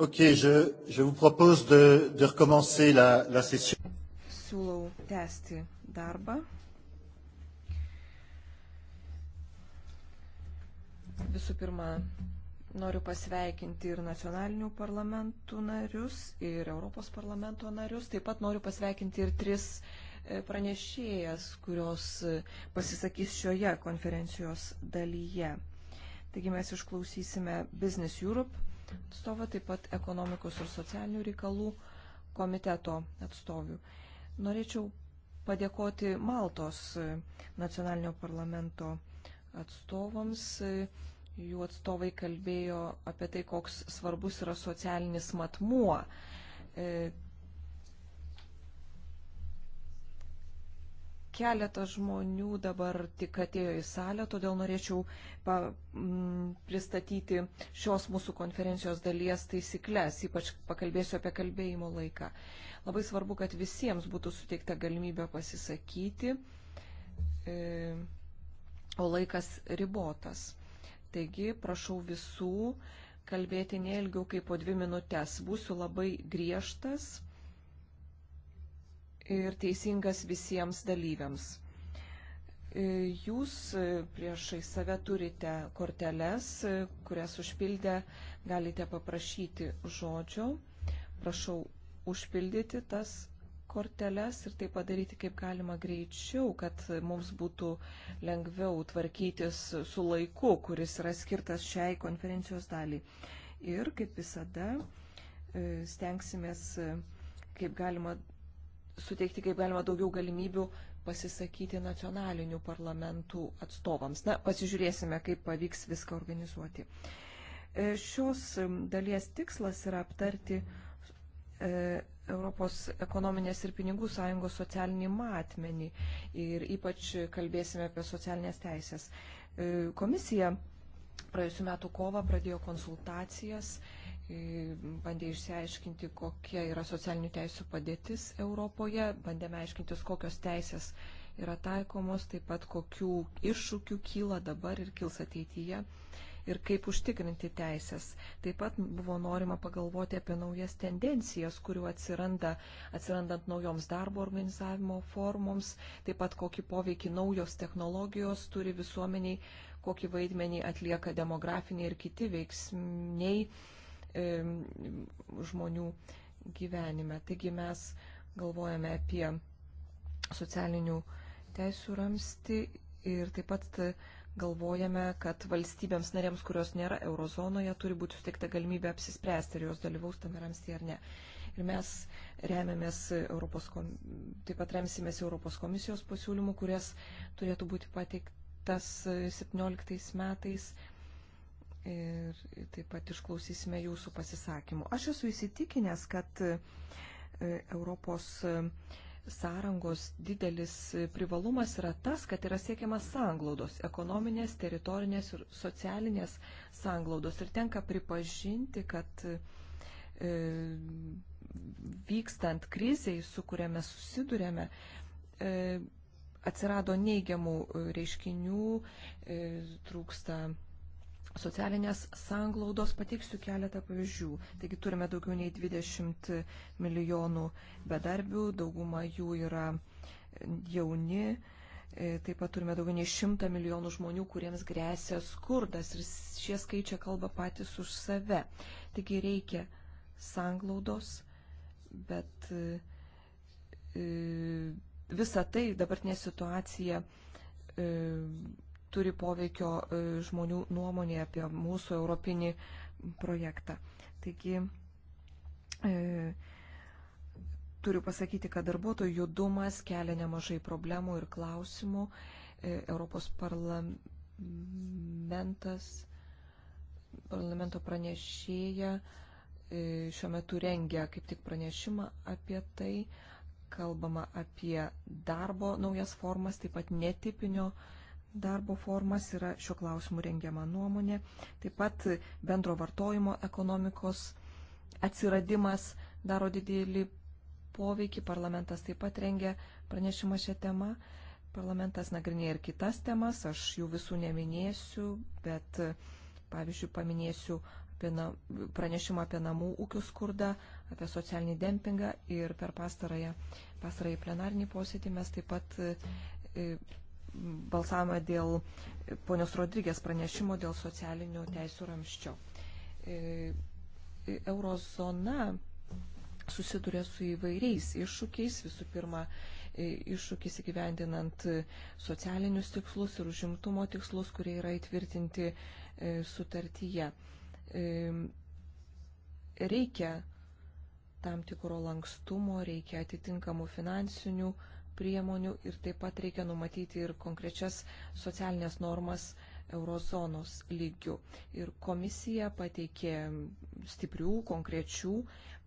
Ok, je, je vous propose de, de recommencer la, la session. Siūlau tęsti darbą. Visų pirma, noriu pasveikinti ir nacionalinių parlamentų narius, ir Europos parlamento narius. Taip pat noriu pasveikinti ir tris e, pranešėjas, kurios e, pasisakys šioje konferencijos dalyje. Taigi mes išklausysime Business Europe atstovą, taip pat ekonomikos ir socialinių reikalų komiteto atstovių. Norėčiau padėkoti Maltos nacionalinio parlamento atstovams. Jų atstovai kalbėjo apie tai, koks svarbus yra socialinis matmuo e, Keletas žmonių dabar tik atėjo į salę, todėl norėčiau pa, m, mm, pristatyti šios mūsų konferencijos dalies taisyklės, ypač pakalbėsiu apie kalbėjimo laiką. Labai svarbu, kad visiems būtų suteikta galimybė pasisakyti, e, o laikas ribotas. Taigi, prašau visų kalbėti neilgiau kaip po dvi minutės. Būsiu labai griežtas ir teisingas visiems dalyviams. E, jūs e, priešai save turite korteles, e, kurias užpildę galite paprašyti žodžio. Prašau užpildyti tas korteles ir tai padaryti kaip galima greičiau, kad mums būtų lengviau tvarkytis su laiku, kuris yra skirtas šiai konferencijos daliai. Ir kaip visada stengsimės kaip galima suteikti kaip galima daugiau galimybių pasisakyti nacionalinių parlamentų atstovams. Na, pasižiūrėsime, kaip pavyks viską organizuoti. E, šios dalies tikslas yra aptarti e, Europos ekonominės ir pinigų sąjungos socialinį matmenį ir ypač kalbėsime apie socialinės teisės. E, komisija praėjusiu metu kovą pradėjo konsultacijas bandė išsiaiškinti, kokia yra socialinių teisų padėtis Europoje, bandėme aiškintis, kokios teisės yra taikomos, taip pat kokių iššūkių kyla dabar ir kils ateityje ir kaip užtikrinti teisės. Taip pat buvo norima pagalvoti apie naujas tendencijas, kurių atsiranda, atsirandant naujoms darbo organizavimo formoms, taip pat kokį poveikį naujos technologijos turi visuomeniai, kokį vaidmenį atlieka demografiniai ir kiti veiksniai žmonių gyvenime. Taigi mes galvojame apie socialinių teisų ramsti ir taip pat galvojame, kad valstybėms narėms, kurios nėra eurozonoje, turi būti suteikta galimybė apsispręsti, ar jos dalyvaus tame ramsti ar ne. Ir mes remiamės Europos, taip pat remsimės Europos komisijos pasiūlymų, kurias turėtų būti pateiktas 17 e, metais ir taip pat išklausysime jūsų pasisakymų. Aš esu įsitikinęs, kad e, Europos e, sąrangos didelis privalumas yra tas, kad yra siekiamas sanglaudos, ekonominės, teritorinės ir socialinės sanglaudos. Ir tenka pripažinti, kad e, vykstant kriziai, su kuria mes susidurėme, e, atsirado neigiamų e, reiškinių, e, trūksta socialinės sanglaudos pateiksiu keletą pavyzdžių. Taigi turime daugiau nei 20 milijonų bedarbių, dauguma jų yra jauni, e, taip pat turime daugiau nei 100 milijonų žmonių, kuriems grėsia skurdas ir šie skaičiai kalba patys už save. Taigi reikia sanglaudos, bet e, e, visa tai dabartinė situacija turi poveikio e, žmonių nuomonė apie mūsų europinį projektą. Taigi, e, turiu pasakyti, kad darbuotojų judumas kelia nemažai problemų ir klausimų. E, Europos parlamentas, parlamento pranešėja e, šiuo metu rengia kaip tik pranešimą apie tai. Kalbama apie darbo naujas formas, taip pat netipinio e, darbo formas, yra šiuo klausimu rengiama nuomonė, taip pat bendro vartojimo ekonomikos atsiradimas daro didelį poveikį, parlamentas taip pat rengia pranešimą šią temą, parlamentas nagrinėja ir kitas temas, aš jų visų neminėsiu, bet pavyzdžiui paminėsiu apie na, pranešimą apie namų ūkių skurdą, apie socialinį dempingą ir per pastarąją, pastarąjį plenarnį posėdį mes taip pat e, balsavimą dėl ponios Rodrygės pranešimo dėl socialinių teisų ramščio. E, e, eurozona susiduria su įvairiais iššūkiais. Visų pirma, e, iššūkis įgyvendinant socialinius tikslus ir užimtumo tikslus, kurie yra įtvirtinti sutartyje. Reikia tam tikro lankstumo, reikia atitinkamų finansinių priemonių ir taip pat reikia numatyti ir konkrečias socialinės normas eurozonos lygių. Ir komisija pateikė stiprių, konkrečių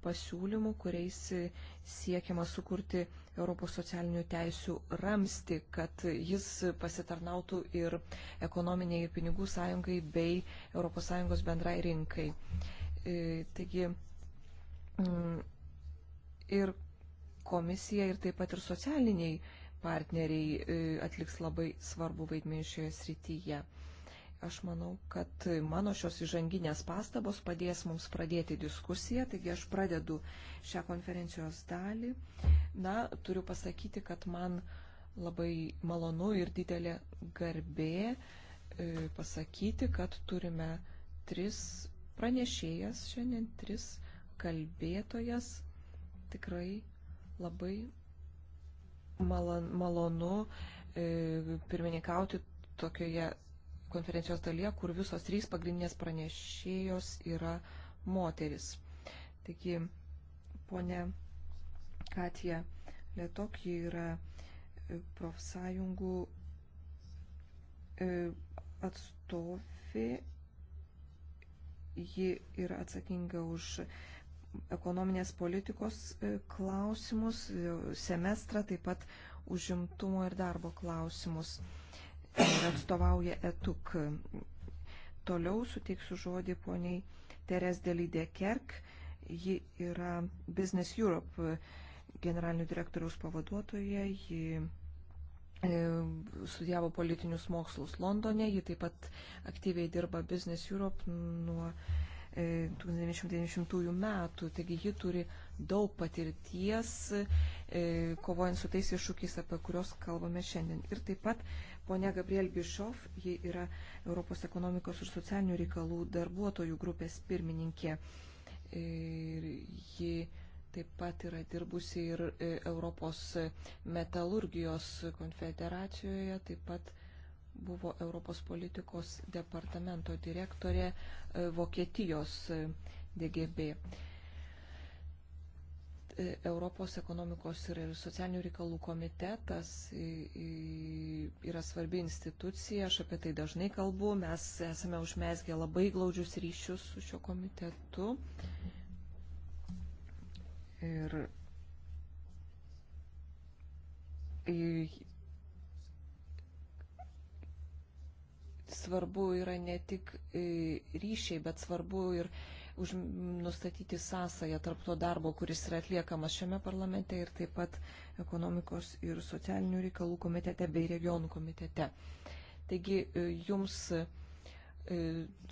pasiūlymų, kuriais siekiama sukurti Europos socialinių teisių ramsti, kad jis pasitarnautų ir ekonominiai ir pinigų sąjungai bei ES bendrai rinkai. E, taigi, mm, ir komisija ir taip pat ir socialiniai partneriai e, atliks labai svarbu vaidmenį šioje srityje. Aš manau, kad mano šios įžanginės pastabos padės mums pradėti diskusiją, taigi aš pradedu šią konferencijos dalį. Na, turiu pasakyti, kad man labai malonu ir didelė garbė e, pasakyti, kad turime tris pranešėjas šiandien, tris kalbėtojas. Tikrai Labai malon, malonu e, pirmininkauti tokioje konferencijos dalyje, kur visos trys pagrindinės pranešėjos yra moteris. Taigi, ponė Katija Lietok, ji yra e, profsąjungų e, atstovė, ji yra atsakinga už e, ekonominės politikos e, klausimus, e, semestrą, taip pat užimtumo ir darbo klausimus. E, ir atstovauja ETUK. Toliau suteiksiu žodį poniai Teres Delydė Kerk. Ji yra Business Europe generalinio direktoriaus pavaduotoja. Ji studijavo politinius mokslus Londone, ji taip pat aktyviai dirba Business Europe nuo 1990 e, metų. Taigi ji turi daug patirties, e, kovojant su tais iššūkiais, apie kuriuos kalbame šiandien. Ir taip pat ponia Gabriel Bišov, ji yra Europos ekonomikos ir socialinių reikalų darbuotojų grupės pirmininkė. E, ir ji taip pat yra dirbusi ir Europos metalurgijos konfederacijoje, taip pat buvo Europos politikos departamento direktorė e, Vokietijos e, DGB. E, Europos ekonomikos ir socialinių reikalų komitetas yra svarbi institucija, aš apie tai dažnai kalbu, mes esame užmesgę labai glaudžius ryšius su šiuo komitetu. Ir svarbu yra ne tik e, ryšiai, bet svarbu ir už, nustatyti sąsąją tarp to darbo, kuris yra atliekamas šiame parlamente ir taip pat ekonomikos ir socialinių reikalų komitete bei regionų komitete. Taigi e, jums e,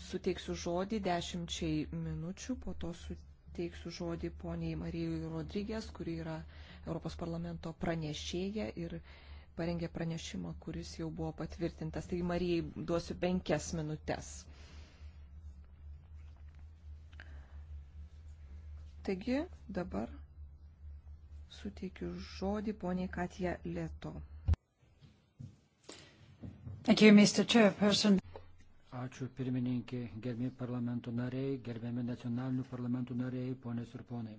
suteiksiu žodį dešimčiai minučių, po to suteiksiu žodį poniai Marijai Rodrygės, kuri yra Europos parlamento pranešėja ir pranešėja parengė pranešimą, kuris jau buvo patvirtintas. Taigi Marijai duosiu penkias minutės. Taigi dabar suteikiu žodį poniai Katija Lieto. Thank you, Mr. Chairperson. Ačiū pirmininkė, gerbiami parlamento nariai, gerbiami nacionalinių parlamentų nariai, ponės ir ponai.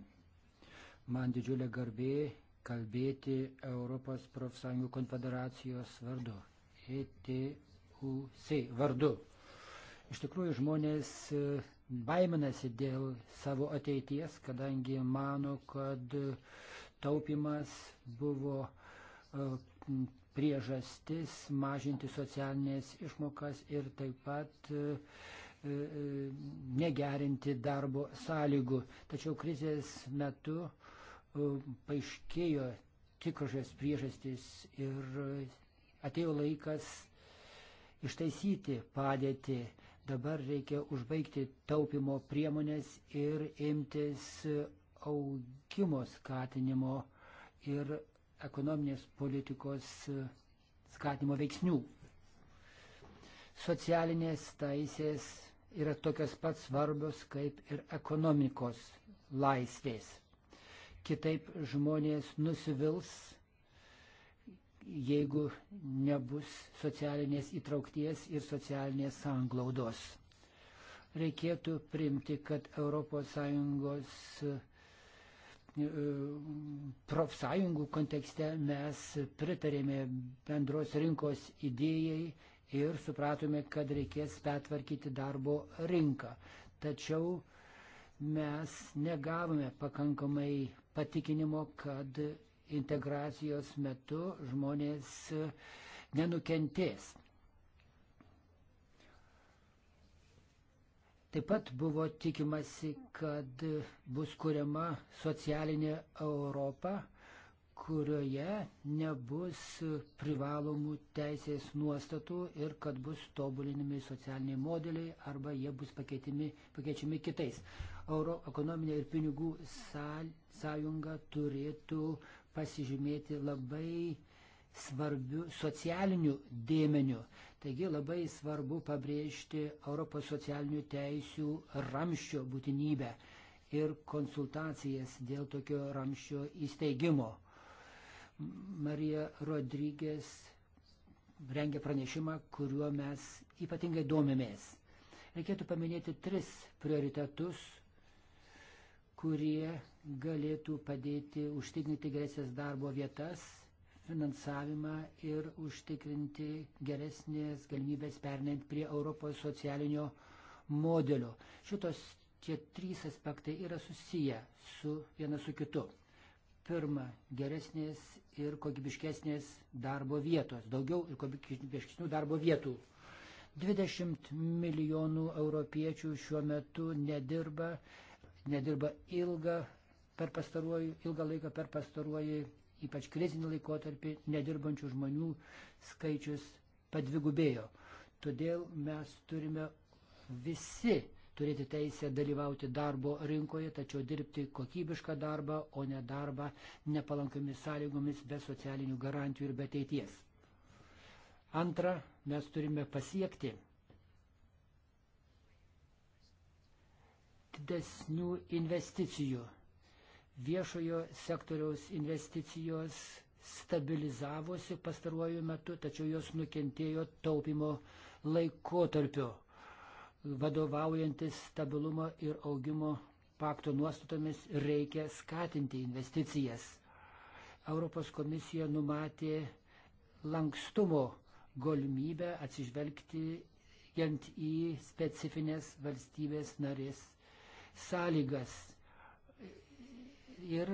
Man didžiulė garbė kalbėti Europos profsąjungų konfederacijos vardu, ETUC vardu. Iš tikrųjų žmonės e, baiminasi dėl savo ateities, kadangi mano, kad e, taupimas buvo e, priežastis mažinti socialinės išmokas ir taip pat negerinti darbo sąlygų. Tačiau krizės metu E, paaiškėjo tikrosios priežastys ir atėjo laikas ištaisyti padėtį. Dabar reikia užbaigti taupimo priemonės ir imtis augimo skatinimo ir ekonominės politikos skatinimo veiksnių. Socialinės taisės yra tokios pat svarbios kaip ir ekonomikos laisvės kitaip žmonės nusivils, jeigu nebus socialinės įtraukties ir socialinės sanglaudos. Reikėtų primti, kad ES e, profsąjungų kontekste mes pritarėme bendros rinkos idėjai ir supratome, kad reikės petvarkyti darbo rinką. Tačiau mes negavome pakankamai patikinimo, kad integracijos metu žmonės nenukentės. Taip pat buvo tikimasi, kad bus kuriama socialinė Europa, kurioje nebus privalomų teisės nuostatų ir kad bus tobulinami socialiniai modeliai arba jie bus pakeitimi, pakeičiami kitais. Euro ekonominė ir pinigų sąjunga turėtų pasižymėti labai svarbių socialinių dėmenių. Taigi labai svarbu pabrėžti Europos socialinių teisių ramščio būtinybę ir konsultacijas dėl tokio ramščio įsteigimo. Marija Rodrygės rengia pranešimą, kuriuo mes ypatingai domimės. Reikėtų paminėti tris prioritetus, kurie galėtų padėti užtikrinti geresnės darbo vietas, finansavimą ir užtikrinti geresnės galimybės pernant prie Europos socialinio modelio. Šitos tie trys aspektai yra susiję su viena su kitu. Pirma, geresnės ir kokybiškesnės darbo vietos, daugiau ir kokybiškesnių darbo vietų. 20 milijonų europiečių šiuo metu nedirba, nedirba ilgą, per pastaruoju, ilgą laiką per pastaruoju, ypač krizinį laikotarpį, nedirbančių žmonių skaičius padvigubėjo. Todėl mes turime visi turėti teisę dalyvauti darbo rinkoje, tačiau dirbti kokybišką darbą, o ne darbą nepalankiomis sąlygomis, be socialinių garantijų ir be ateities. Antra, mes turime pasiekti, didesnių investicijų. Viešojo sektoriaus investicijos stabilizavosi pastaruoju metu, tačiau jos nukentėjo taupimo laikotarpiu, vadovaujantis stabilumo ir augimo pakto nuostatomis reikia skatinti investicijas. Europos komisija numatė lankstumo galimybę atsižvelgti jant į specifines valstybės narės sąlygas. Ir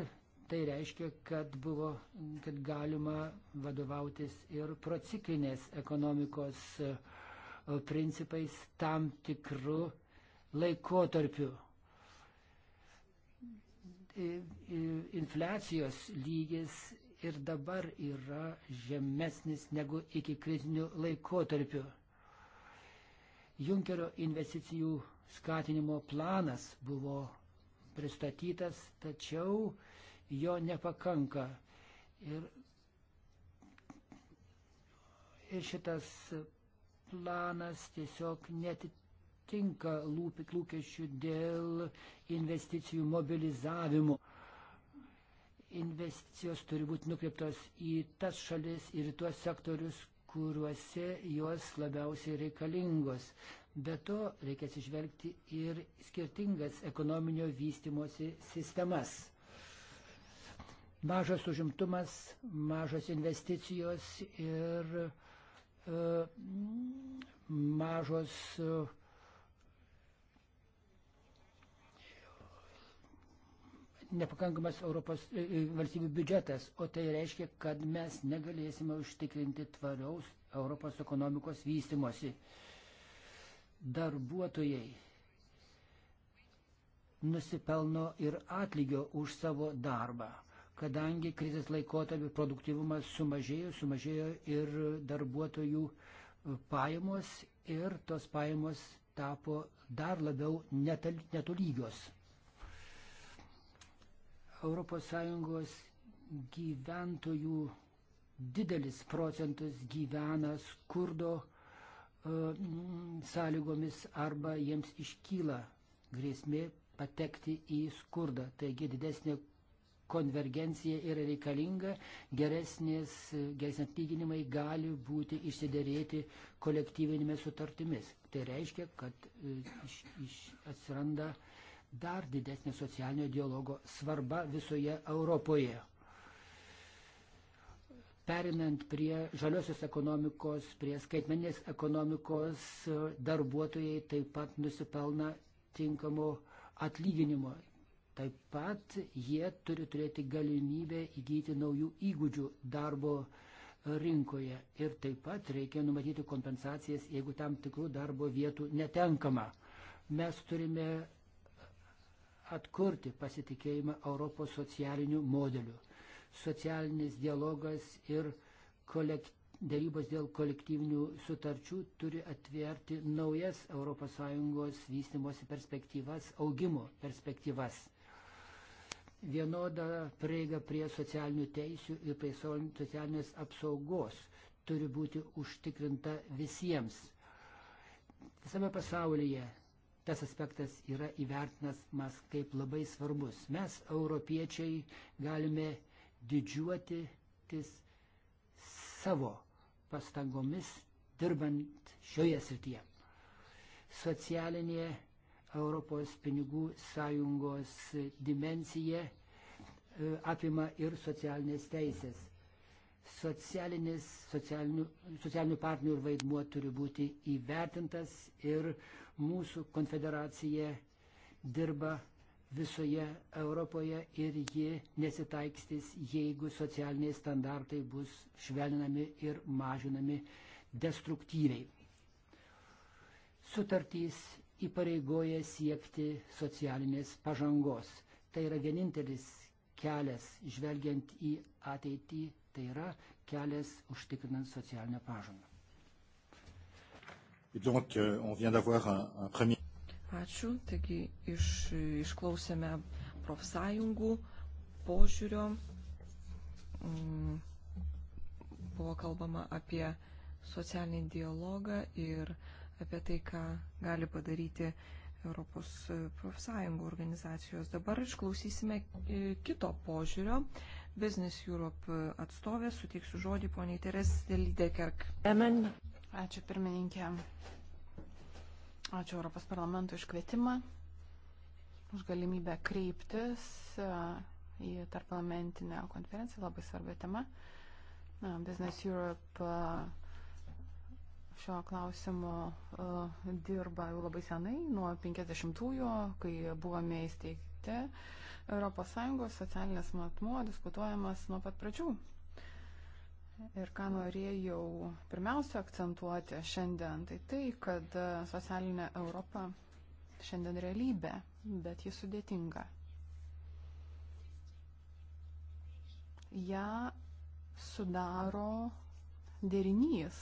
tai reiškia, kad, buvo, kad galima vadovautis ir prociklinės ekonomikos e, principais tam tikrų laikotarpių. E, e, infliacijos lygis ir dabar yra žemesnis negu iki krizinių laikotarpių. Junkerio investicijų skatinimo planas buvo pristatytas, tačiau jo nepakanka. Ir, ir šitas planas tiesiog netitinka lūkesčių dėl investicijų mobilizavimo. Investicijos turi būti nukreiptos į tas šalis ir tuos sektorius, kuriuose jos labiausiai reikalingos. Be to reikia atsižvelgti ir skirtingas ekonominio vystimosi sistemas. Mažas užimtumas, mažos investicijos ir e, mažos e, nepakankamas Europos e, e, valstybių biudžetas, o tai reiškia, kad mes negalėsime užtikrinti tvaraus Europos ekonomikos vystimosi. E, darbuotojai nusipelno ir atlygio už savo darbą. Kadangi krizės laikotarpiu produktivumas sumažėjo, sumažėjo ir darbuotojų e, pajamos ir tos pajamos tapo dar labiau netolygios. ES gyventojų didelis procentas gyvena skurdo E, sąlygomis arba jiems iškyla grėsmė patekti į skurdą. Taigi didesnė konvergencija yra reikalinga, geresnės, geresnės atlyginimai gali būti išsiderėti kolektyvinėmis sutartimis. Tai reiškia, kad e, iš, iš atsiranda dar didesnė socialinio dialogo svarba visoje Europoje. Perinant prie žaliosios ekonomikos, prie skaitmeninės ekonomikos, darbuotojai taip pat nusipelna tinkamo atlyginimo. Taip pat jie turi turėti galimybę įgyti naujų įgūdžių darbo rinkoje. Ir taip pat reikia numatyti kompensacijas, jeigu tam tikrų darbo vietų netenkama. Mes turime atkurti pasitikėjimą Europos socialiniu modeliu socialinis dialogas ir kolektyvinis dėrybos dėl kolektyvinių sutarčių turi atverti naujas ES vystimosi perspektyvas, augimo perspektyvas. Vienoda prieiga prie socialinių teisių ir prie socialinės apsaugos turi būti užtikrinta visiems. Visame pasaulyje tas aspektas yra įvertinas kaip labai svarbus. Mes, europiečiai, galime didžiuotis savo pastangomis dirbant šioje srityje. Socialinė Europos pinigų sąjungos dimencija e, apima ir socialinės teisės. Socialinis, socialinių, socialinių partnerių vaidmuo turi būti įvertintas ir mūsų konfederacija dirba visoje Europoje ir ji nesitaikstys, jeigu socialiniai standartai bus švelninami ir mažinami destruktyviai. Sutartys įpareigoja siekti socialinės pažangos. Tai yra vienintelis kelias žvelgiant į ateitį, tai yra kelias užtikrinant socialinę pažangą. Et donc, euh, on vient d'avoir un, un premier. Ačiū. Taigi iš, išklausėme profsąjungų požiūrio. Mm, buvo kalbama apie socialinį dialogą ir apie tai, ką gali padaryti Europos profsąjungų organizacijos. Dabar išklausysime e, kito požiūrio. Business Europe atstovė suteiksiu žodį poniai Teres Delidekerk. Ačiū pirmininkė. Ačiū Europos parlamento iškvietimą, už galimybę kreiptis e, į tarpparlamentinę konferenciją, labai svarbi tema. Business Europe e, šio klausimu e, dirba jau labai senai, nuo 50-ųjų, kai buvome įsteigti Europos Sąjungos socialinės matmuo diskutuojamas nuo pat pradžių ir ką norėjau pirmiausia akcentuoti šiandien, tai tai, kad e, socialinė Europa šiandien realybė, bet ji sudėtinga. Ja sudaro derinys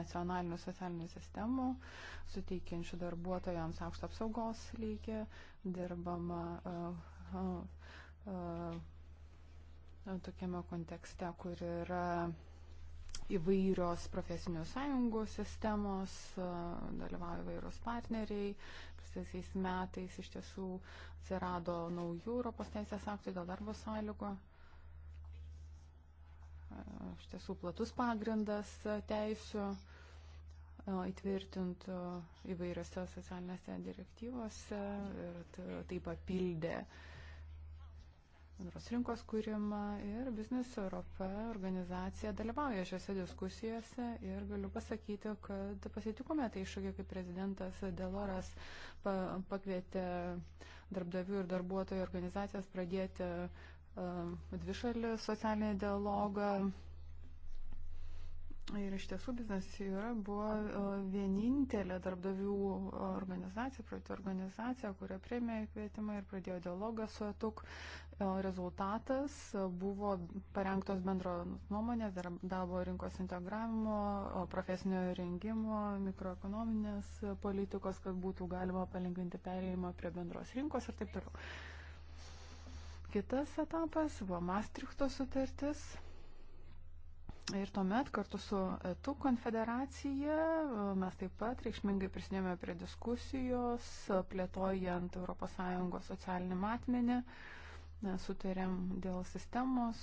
nacionalinių socialinių sistemų, suteikiančių darbuotojams aukštą apsaugos lygį, dirbama uh, uh, uh, tokiame kontekste, kur yra uh, įvairios profesinių sąjungų sistemos, dalyvauja įvairios partneriai. Prasidėsiais metais iš tiesų atsirado naujų Europos teisės aktų dėl darbo sąlygo. Iš tiesų platus pagrindas teisų įtvirtintų įvairiose socialinėse direktyvose ir tai papildė uh, bendros rinkos kūrimą ir Business Europe organizacija dalyvauja šiuose diskusijose ir galiu pasakyti, kad pasitikome tai iššūkį, kai prezidentas Deloras pakvietė darbdavių ir darbuotojų organizacijas pradėti dvišalį socialinį dialogą. Ir iš tiesų Business Europe buvo vienintelė darbdavių organizacija, projektų organizacija, kurio priemė kvietimą ir pradėjo dialogą su ETUK. E, rezultatas e, buvo parengtos bendro nuomonės darbo rinkos integravimo, profesinio rengimo, mikroekonominės politikos, kad būtų galima palengvinti perėjimą prie bendros rinkos ir taip toliau. Kitas etapas buvo Maastrichto sutartis. Ir tuomet kartu su ETU konfederacija e, mes taip pat reikšmingai prisidėjome prie diskusijos, plėtojant ES socialinį matmenį. Uh, sutarėm dėl sistemos,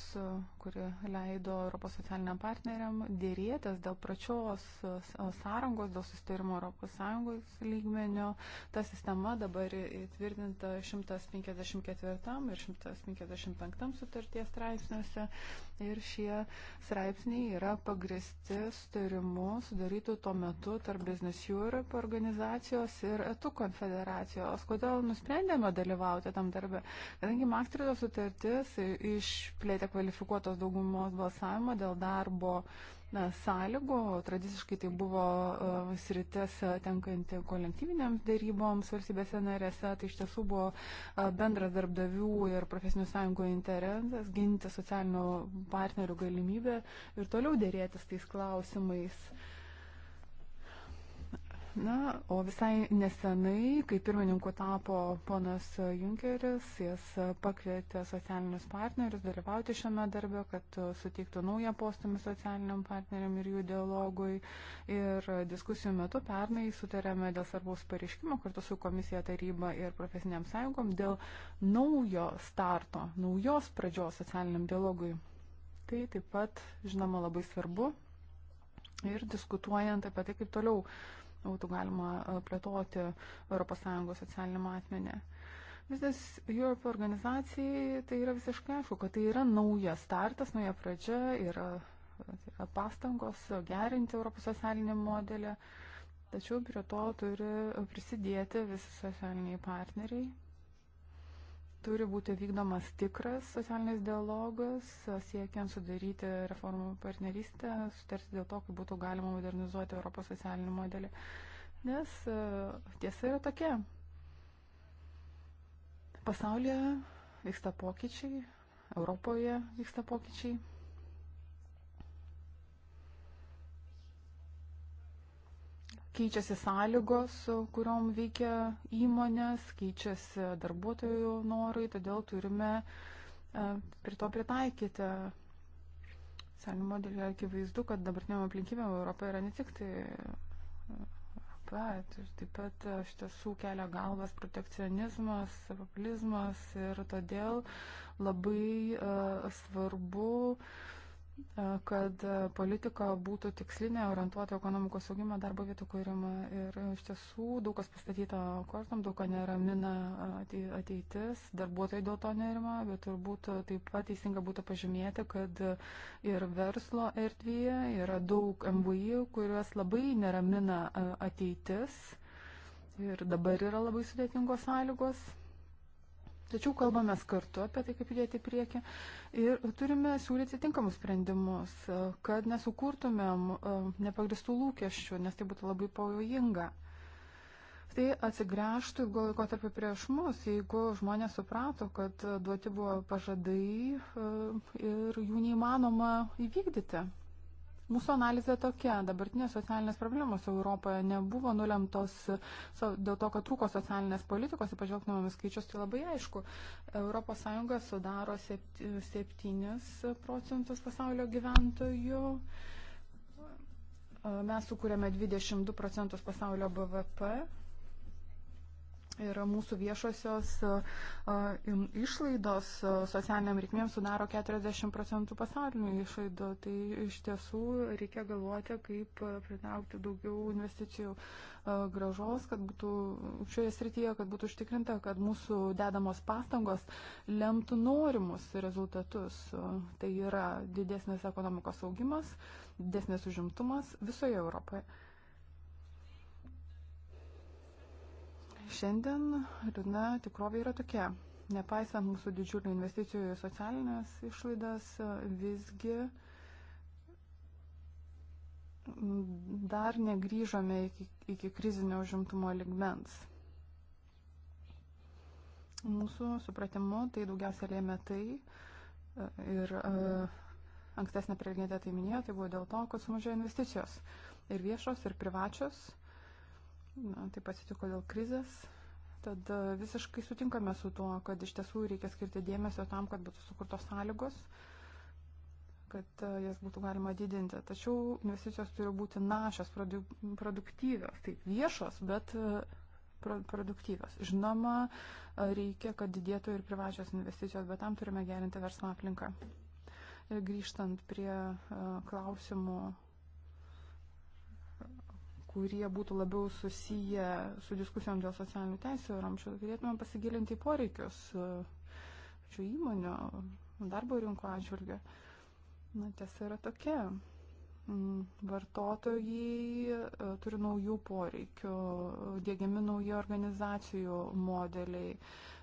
kuri leido Europos socialiniam partneriam dėrėtis dėl pračios e, sąrangos, dėl sustarimo Europos Sąjungos lygmenio. Ta sistema dabar įtvirtinta 154 ir 155 sutarties straipsniuose ir šie straipsniai yra pagristi sustarimu sudarytų tuo metu tarp Business Europe organizacijos ir ETU konfederacijos. Kodėl nusprendėme dalyvauti tam darbe? Kadangi Maastrichto Lisabono sutartis išplėtė kvalifikuotos daugumos balsavimą dėl darbo na, sąlygų. Tradiciškai tai buvo uh, sritis e, tenkanti kolektyviniams daryboms valstybėse narėse. Tai iš tiesų buvo uh, bendras darbdavių ir profesinių sąjungų interesas ginti socialinių partnerių galimybę ir toliau dėrėtis tais klausimais. Uh, Na, o visai nesenai, kai pirmininku tapo ponas Junkeris, jis pakvietė socialinius partnerius dalyvauti šiame darbe, kad suteiktų naują postumį socialiniam partneriam ir jų dialogui. Ir diskusijų metu pernai sutarėme dėl svarbaus pareiškimo kartu su komisija taryba ir profesiniam sąjungom dėl naujo starto, naujos pradžios socialiniam dialogui. Tai taip pat, žinoma, labai svarbu. Ir diskutuojant apie tai, kaip toliau uh, būtų galima e, plėtoti ES socialinį matmenį. Visas Europe organizacijai tai yra visiškai aišku, kad tai yra naujas startas, nauja pradžia, yra, tai yra pastangos gerinti Europos socialinį modelį, tačiau prie to turi prisidėti visi socialiniai partneriai, turi būti vykdomas tikras socialinis dialogas, siekiant sudaryti reformų partnerystę, sutarti dėl to, kaip būtų galima modernizuoti Europos socialinį modelį. Nes e, tiesa yra tokia. Pasaulyje vyksta pokyčiai, Europoje vyksta pokyčiai. keičiasi sąlygos, kuriuom veikia įmonės, keičiasi darbuotojų norai, todėl turime e, prie to pritaikyti. Senų modelį akivaizdu, kad dabartiniam aplinkybėm Europoje yra ne tik tai pat. E, ir taip pat e, iš tiesų kelia galvas protekcionizmas, populizmas ir todėl labai uh, svarbu uh, E, kad e, politika būtų tikslinė, orientuota ekonomikos augimą, darbo vietų kūrimą. Ir iš tiesų daug kas pastatyta kortam, daug ką neramina ateitis, darbuotojai dėl to nerima, bet turbūt taip pat teisinga būtų pažymėti, kad ir verslo erdvėje yra daug MVI, kuriuos labai neramina e, ateitis. Ir dabar yra labai sudėtingos sąlygos Tačiau kalbame kartu apie tai, kaip judėti į priekį ir turime siūlyti tinkamus sprendimus, e, kad nesukurtumėm e, nepagristų lūkesčių, nes tai būtų labai pavojinga. Tai atsigręžtų ilgo laiko tarp prieš mus, jeigu žmonės suprato, kad duoti buvo pažadai e, ir jų neįmanoma įvykdyti. Mūsų analizė tokia, dabartinės socialinės problemos Europoje nebuvo nulemtos dėl to, kad trūko socialinės politikos, ypač žvelgtumėm skaičius, tai labai aišku. ES sudaro 7 procentus pasaulio gyventojų. Mes sukūrėme 22 procentus pasaulio BVP, Ir mūsų viešosios išlaidos socialiniam reikmėm sudaro 40 procentų pasaulinių išlaidų. Tai iš tiesų reikia galvoti, kaip pritraukti daugiau investicijų gražos, kad būtų šioje srityje, kad būtų užtikrinta, kad mūsų dedamos pastangos lemtų norimus rezultatus. Tai yra didesnis ekonomikos augimas, didesnis užimtumas visoje Europoje. Šiandien liūdna tikrovė yra tokia. Nepaisant mūsų didžiulių investicijų į socialinės išlaidas, visgi dar negryžome iki, iki krizinio užimtumo ligmens. Mūsų supratimu tai daugiausia lėmė tai e, ir uh, ankstesnė prelegentė tai minėjo, tai buvo dėl to, kad sumažėjo investicijos ir viešos, ir privačios Na, tai pasitiko dėl krizės. Tad e, visiškai sutinkame su tuo, kad iš tiesų reikia skirti dėmesio tam, kad būtų sukurtos sąlygos, kad e, jas būtų galima didinti. Tačiau investicijos turi būti našios, produktyvios, taip viešos, bet e, produktyvios. Žinoma, reikia, kad didėtų ir privačios investicijos, bet tam turime gerinti verslo aplinką. Ir grįžtant prie klausimų kurie būtų labiau susiję su diskusijom dėl socialinių teisų ir amžiaus, galėtume pasigilinti į poreikius šių e, įmonių darbo rinko atžvilgiu. Na, tiesa yra tokia. Mm, vartotojai e, turi naujų poreikių, dėgiami nauji organizacijų modeliai,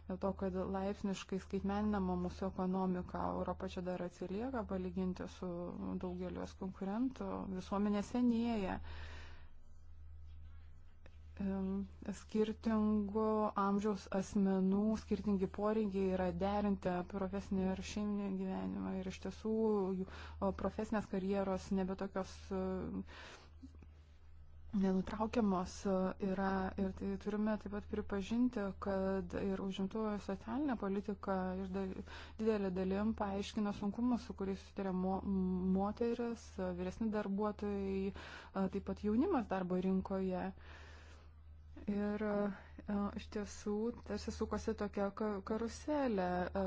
dėl to, kad laipsniškai skaitmeninama mūsų ekonomika, Europa čia dar atsilieka palyginti su daugeliu jos konkurentų, visuomenė senėja. Uh, skirtingų amžiaus asmenų skirtingi poreikiai yra derinti profesinį ir šeiminį gyvenimą. Ir iš tiesų profesinės karjeros nebe tokios e, nenutraukiamos e, yra. Ir tai turime taip pat pripažinti, kad ir užimtuojo socialinė politika didelė dalim paaiškina sunkumus, su kuriais susitarė mo moteris, vyresni darbuotojai, e, taip pat jaunimas darbo rinkoje. Uh, Ir e, iš tiesų tarsi sukosi tokia karuselė e,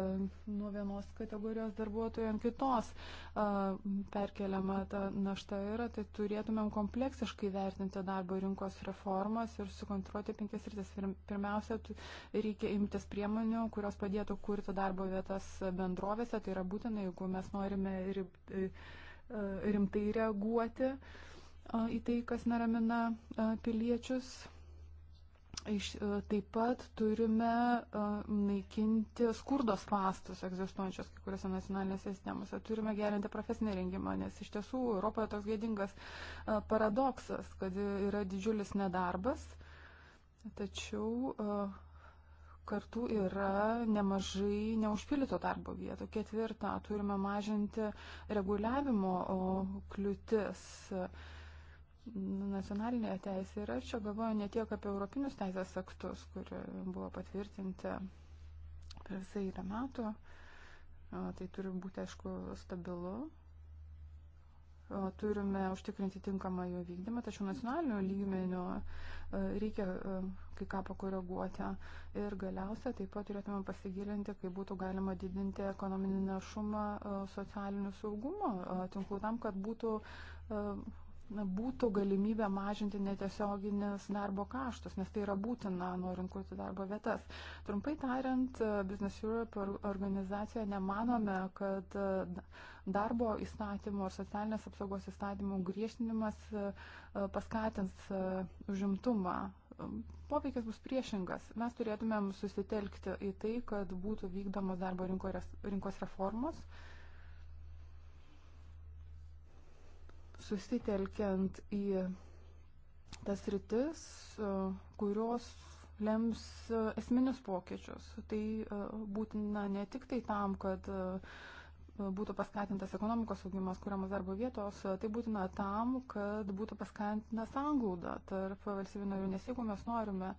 nuo vienos kategorijos darbuotojų ant kitos e, perkeliama ta našta yra, tai turėtumėm kompleksiškai vertinti darbo rinkos reformas ir sukontruoti penkias rytis. Pirmiausia, reikia imtis priemonių, kurios padėtų kurti darbo vietas bendrovėse, tai yra būtina, jeigu mes norime rimtai reaguoti į tai, kas neramina piliečius Iš, e, taip pat turime e, naikinti skurdo spastus egzistuojančios kai kuriuose nacionalinėse sistemose. Turime gerinti profesinį rengimą, nes iš tiesų Europoje toks gėdingas e, paradoksas, kad yra didžiulis nedarbas, tačiau kartu yra nemažai neužpildyto darbo vietų. Ketvirta, turime mažinti reguliavimo kliūtis nacionalinė teisė. Ir aš čia galvoju ne tiek apie europinius teisės aktus, kurie buvo patvirtinti per visą eilę metų. Tai turi būti, aišku, stabilu. Turime užtikrinti tinkamą jo vykdymą, tačiau nacionalinio lygmenio e, reikia e, kai ką pakoreguoti. Ir galiausia taip pat turėtume pasigilinti, kaip būtų galima didinti ekonominį našumą, e, socialinį saugumą tinklų tam, kad būtų na, būtų galimybė mažinti netiesioginis darbo kaštus, nes tai yra būtina, norint kurti darbo vietas. Trumpai tariant, Business Europe organizacija nemanome, kad darbo įstatymų ar socialinės apsaugos įstatymų griežtinimas e, paskatins e, užimtumą. Poveikis bus priešingas. Mes turėtumėm susitelkti į tai, kad būtų vykdomos darbo rinkos reformos susitelkiant į tas rytis, e, kurios lems e, esminius pokyčius. Tai e, būtina ne tik tai tam, kad būtų paskatintas ekonomikos augimas, kuriamas darbo vietos, tai būtina tam, kad būtų paskatinta sanglauda tarp valstybių narių, nes jeigu mes norime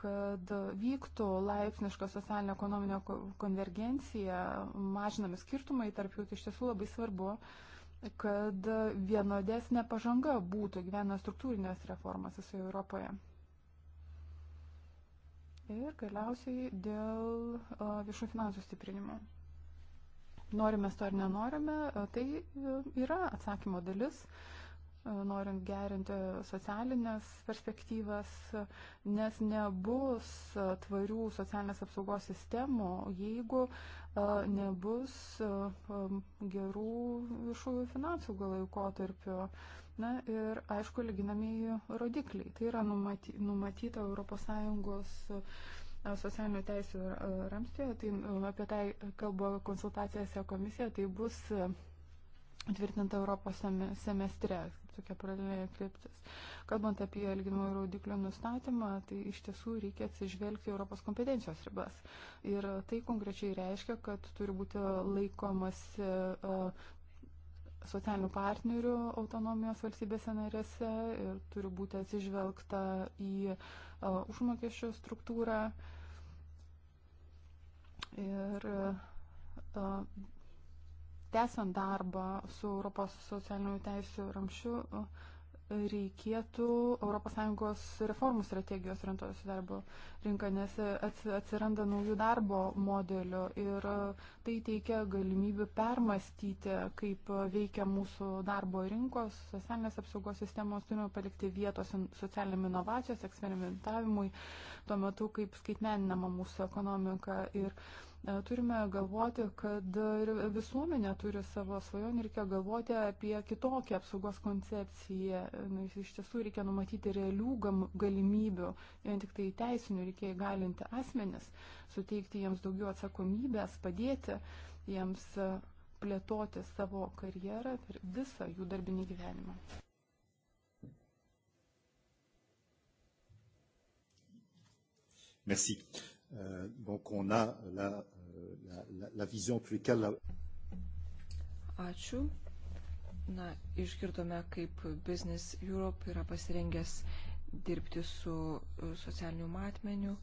kad vyktų laipsniška socialinė ekonominė konvergencija, mažinami skirtumai tarp jų, tai iš tiesų labai svarbu uh, kad vienodesnė pažanga būtų gyvena struktūrinės reformas visoje Europoje. Ir galiausiai dėl viešų finansų stiprinimo. Norime to ar nenorime, tai yra atsakymo dalis norint gerinti socialinės perspektyvas, nes nebus tvarių socialinės apsaugos sistemų, jeigu nebus gerų viešųjų finansų laikotarpio. Na ir aišku, lyginamieji rodikliai. Tai yra numaty, numatyta ES socialinių teisų ramstėje, tai apie tai kalba konsultacijose komisija, tai bus tvirtinta Europos semestre, tokia paralelė kryptis. Kalbant apie elgimo rodiklio nustatymą, tai iš tiesų reikia atsižvelgti Europos kompetencijos ribas. Ir tai konkrečiai reiškia, kad turi būti laikomas socialinių partnerių autonomijos valstybėse narėse ir turi būti atsižvelgta į užmokesčio struktūrą. Ir tęsiant darbą su Europos socialinių teisų ramšiu, reikėtų ES reformų strategijos orientuotos į darbo rinką, nes atsiranda naujų darbo modelių ir tai teikia galimybių permastyti, kaip veikia mūsų darbo rinkos, socialinės apsaugos sistemos, turime palikti vietos socialiniam inovacijos, eksperimentavimui, tuo metu kaip skaitmeninama mūsų ekonomika. Ir, uh, E, turime galvoti, kad visuomenė turi savo svajonį, reikia galvoti apie kitokią apsaugos koncepciją. Nu, iš tiesų reikia numatyti realių galimybių, vien tik tai teisinių reikia įgalinti asmenis, suteikti jiems daugiau atsakomybės, padėti jiems e, plėtoti savo karjerą per visą jų darbinį gyvenimą. Merci. Euh, Euh, donc on a euh, la, la, la vision en tous les cas. La... Ačiū. Na, išgirdome, kaip Business Europe yra pasirengęs dirbti su e, socialiniu matmeniu.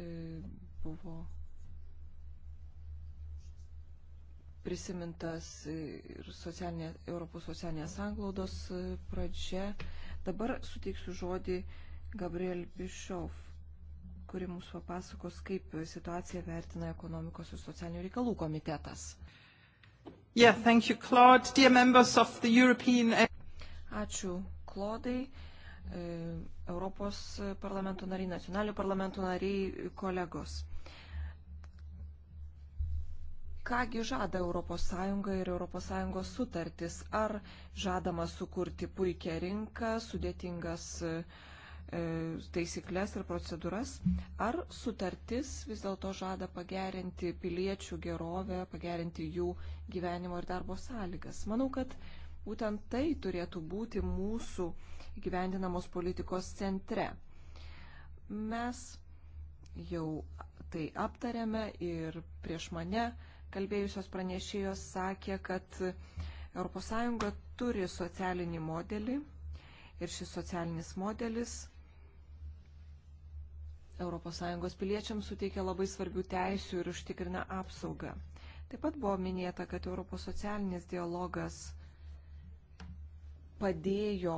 E, buvo prisimintas ir socialinė, Europos socialinės anglaudos e, pradžia. Dabar suteiksiu žodį Gabriel Bischoff kuri mums papasakos, kaip situaciją vertina ekonomikos ir socialinių reikalų komitetas. Yeah, thank you, Claude. Dear members of the European... Ačiū, Klodai. E, Europos parlamento nariai, nacionalinių parlamento nariai, kolegos. Kągi žada ES ir ES sutartis? Ar žadama sukurti puikią rinką, sudėtingas uh, E, taisyklės ir procedūras, ar sutartis vis dėlto žada pagerinti piliečių gerovę, pagerinti jų gyvenimo ir darbo sąlygas. Manau, kad būtent tai turėtų būti mūsų gyvendinamos politikos centre. Mes jau tai aptarėme ir prieš mane kalbėjusios pranešėjos sakė, kad ES turi socialinį modelį ir šis socialinis modelis ES piliečiams suteikia labai svarbių teisių ir užtikrina apsaugą. Taip pat buvo minėta, kad Europos socialinis dialogas padėjo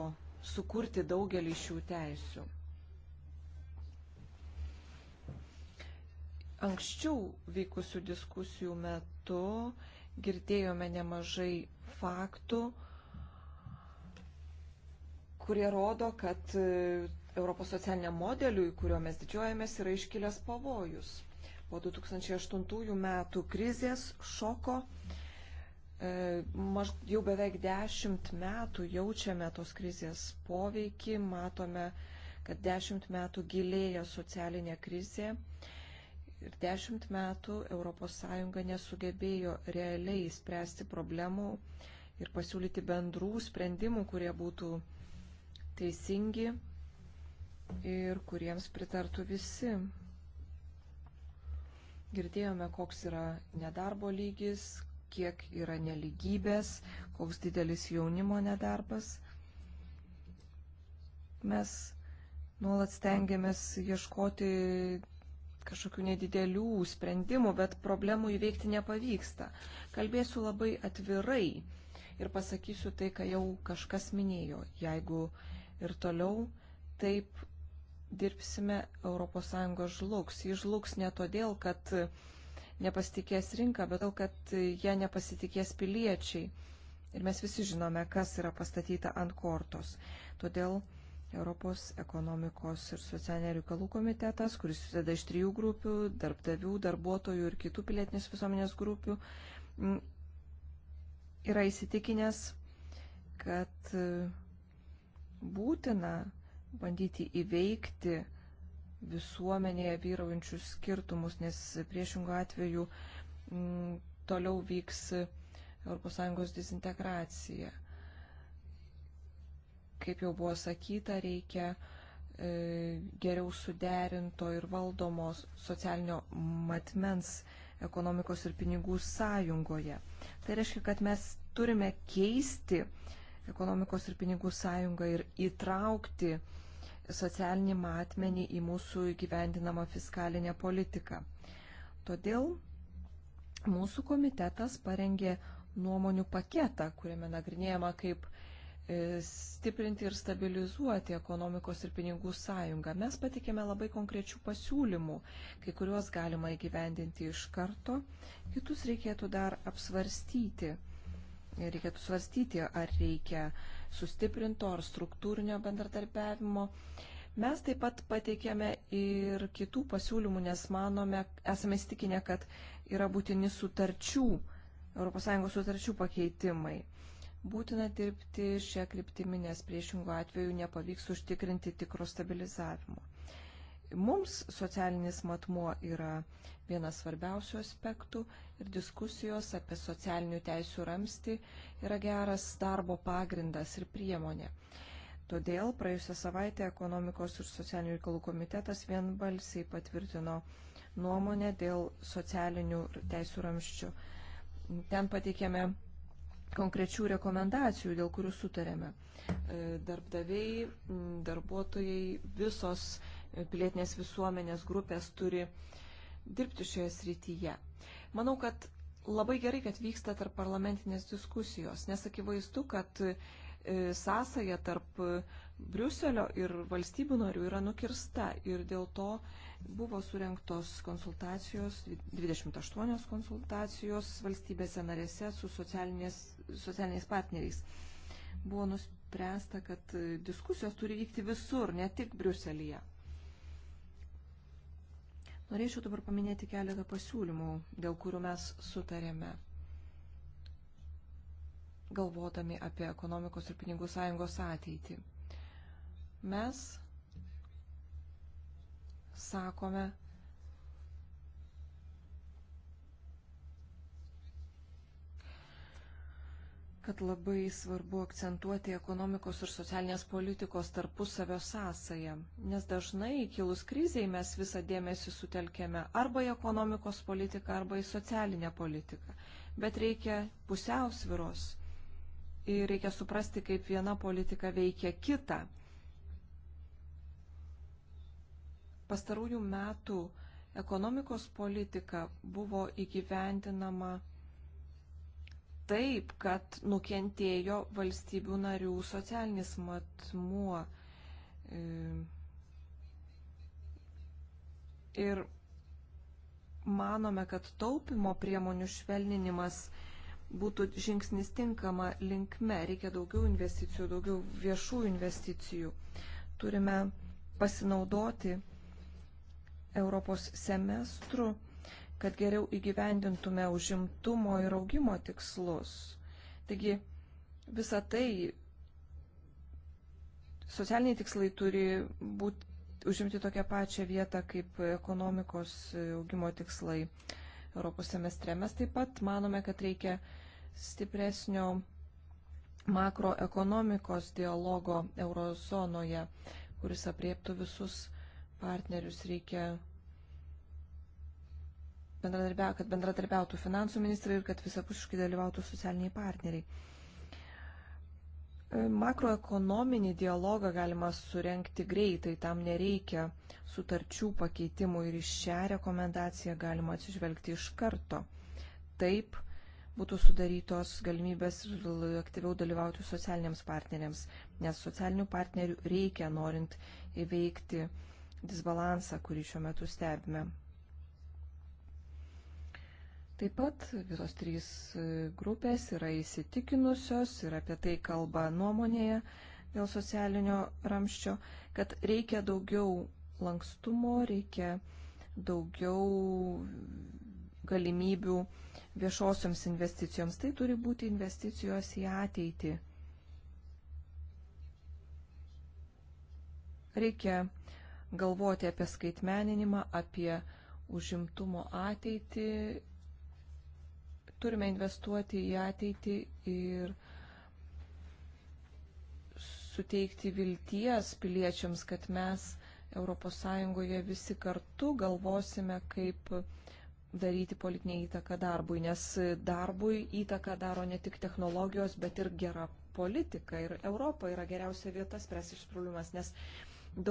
sukurti daugelį šių teisių. Anksčiau vykusių diskusijų metu girdėjome nemažai faktų, kurie rodo, kad Europos socialiniam modeliui, kuriuo mes didžiuojamės, yra iškilęs pavojus. Po 2008 metų krizės šoko e, maž, jau beveik dešimt metų jaučiame tos krizės poveikį, matome, kad dešimt metų gilėja socialinė krizė ir dešimt metų ES nesugebėjo realiai spręsti problemų ir pasiūlyti bendrų sprendimų, kurie būtų teisingi ir kuriems pritartų visi. Girdėjome, koks yra nedarbo lygis, kiek yra neligybės, koks didelis jaunimo nedarbas. Mes nuolat stengiamės ieškoti kažkokių nedidelių sprendimų, bet problemų įveikti nepavyksta. Kalbėsiu labai atvirai ir pasakysiu tai, ką jau kažkas minėjo. Jeigu ir toliau taip dirbsime, ES žlugs. Ji žlugs ne todėl, kad nepasitikės rinka, bet todėl, kad jie nepasitikės piliečiai. Ir mes visi žinome, kas yra pastatyta ant kortos. Todėl Europos ekonomikos ir socialinė reikalų komitetas, kuris susideda iš trijų grupių - darbdavių, darbuotojų ir kitų pilietinės visuomenės grupių, yra įsitikinęs, kad būtina bandyti įveikti visuomenėje vyraujančius skirtumus, nes priešingų atveju m, mm, toliau vyks ES disintegracija. Kaip jau buvo sakyta, reikia e, geriau suderinto ir valdomos socialinio matmens ekonomikos ir pinigų sąjungoje. Tai reiškia, kad mes turime keisti ekonomikos ir pinigų sąjungą ir įtraukti e, socialinį matmenį į mūsų įgyvendinamą fiskalinę politiką. Todėl mūsų komitetas parengė nuomonių paketą, kuriame nagrinėjama, kaip e, stiprinti ir stabilizuoti ekonomikos ir pinigų sąjungą. Mes patikėme labai konkrečių pasiūlymų, kai kuriuos galima įgyvendinti iš karto, kitus reikėtų dar apsvarstyti reikėtų svarstyti, ar reikia sustiprinto ar struktūrinio bendradarbiavimo. Mes taip pat pateikėme ir kitų pasiūlymų, nes manome, esame įstikinę, kad yra būtini sutarčių, ES sutarčių pakeitimai. Būtina dirbti šią kryptimį, nes priešingų atveju nepavyks užtikrinti tikro stabilizavimo. Mums socialinis matmuo yra vienas svarbiausių aspektų ir diskusijos apie socialinių teisų ramsti yra geras darbo pagrindas ir priemonė. Todėl praėjusią savaitę ekonomikos ir socialinių reikalų komitetas vienbalsiai patvirtino nuomonę dėl socialinių teisų ramščių. Ten pateikėme konkrečių rekomendacijų, dėl kurių sutarėme. E, darbdaviai, darbuotojai, visos pilietinės visuomenės grupės turi dirbti šioje srityje. Manau, kad labai gerai, kad vyksta tarp parlamentinės diskusijos, nes akivaizdu, kad e, sąsaja tarp Briuselio ir valstybių narių yra nukirsta ir dėl to buvo surinktos konsultacijos, 28 konsultacijos valstybėse narėse su socialiniais partneriais. Buvo nuspręsta, kad e, diskusijos turi vykti visur, ne tik Briuselyje. Norėčiau dabar paminėti keletą pasiūlymų, dėl kurių mes sutarėme, galvodami apie ekonomikos ir pinigų sąjungos ateitį. Mes sakome, kad labai svarbu akcentuoti ekonomikos ir socialinės politikos tarpusavio sąsają, nes dažnai kilus kriziai mes visą dėmesį sutelkėme arba į ekonomikos politiką, arba į socialinę politiką. Bet reikia pusiausviros ir reikia suprasti, kaip viena politika veikia kitą. Pastarųjų metų ekonomikos politika buvo įgyvendinama taip, kad nukentėjo valstybių narių socialinis matmuo. E, ir manome, kad taupimo priemonių švelninimas būtų žingsnis tinkama linkme. Reikia daugiau investicijų, daugiau viešų investicijų. Turime pasinaudoti Europos semestru kad geriau įgyvendintume užimtumo ir augimo tikslus. Taigi visa tai socialiniai tikslai turi būti, užimti tokią pačią vietą kaip ekonomikos augimo tikslai Europos semestre. Mes taip pat manome, kad reikia stipresnio makroekonomikos dialogo eurozonoje, kuris apriektų visus partnerius. Reikia bendradarbia, kad bendradarbiautų finansų ministrai ir kad visapusiškai dalyvautų socialiniai partneriai. E, makroekonominį dialogą galima surenkti greitai, tam nereikia sutarčių pakeitimų ir iš šią rekomendaciją galima atsižvelgti iš karto. Taip būtų sudarytos galimybės aktyviau dalyvauti socialiniams partneriams, nes socialinių partnerių reikia norint įveikti disbalansą, kurį šiuo metu stebime. Taip pat visos trys e, grupės yra įsitikinusios ir apie tai kalba nuomonėje dėl socialinio ramščio, kad reikia daugiau lankstumo, reikia daugiau galimybių viešosioms investicijoms. Tai turi būti investicijos į ateitį. Reikia galvoti apie skaitmeninimą, apie užimtumo ateitį Turime investuoti į ateitį ir suteikti vilties piliečiams, kad mes ES visi kartu galvosime, kaip daryti politinę įtaką darbui, nes darbui įtaką daro ne tik technologijos, bet ir gera politika. Ir Europa yra geriausia vieta spręsti šis problemas, nes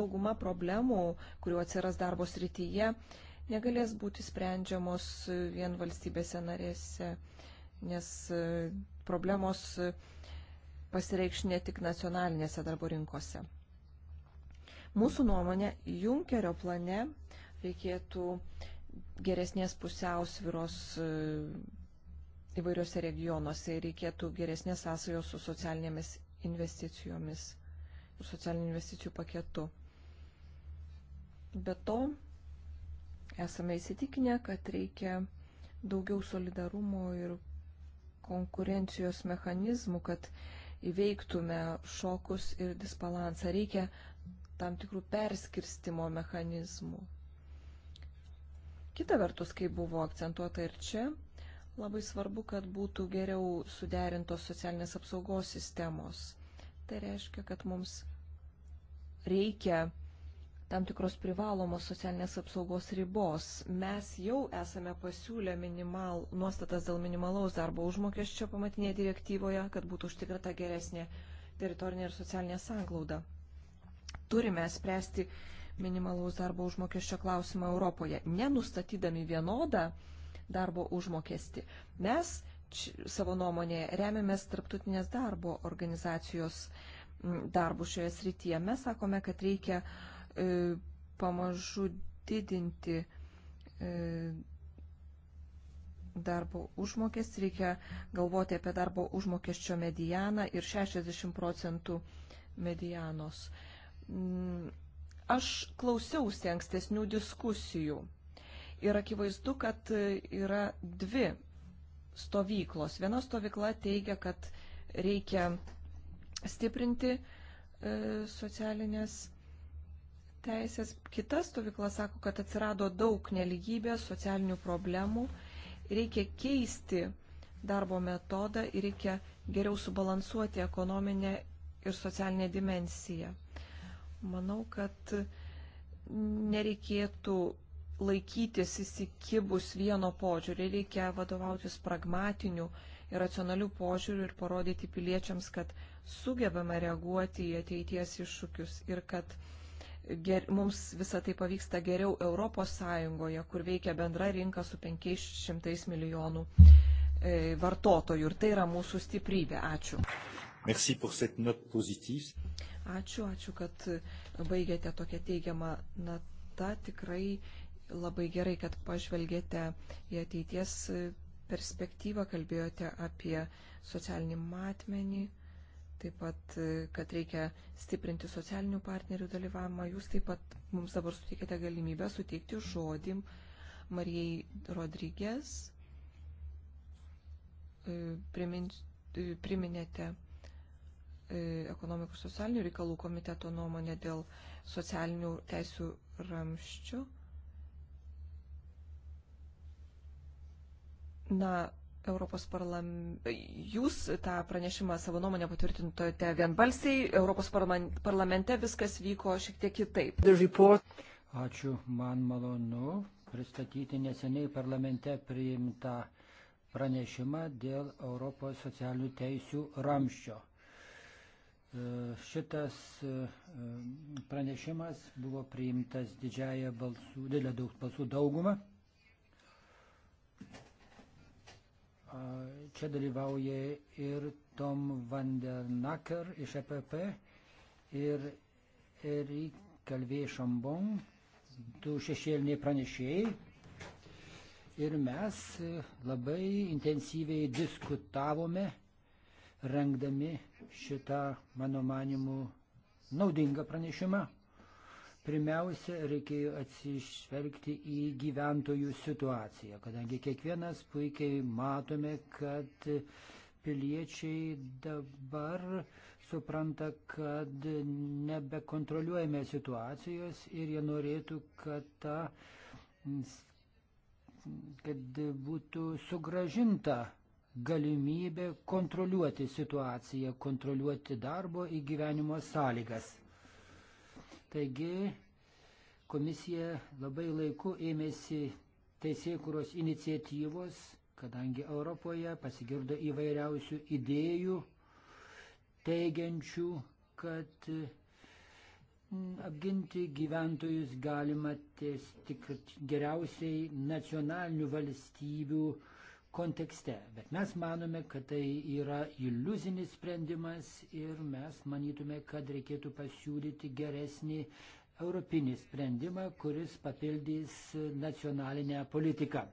dauguma problemų, kuriuo atsiras darbo srityje, negalės būti sprendžiamos vien valstybėse narėse, nes e, problemos e, pasireikš ne tik nacionalinėse darbo rinkose. Mūsų nuomonė, Junkerio plane reikėtų geresnės pusiausviros e, įvairiose regionuose ir reikėtų geresnės sąsajos su socialinėmis investicijomis ir socialinių investicijų paketu. Be to, Esame įsitikinę, kad reikia daugiau solidarumo ir konkurencijos mechanizmų, kad įveiktume šokus ir disbalansą. Reikia tam tikrų perskirstimo mechanizmų. Kita vertus, kaip buvo akcentuota ir čia, labai svarbu, kad būtų geriau suderintos socialinės apsaugos sistemos. Tai reiškia, kad mums reikia tam tikros privalomos socialinės apsaugos ribos. Mes jau esame pasiūlę minimal, nuostatas dėl minimalaus darbo užmokesčio pamatinėje direktyvoje, kad būtų užtikrata geresnė teritorinė ir socialinė sanglauda. Turime spręsti minimalaus darbo užmokesčio klausimą Europoje, nenustatydami vienodą darbo užmokestį. Mes či, savo nuomonėje remiamės tarptautinės darbo organizacijos darbų šioje srityje. Mes sakome, kad reikia uh, E, pamažu didinti e, darbo užmokestį, reikia galvoti apie darbo užmokesčio medianą ir 60 procentų medianos. Mm, aš klausiausi ankstesnių diskusijų ir akivaizdu, kad yra dvi stovyklos. Viena stovykla teigia, kad reikia stiprinti e, socialinės teisės. Kita stovykla sako, kad atsirado daug neligybės, socialinių problemų, reikia keisti darbo metodą ir reikia geriau subalansuoti ekonominę ir socialinę dimensiją. Manau, kad nereikėtų laikytis įsikibus vieno požiūrį, reikia vadovautis pragmatiniu ir racionaliu požiūriu ir parodyti piliečiams, kad sugebame reaguoti į ateities iššūkius ir kad ger, mums visą tai pavyksta geriau Europos Sąjungoje, kur veikia bendra rinka su 500 milijonų e, vartotojų. Ir tai yra mūsų stiprybė. Ačiū. Merci pour cette note positive. Ačiū, ačiū, kad baigėte tokią teigiamą natą. Tikrai labai gerai, kad pažvelgėte į ateities perspektyvą, kalbėjote apie socialinį matmenį taip pat, e, kad reikia stiprinti socialinių partnerių dalyvavimą. Jūs taip pat mums dabar suteikėte galimybę suteikti žodį Marijai Rodrygės. E, primin, e, priminėte ekonomikos socialinių reikalų komiteto nuomonę dėl socialinių teisių ramščių. Na, Europos parlamentas, jūs tą pranešimą savo nuomonę patvirtintote vienbalsiai, Europos parlamente viskas vyko šiek tiek kitaip. Ačiū, man malonu pristatyti neseniai parlamente priimtą pranešimą dėl Europos socialinių teisių ramščio. E, šitas e, pranešimas buvo priimtas didžiąją balsų, didelę balsų daugumą. Čia dalyvauja ir Tom Vandernacker iš EPP ir Erik Kalvė Šambon, du šešėliniai pranešėjai. Ir mes e, labai intensyviai diskutavome, rengdami šitą, mano manimu, naudingą pranešimą. Pirmiausia, reikėjo atsižvelgti į gyventojų situaciją, kadangi kiekvienas puikiai matome, kad piliečiai dabar supranta, kad nebekontroliuojame situacijos ir jie norėtų, kad, ta, kad būtų sugražinta galimybė kontroliuoti situaciją, kontroliuoti darbo įgyvenimo sąlygas. Taigi komisija labai laiku ėmėsi teisėkuros iniciatyvos, kadangi Europoje pasigirdo įvairiausių idėjų, teigiančių, kad mm, apginti gyventojus galima ties, tik geriausiai nacionalinių valstybių kontekste. Bet mes manome, kad tai yra iliuzinis sprendimas ir mes manytume, kad reikėtų pasiūlyti geresnį europinį sprendimą, kuris papildys nacionalinę politiką.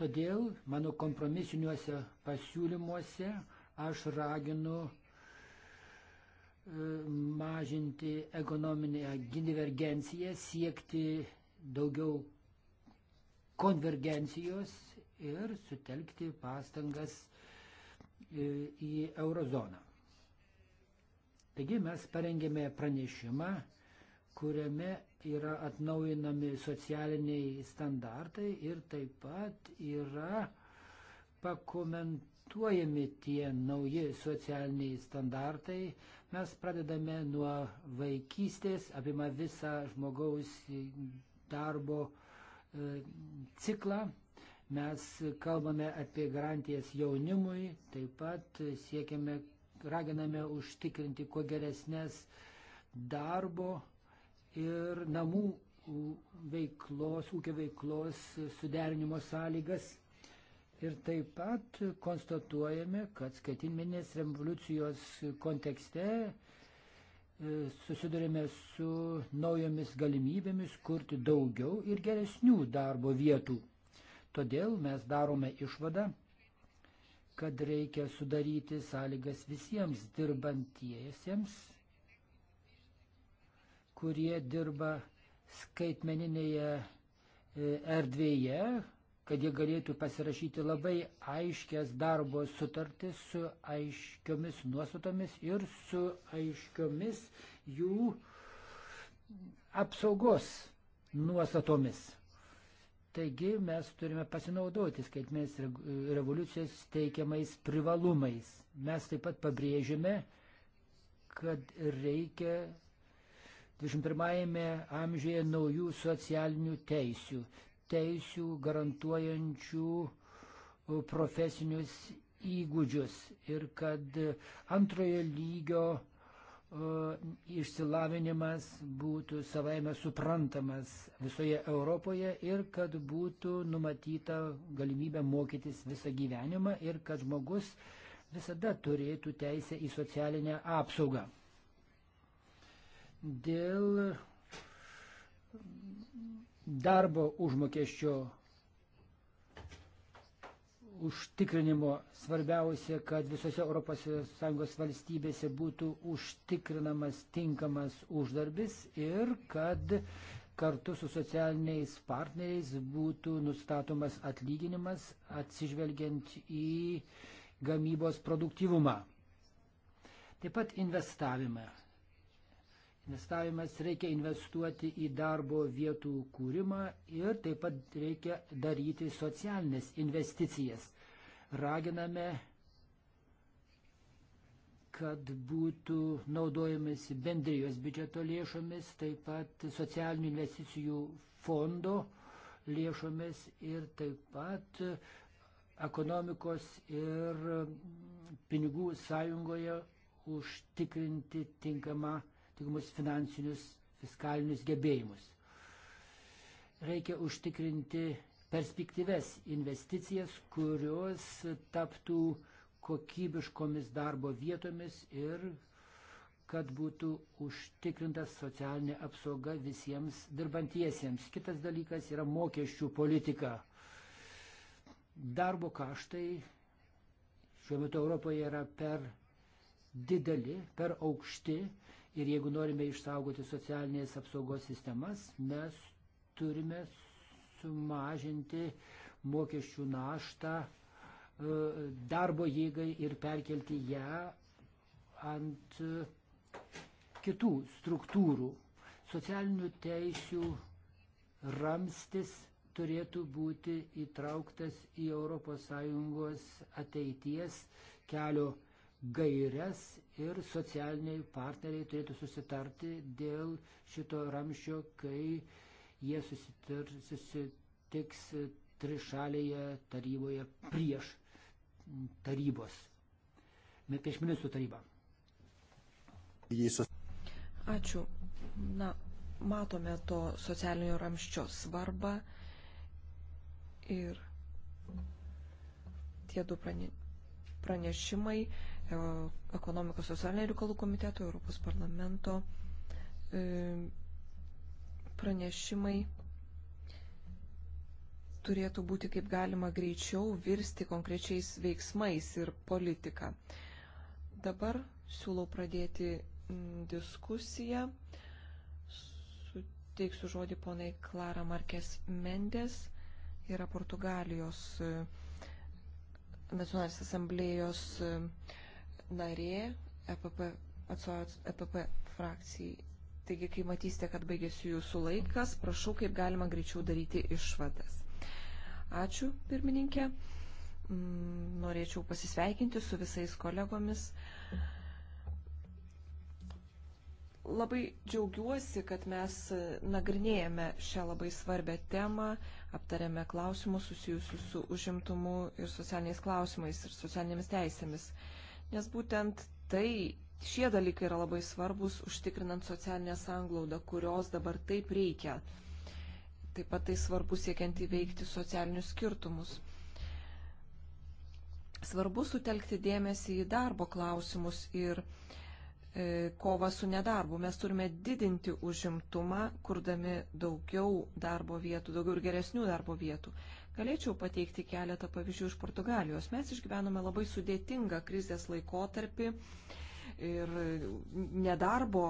Todėl mano kompromisiniuose pasiūlymuose aš raginu e, mažinti ekonominę divergenciją, siekti daugiau konvergencijos ir sutelkti pastangas e, į eurozoną. Taigi mes parengėme pranešimą, kuriame yra atnaujinami socialiniai standartai ir taip pat yra pakomentuojami tie nauji socialiniai standartai. Mes pradedame nuo vaikystės, apima visą žmogaus darbo e, ciklą Mes kalbame apie garantijas jaunimui, taip pat siekiame, raginame užtikrinti kuo geresnės darbo ir namų veiklos, ūkio veiklos suderinimo sąlygas. Ir taip pat konstatuojame, kad skaitminės revoliucijos kontekste e, susidurime su naujomis galimybėmis kurti daugiau ir geresnių darbo vietų. Todėl mes darome išvadą, kad reikia sudaryti sąlygas visiems dirbantiesiems, kurie dirba skaitmeninėje e, erdvėje, kad jie galėtų pasirašyti labai aiškias darbo sutartis su aiškiomis nuostatomis ir su aiškiomis jų apsaugos nuostatomis. Taigi mes turime pasinaudoti skaitmės revoliucijos teikiamais privalumais. Mes taip pat pabrėžime, kad reikia 21-ame amžiuje naujų socialinių teisių, teisių garantuojančių profesinius įgūdžius ir kad antrojo lygio išsilavinimas būtų savaime suprantamas visoje Europoje ir kad būtų numatyta galimybė mokytis visą gyvenimą ir kad žmogus visada turėtų teisę į socialinę apsaugą. Dėl darbo užmokesčio užtikrinimo. Svarbiausia, kad visose ES valstybėse būtų užtikrinamas tinkamas uždarbis ir kad kartu su socialiniais partneriais būtų nustatomas atlyginimas atsižvelgiant į gamybos produktyvumą. Taip pat investavime investavimas reikia investuoti į darbo vietų kūrimą ir taip pat reikia daryti socialinės investicijas. Raginame, kad būtų naudojamis bendrijos biudžeto lėšomis, taip pat socialinių investicijų fondo lėšomis ir taip pat ekonomikos ir pinigų sąjungoje užtikrinti tinkamą tinkamus finansinius, fiskalinius gebėjimus. Reikia užtikrinti perspektyves investicijas, kurios taptų kokybiškomis darbo vietomis ir kad būtų užtikrintas socialinė apsauga visiems dirbantiesiems. Kitas dalykas yra mokesčių politika. Darbo kaštai šiuo metu Europoje yra per dideli, per aukšti Ir jeigu norime išsaugoti socialinės apsaugos sistemas, mes turime sumažinti mokesčių naštą e, darbo jėgai ir perkelti ją ant e, kitų struktūrų. Socialinių teisių ramstis turėtų būti įtrauktas į ES ateities kelio gairias ir socialiniai partneriai turėtų susitarti dėl šito ramščio, kai jie susitar, susitiks trišalėje taryboje prieš tarybos, prieš ministrų tarybą. Ačiū. Na, matome to socialinio ramščio svarbą ir tie du pranešimai E, ekonomikos socialiniai reikalų komiteto, Europos parlamento e, pranešimai turėtų būti kaip galima greičiau virsti konkrečiais veiksmais ir politika. Dabar siūlau pradėti diskusiją. Suteiksiu žodį ponai Klara Markės Mendes, yra Portugalijos e, nacionalinės asamblėjos uh, narė EPP, atsovės EPP frakcijai. Taigi, kai matysite, kad baigėsi jūsų laikas, prašau, kaip galima greičiau daryti išvadas. Ačiū, pirmininkė. Mm, norėčiau pasisveikinti su visais kolegomis. Labai džiaugiuosi, kad mes nagrinėjame šią labai svarbę temą, aptarėme klausimus susijusius su užimtumu ir socialiniais klausimais ir socialinėmis teisėmis nes būtent tai, šie dalykai yra labai svarbus užtikrinant socialinę sanglaudą, kurios dabar taip reikia. Taip pat tai svarbu siekiant įveikti socialinius skirtumus. Svarbu sutelkti dėmesį į darbo klausimus ir e, kovą su nedarbu. Mes turime didinti užimtumą, kurdami daugiau darbo vietų, daugiau ir geresnių darbo vietų. Galėčiau pateikti keletą pavyzdžių iš Portugalijos. Mes išgyvenome labai sudėtingą krizės laikotarpį ir nedarbo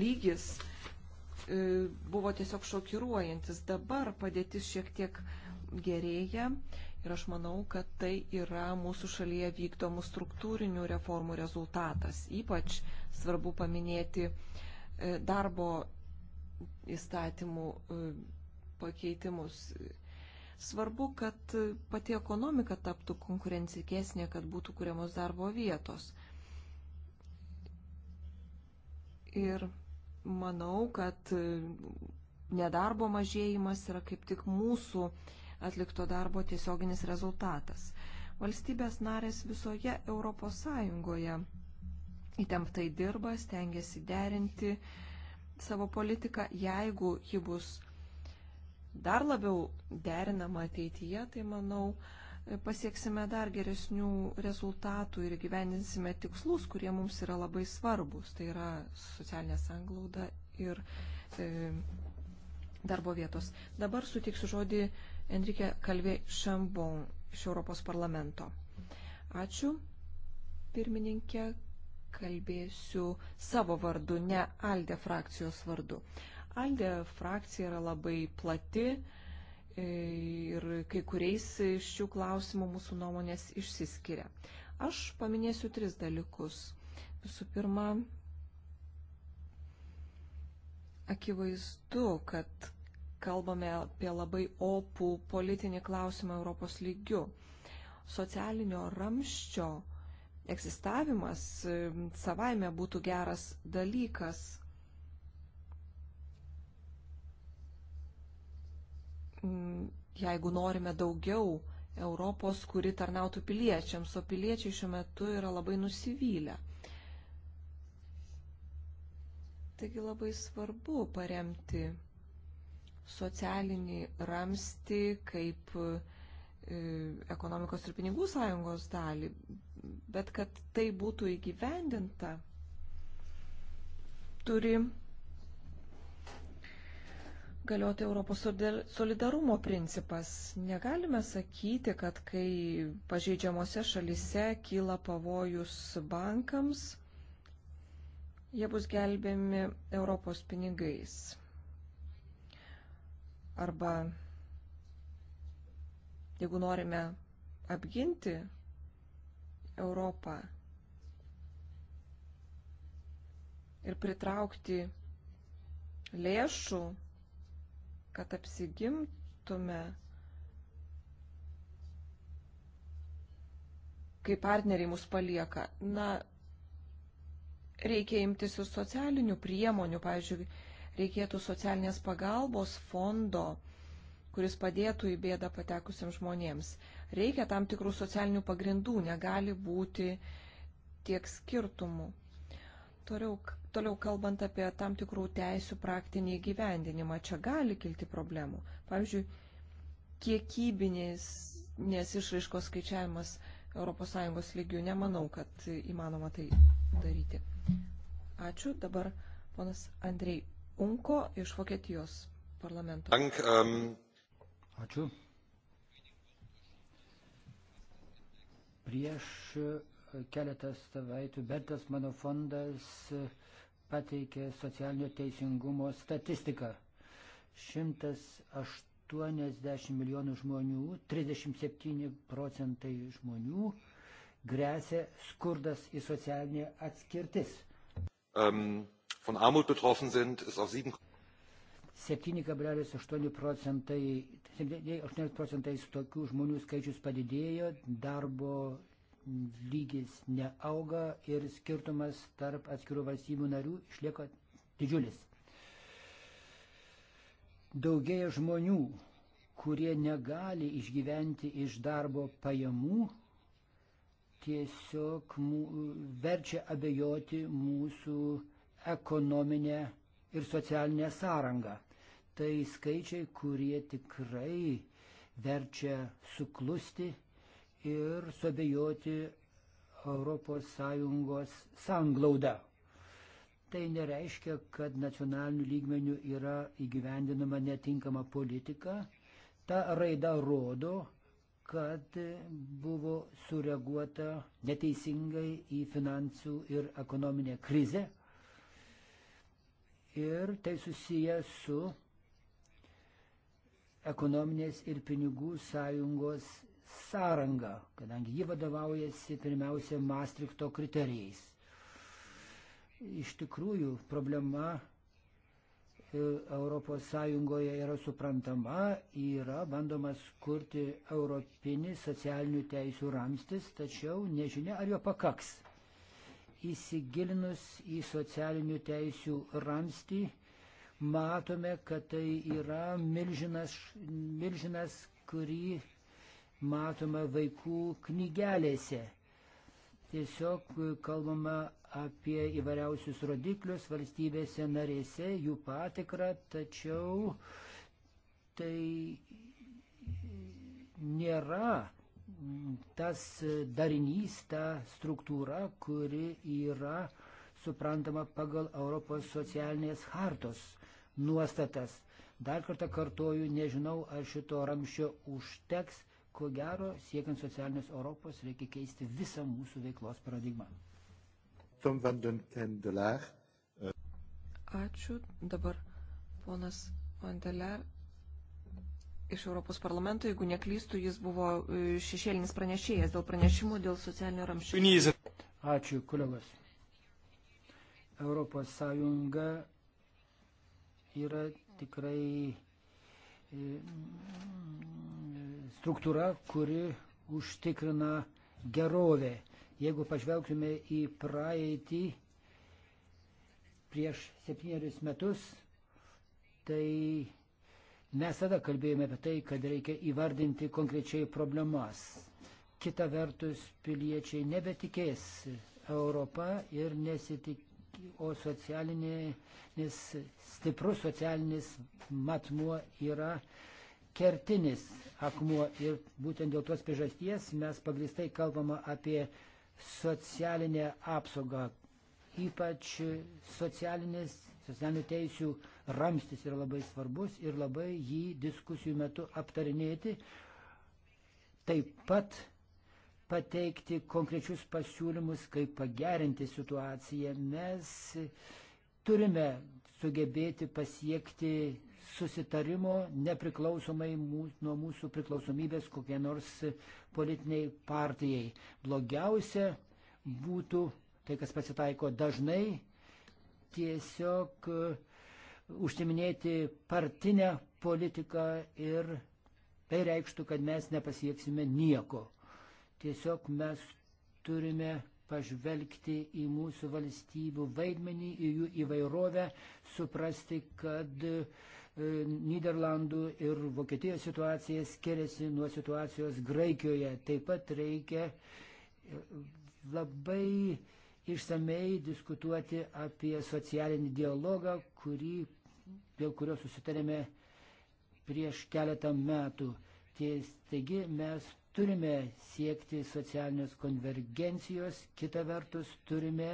lygis e, buvo tiesiog šokiruojantis. Dabar padėtis šiek tiek gerėja ir aš manau, kad tai yra mūsų šalyje vykdomų struktūrinių reformų rezultatas. Ypač svarbu paminėti e, darbo įstatymų e, pakeitimus. Svarbu, kad pati ekonomika taptų konkurencikesnė, kad būtų kuriamos darbo vietos. Ir manau, kad nedarbo mažėjimas yra kaip tik mūsų atlikto darbo tiesioginis rezultatas. Valstybės narės visoje Europos Sąjungoje įtemptai dirba, stengiasi derinti savo politiką, jeigu ji bus dar labiau derinama ateityje, tai manau, pasieksime dar geresnių rezultatų ir gyvendinsime tikslus, kurie mums yra labai svarbus. Tai yra socialinė sanglauda ir e, darbo vietos. Dabar sutiksiu žodį Enrique Kalvė Šambon iš Europos parlamento. Ačiū, pirmininkė, kalbėsiu savo vardu, ne Alde frakcijos vardu. E, Aldė frakcija yra labai plati e, ir kai kuriais iš šių klausimų mūsų nuomonės išsiskiria. Aš paminėsiu tris dalykus. Visų pirma, akivaizdu, kad kalbame apie labai opų politinį klausimą Europos lygių. Socialinio ramščio egzistavimas e, savaime būtų geras dalykas Mm, jeigu norime daugiau Europos, kuri tarnautų piliečiams, o piliečiai šiuo metu yra labai nusivylę. Taigi labai svarbu paremti socialinį ramstį kaip e, ekonomikos ir pinigų sąjungos dalį, bet kad tai būtų įgyvendinta, turi galioti Europos solidarumo principas. Negalime sakyti, kad kai pažeidžiamose šalise kyla pavojus bankams, jie bus gelbėmi Europos pinigais. Arba jeigu norime apginti Europą ir pritraukti lėšų kad apsigimtume kai partneriai mus palieka. Na, reikia imtis ir socialinių priemonių, pavyzdžiui, reikėtų socialinės pagalbos fondo, kuris padėtų į bėdą patekusiems žmonėms. Reikia tam tikrų socialinių pagrindų, negali būti tiek skirtumų. Toliau, toliau kalbant apie tam tikrų teisų praktinį įgyvendinimą, čia gali kilti problemų. Pavyzdžiui, kiekybinės nes išraiškos skaičiavimas ES lygių nemanau, kad įmanoma tai daryti. Ačiū. Dabar ponas Andrei Unko iš Vokietijos parlamento. Dank, um... Ačiū. Prieš keletą savaitų Bertas mano fondas e, pateikė socialinio teisingumo statistiką. 180 milijonų žmonių, 37 procentai žmonių grėsia skurdas į socialinę atskirtis. Um, von Armut betroffen sind, ist auf 7... 7,8 procentai, 18 procentais tokių žmonių skaičius padidėjo, darbo lygis neauga ir skirtumas tarp atskirų valstybių narių išlieka didžiulis. Daugėja žmonių, kurie negali išgyventi iš darbo pajamų, tiesiog mū, verčia abejoti mūsų ekonominę ir socialinę sąrangą. Tai skaičiai, kurie tikrai verčia suklusti ir suabejoti ES sanglauda. Tai nereiškia, kad nacionaliniu lygmeniu yra įgyvendinama netinkama politika. Ta raida rodo, kad buvo sureaguota neteisingai į finansų ir ekonominę krizę. Ir tai susiję su ekonominės ir pinigų sąjungos sąrangą, kadangi ji vadovaujasi pirmiausia Maastrichto kriterijais. Iš tikrųjų, problema ES yra suprantama, yra bandomas kurti europinį socialinių teisų ramstis, tačiau nežinia, ar jo pakaks. Įsigilinus į socialinių teisų ramstį, matome, kad tai yra milžinas, milžinas kurį matoma vaikų knygelėse. Tiesiog e, kalbama apie įvairiausius rodiklius valstybėse narėse, jų patikrą, tačiau tai nėra tas darinys, ta struktūra, kuri yra suprantama pagal Europos socialinės hartos nuostatas. Dar kartą kartoju, nežinau, ar šito ramščio užteks, ko gero, siekiant socialinės Europos, reikia keisti visą mūsų veiklos paradigmą. Tom van den Kendeler. Ačiū. Dabar ponas Vandeler iš Europos parlamento, jeigu neklystų, jis buvo e, šešėlinis pranešėjas dėl pranešimų dėl socialinio ramščio. Ačiū, kolegos. Europos Sąjunga yra tikrai e, struktūra, kuri užtikrina gerovę. Jeigu pažvelgtume į praeitį prieš septynerius metus, tai mes tada kalbėjome apie tai, kad reikia įvardinti konkrečiai problemas. Kita vertus, piliečiai nebetikės Europą ir nesitik, o socialinis, stiprus socialinis matmuo yra kertinis akmuo ir būtent dėl tos priežasties mes pagristai kalbama apie socialinę apsaugą. Ypač socialinis, socialinių teisių ramstis yra labai svarbus ir labai jį diskusijų metu aptarinėti. Taip pat pateikti konkrečius pasiūlymus, kaip pagerinti situaciją. Mes turime sugebėti pasiekti susitarimo nepriklausomai nuo mūsų priklausomybės kokie nors politiniai partijai. Blogiausia būtų tai, kas pasitaiko dažnai, tiesiog e, užsiminėti partinę politiką ir tai reikštų, kad mes nepasieksime nieko. Tiesiog mes turime pažvelgti į mūsų valstybių vaidmenį, į jų įvairovę, suprasti, kad E, Niderlandų ir Vokietijos situacija skiriasi nuo situacijos Graikijoje. Taip pat reikia e, labai išsamei diskutuoti apie socialinį dialogą, kurį, dėl kurio susitarėme prieš keletą metų. Ties, taigi mes turime siekti socialinės konvergencijos, kita vertus turime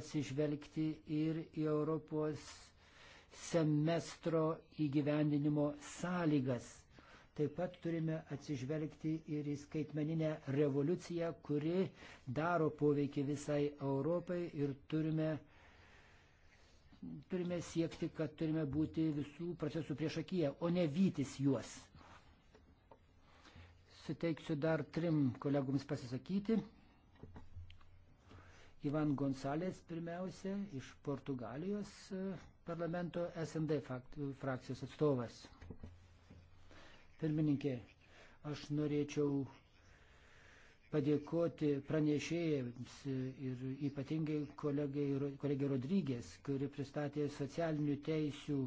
atsižvelgti ir į Europos semestro įgyvendinimo sąlygas. Taip pat turime atsižvelgti ir į skaitmeninę revoliuciją, kuri daro poveikį visai Europai ir turime, turime siekti, kad turime būti visų procesų priešakyje, o ne vytis juos. Suteiksiu dar trim kolegoms pasisakyti. Ivan Gonsalės pirmiausia iš Portugalijos parlamento SND frakcijos atstovas. Pirmininkė, aš norėčiau padėkoti pranešėjams ir ypatingai kolegai, kolegai Rodrygės, kuri pristatė socialinių teisių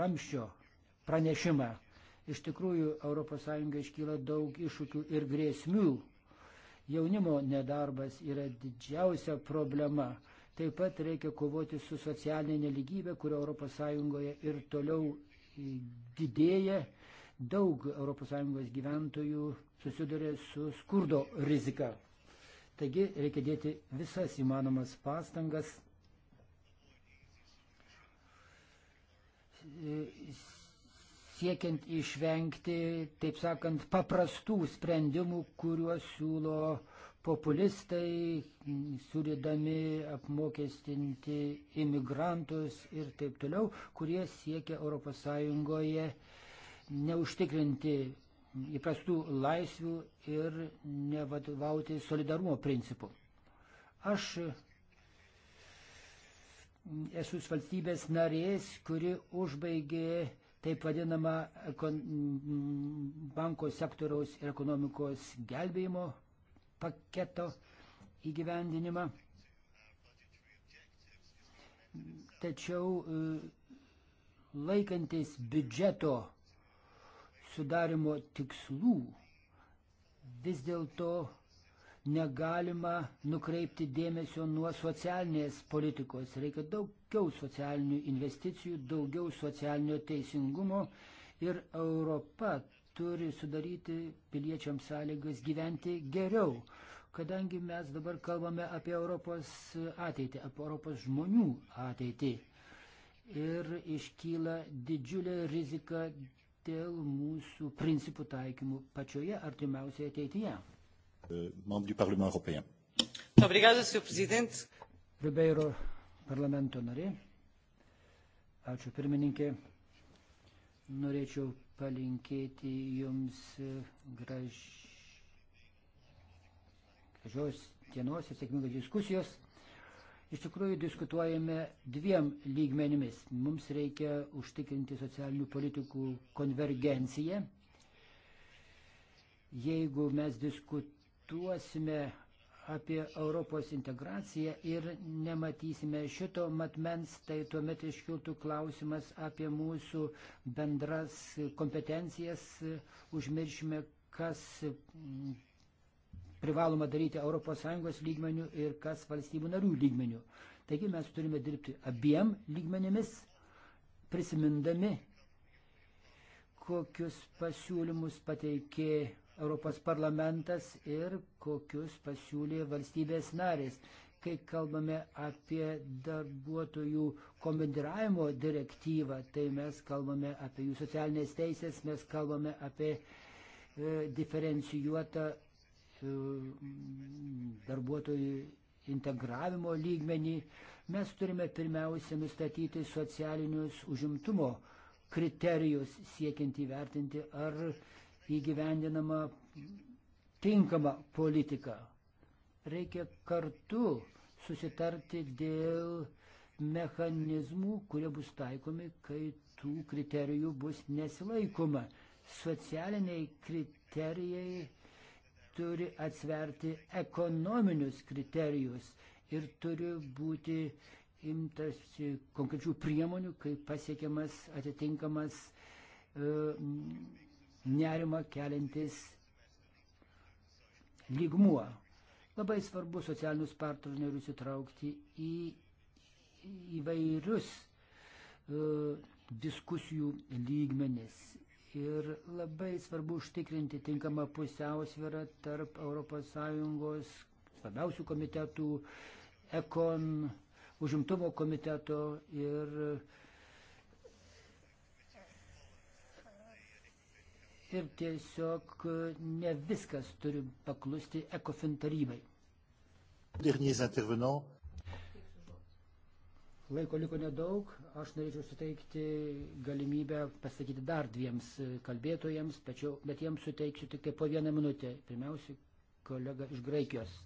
ramščio pranešimą. Iš tikrųjų, ES iškyla daug iššūkių ir grėsmių. Jaunimo nedarbas yra didžiausia problema. Taip pat reikia kovoti su socialinė neligybė, kurio ES ir toliau e, didėja. Daug ES gyventojų susiduria su skurdo rizika. Taigi reikia dėti visas įmanomas pastangas e, siekiant išvengti, taip sakant, paprastų sprendimų, kuriuos siūlo populistai, surėdami apmokestinti imigrantus ir taip toliau, kurie siekia ES neužtikrinti įprastų laisvių ir nevadovauti solidarumo principu. Aš esu valstybės narės, kuri užbaigė taip vadinamą bankų sektoriaus ir ekonomikos gelbėjimo paketo įgyvendinimą. Tačiau e, laikantis biudžeto sudarimo tikslų vis dėlto negalima nukreipti dėmesio nuo socialinės politikos. Reikia daugiau socialinių investicijų, daugiau socialinio teisingumo ir Europa turi sudaryti piliečiams sąlygas gyventi geriau. Kadangi mes dabar kalbame apie Europos ateitį, apie Europos žmonių ateitį. Ir iškyla didžiulė rizika dėl mūsų principų taikymų pačioje artimiausioje ateityje. E, Obrigada, senhor presidente. Ribeiro parlamento narė. Ačiū pirmininkė. Norėčiau palinkėti jums graž... gražios dienos ir sėkmingos diskusijos. Iš tikrųjų diskutuojame dviem lygmenimis. Mums reikia užtikrinti socialinių politikų konvergenciją. Jeigu mes diskutuosime apie Europos integraciją ir nematysime šito matmens, tai tuomet iškiltų klausimas apie mūsų bendras kompetencijas, užmiršime, kas privaloma daryti ES lygmenių ir kas valstybių narių lygmenių. Taigi mes turime dirbti abiem lygmenimis, prisimindami, kokius pasiūlymus pateikė Europos parlamentas ir kokius pasiūlė valstybės narės. Kai kalbame apie darbuotojų komandiravimo direktyvą, tai mes kalbame apie jų socialinės teisės, mes kalbame apie e, diferencijuotą e, darbuotojų integravimo lygmenį. Mes turime pirmiausia nustatyti socialinius užimtumo kriterijus siekiant įvertinti, ar įgyvendinama tinkama politika. Reikia kartu susitarti dėl mechanizmų, kurie bus taikomi, kai tų kriterijų bus nesilaikoma. Socialiniai kriterijai turi atsverti ekonominius kriterijus ir turi būti imtas konkrečių priemonių, kai pasiekiamas atitinkamas e, nerima kelintis lygmuo. Labai svarbu socialinius partnerius įtraukti į įvairius uh, diskusijų lygmenis. Ir labai svarbu užtikrinti tinkamą pusiausvyrą tarp ES svarbiausių komitetų, ekon, užimtumo komiteto ir uh, ir tiesiog e, ne viskas turi paklusti ECOFIN tarybai. Laiko liko nedaug, aš norėčiau suteikti galimybę pasakyti dar dviems e, kalbėtojams, tačiau, bet jiems suteiksiu tik tai po vieną minutę. Pirmiausia, kolega iš Graikijos.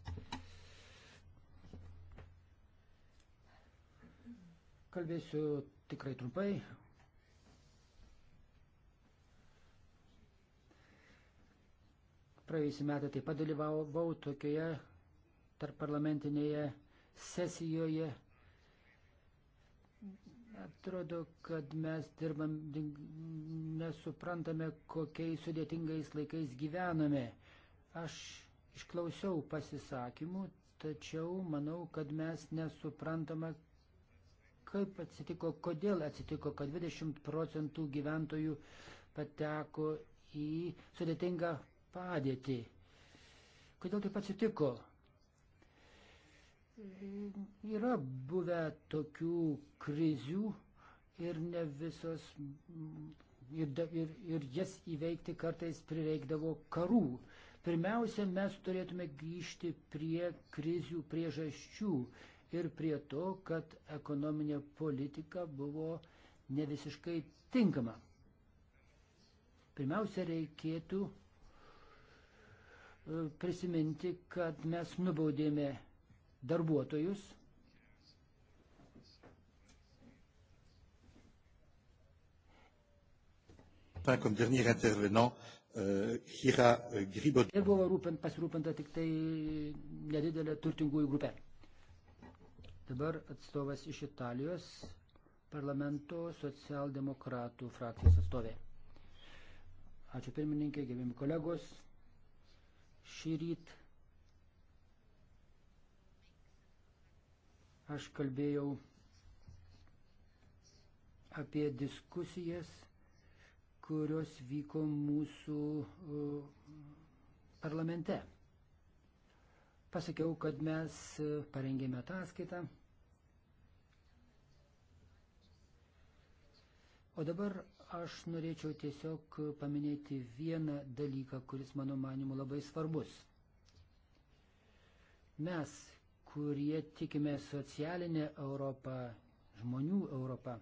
Kalbėsiu tikrai trumpai, Praėjusiu metu taip pat dalyvavau tokioje tarp parlamentinėje sesijoje. Atrodo, kad mes dirbam, nesuprantame, kokiais sudėtingais laikais gyvename. Aš išklausiau pasisakymų, tačiau manau, kad mes nesuprantame, kaip atsitiko, kodėl atsitiko, kad 20 procentų gyventojų pateko į sudėtingą padėtį. Kodėl taip atsitiko? Yra buvę tokių krizių ir ne visos, ir, ir, ir jas įveikti kartais prireikdavo karų. Pirmiausia, mes turėtume grįžti prie krizių priežasčių ir prie to, kad ekonominė politika buvo nevisiškai tinkama. Pirmiausia, reikėtų prisiminti, kad mes nubaudėme darbuotojus. Comme dernier intervenant, uh, Hira euh, Gribod. Ir buvo rūpint, pasirūpinta tik tai nedidelė turtingųjų grupė. Dabar atstovas iš Italijos parlamento socialdemokratų frakcijos atstovė. Ačiū pirmininkė, gerbimi kolegos šį rytą. Aš kalbėjau apie diskusijas, kurios vyko mūsų e, parlamente. Pasakiau, kad mes e, parengėme ataskaitą. O dabar Aš norėčiau tiesiog paminėti vieną dalyką, kuris mano manimu labai svarbus. Mes, kurie tikime socialinę Europą, žmonių Europą,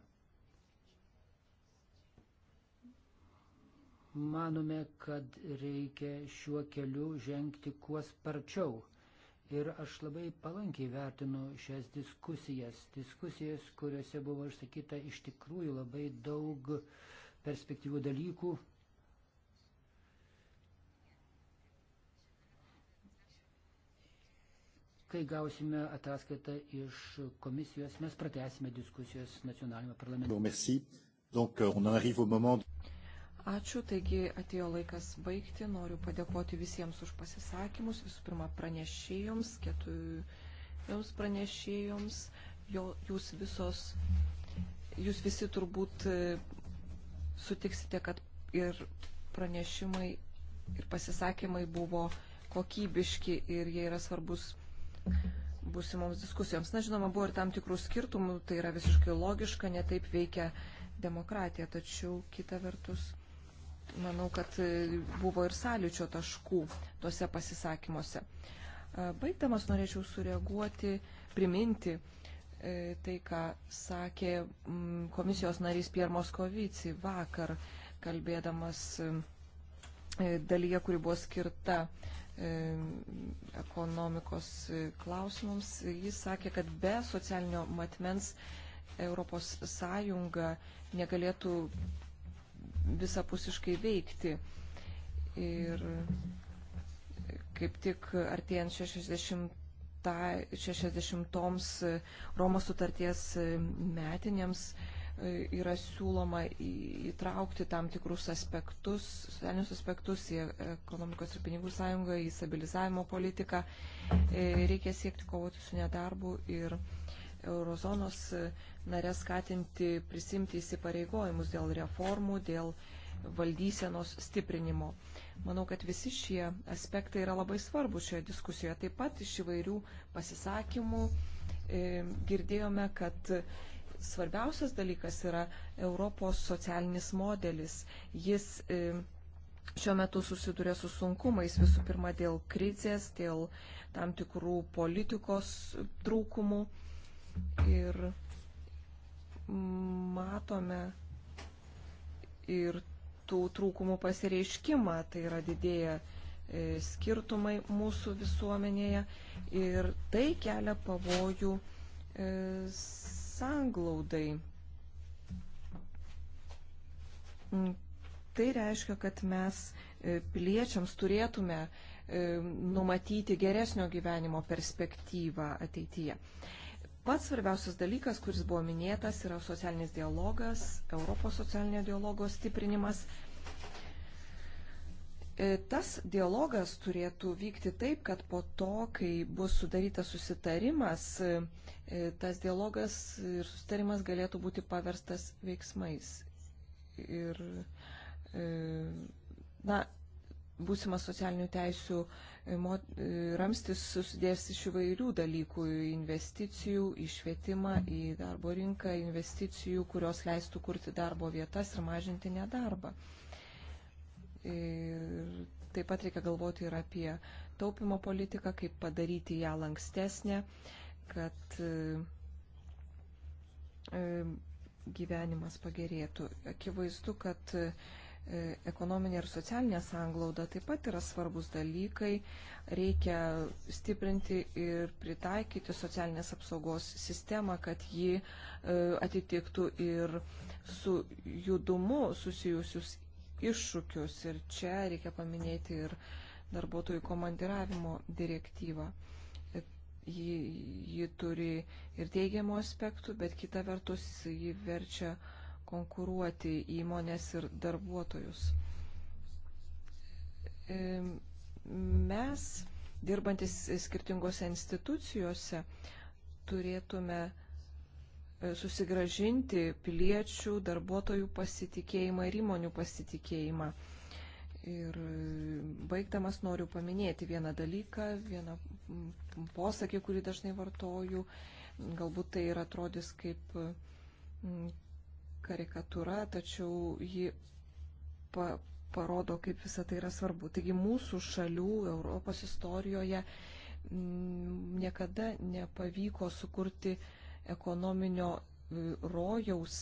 manome, kad reikia šiuo keliu žengti kuo sparčiau. Ir aš labai palankiai vertinu šias diskusijas, diskusijas, kuriuose buvo išsakyta iš tikrųjų labai daug uh, perspektyvų dalykų. Kai gausime ataskaitą iš komisijos, mes pratęsime diskusijos nacionalinio parlamento. Euh, Ačiū, taigi atėjo laikas baigti. Noriu padėkoti visiems už pasisakymus. Visų pirma, pranešėjoms, keturioms pranešėjoms. Jo, jūs visos, jūs visi turbūt sutiksite, kad ir pranešimai, ir pasisakymai buvo kokybiški ir jie yra svarbus būsimoms diskusijoms. Na, žinoma, buvo ir tam tikrų skirtumų, tai yra visiškai logiška, netaip veikia demokratija, tačiau kita vertus, manau, kad buvo ir sąlyčio taškų tuose pasisakymuose. Baigdamas norėčiau sureaguoti, priminti, E, tai, ką sakė komisijos narys Piermos Kovici vakar, kalbėdamas e, dalyje, kuri buvo skirta e, ekonomikos klausimams. Jis sakė, kad be socialinio matmens Europos Sąjunga negalėtų visapusiškai veikti. Ir kaip tik artėjant 60 ta 60-oms Romos sutarties metinėms e, yra siūloma įtraukti tam tikrus aspektus, socialinius aspektus į ekonomikos ir pinigų sąjungą, į stabilizavimo politiką. E, reikia siekti kovoti su nedarbu ir eurozonos e, narės skatinti prisimti įsipareigojimus dėl reformų, dėl reformų valdysenos stiprinimo. Manau, kad visi šie aspektai yra labai svarbus šioje diskusijoje. Taip pat iš įvairių pasisakymų e, girdėjome, kad svarbiausias dalykas yra Europos socialinis modelis. Jis e, šiuo metu susiduria su sunkumais visų pirma dėl krizės, dėl tam tikrų politikos trūkumų. Ir matome ir tų trūkumų pasireiškimą, tai yra didėja e, skirtumai mūsų visuomenėje ir tai kelia pavojų e, sanglaudai. Mm, tai reiškia, kad mes e, piliečiams turėtume numatyti geresnio gyvenimo perspektyvą ateityje. Pats svarbiausias dalykas, kuris buvo minėtas, yra socialinis dialogas, Europos socialinio dialogo stiprinimas. E, tas dialogas turėtų vykti taip, kad po to, kai bus sudarytas susitarimas, e, e, tas dialogas ir susitarimas galėtų būti paverstas veiksmais. Ir, na, būsimas socialinių teisių ramstis susidės iš įvairių dalykų - investicijų, išvietimą į darbo rinką, investicijų, kurios leistų kurti darbo vietas ir mažinti nedarbą. Ir taip pat reikia galvoti ir apie taupimo politiką, kaip padaryti ją lankstesnę, kad e, gyvenimas pagerėtų. Akivaizdu, kad E, ekonominė ir socialinė sanglauda taip pat yra svarbus dalykai. Reikia stiprinti ir pritaikyti socialinės apsaugos sistemą, kad ji e, atitiktų ir su judumu susijusius iššūkius. Ir čia reikia paminėti ir darbuotojų komandiravimo direktyvą. E, ji, ji turi ir teigiamų aspektų, bet kita vertus ji verčia uh, konkuruoti įmonės ir darbuotojus. E, mes, dirbantis skirtingose institucijose, turėtume e, susigražinti piliečių, darbuotojų pasitikėjimą ir įmonių pasitikėjimą. Ir baigdamas noriu paminėti vieną dalyką, vieną mm, posakį, kurį dažnai vartoju. Galbūt tai ir atrodys kaip mm, karikatūra, tačiau ji pa, parodo, kaip visą tai yra svarbu. Taigi mūsų šalių, Europos istorijoje m, mm, niekada nepavyko sukurti ekonominio e, rojaus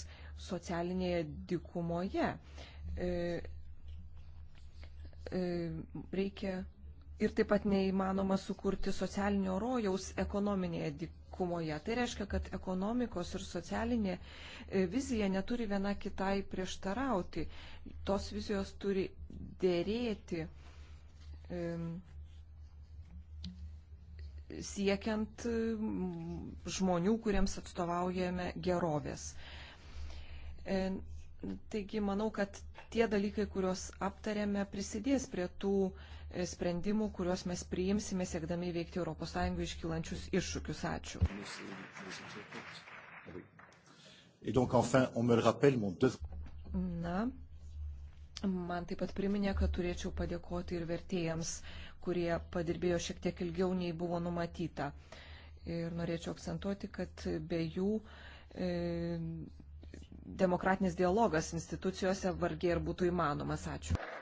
socialinėje dikumoje. E, e, reikia ir taip pat neįmanoma sukurti socialinio rojaus ekonominėje dikumoje. Tai reiškia, kad ekonomikos ir socialinė e, vizija neturi viena kitai prieštarauti. Tos vizijos turi dėrėti siekiant žmonių, kuriems atstovaujame gerovės. E, taigi manau, kad tie dalykai, kuriuos aptarėme, prisidės prie tų uh, sprendimų, kuriuos mes priimsime siekdami veikti ES iškylančius iššūkius. Ačiū. Na, man taip pat priminė, kad turėčiau padėkoti ir vertėjams, kurie padirbėjo šiek tiek ilgiau nei buvo numatyta. Ir norėčiau akcentuoti, kad be jų e, demokratinis dialogas institucijose vargiai ir būtų įmanomas. Ačiū.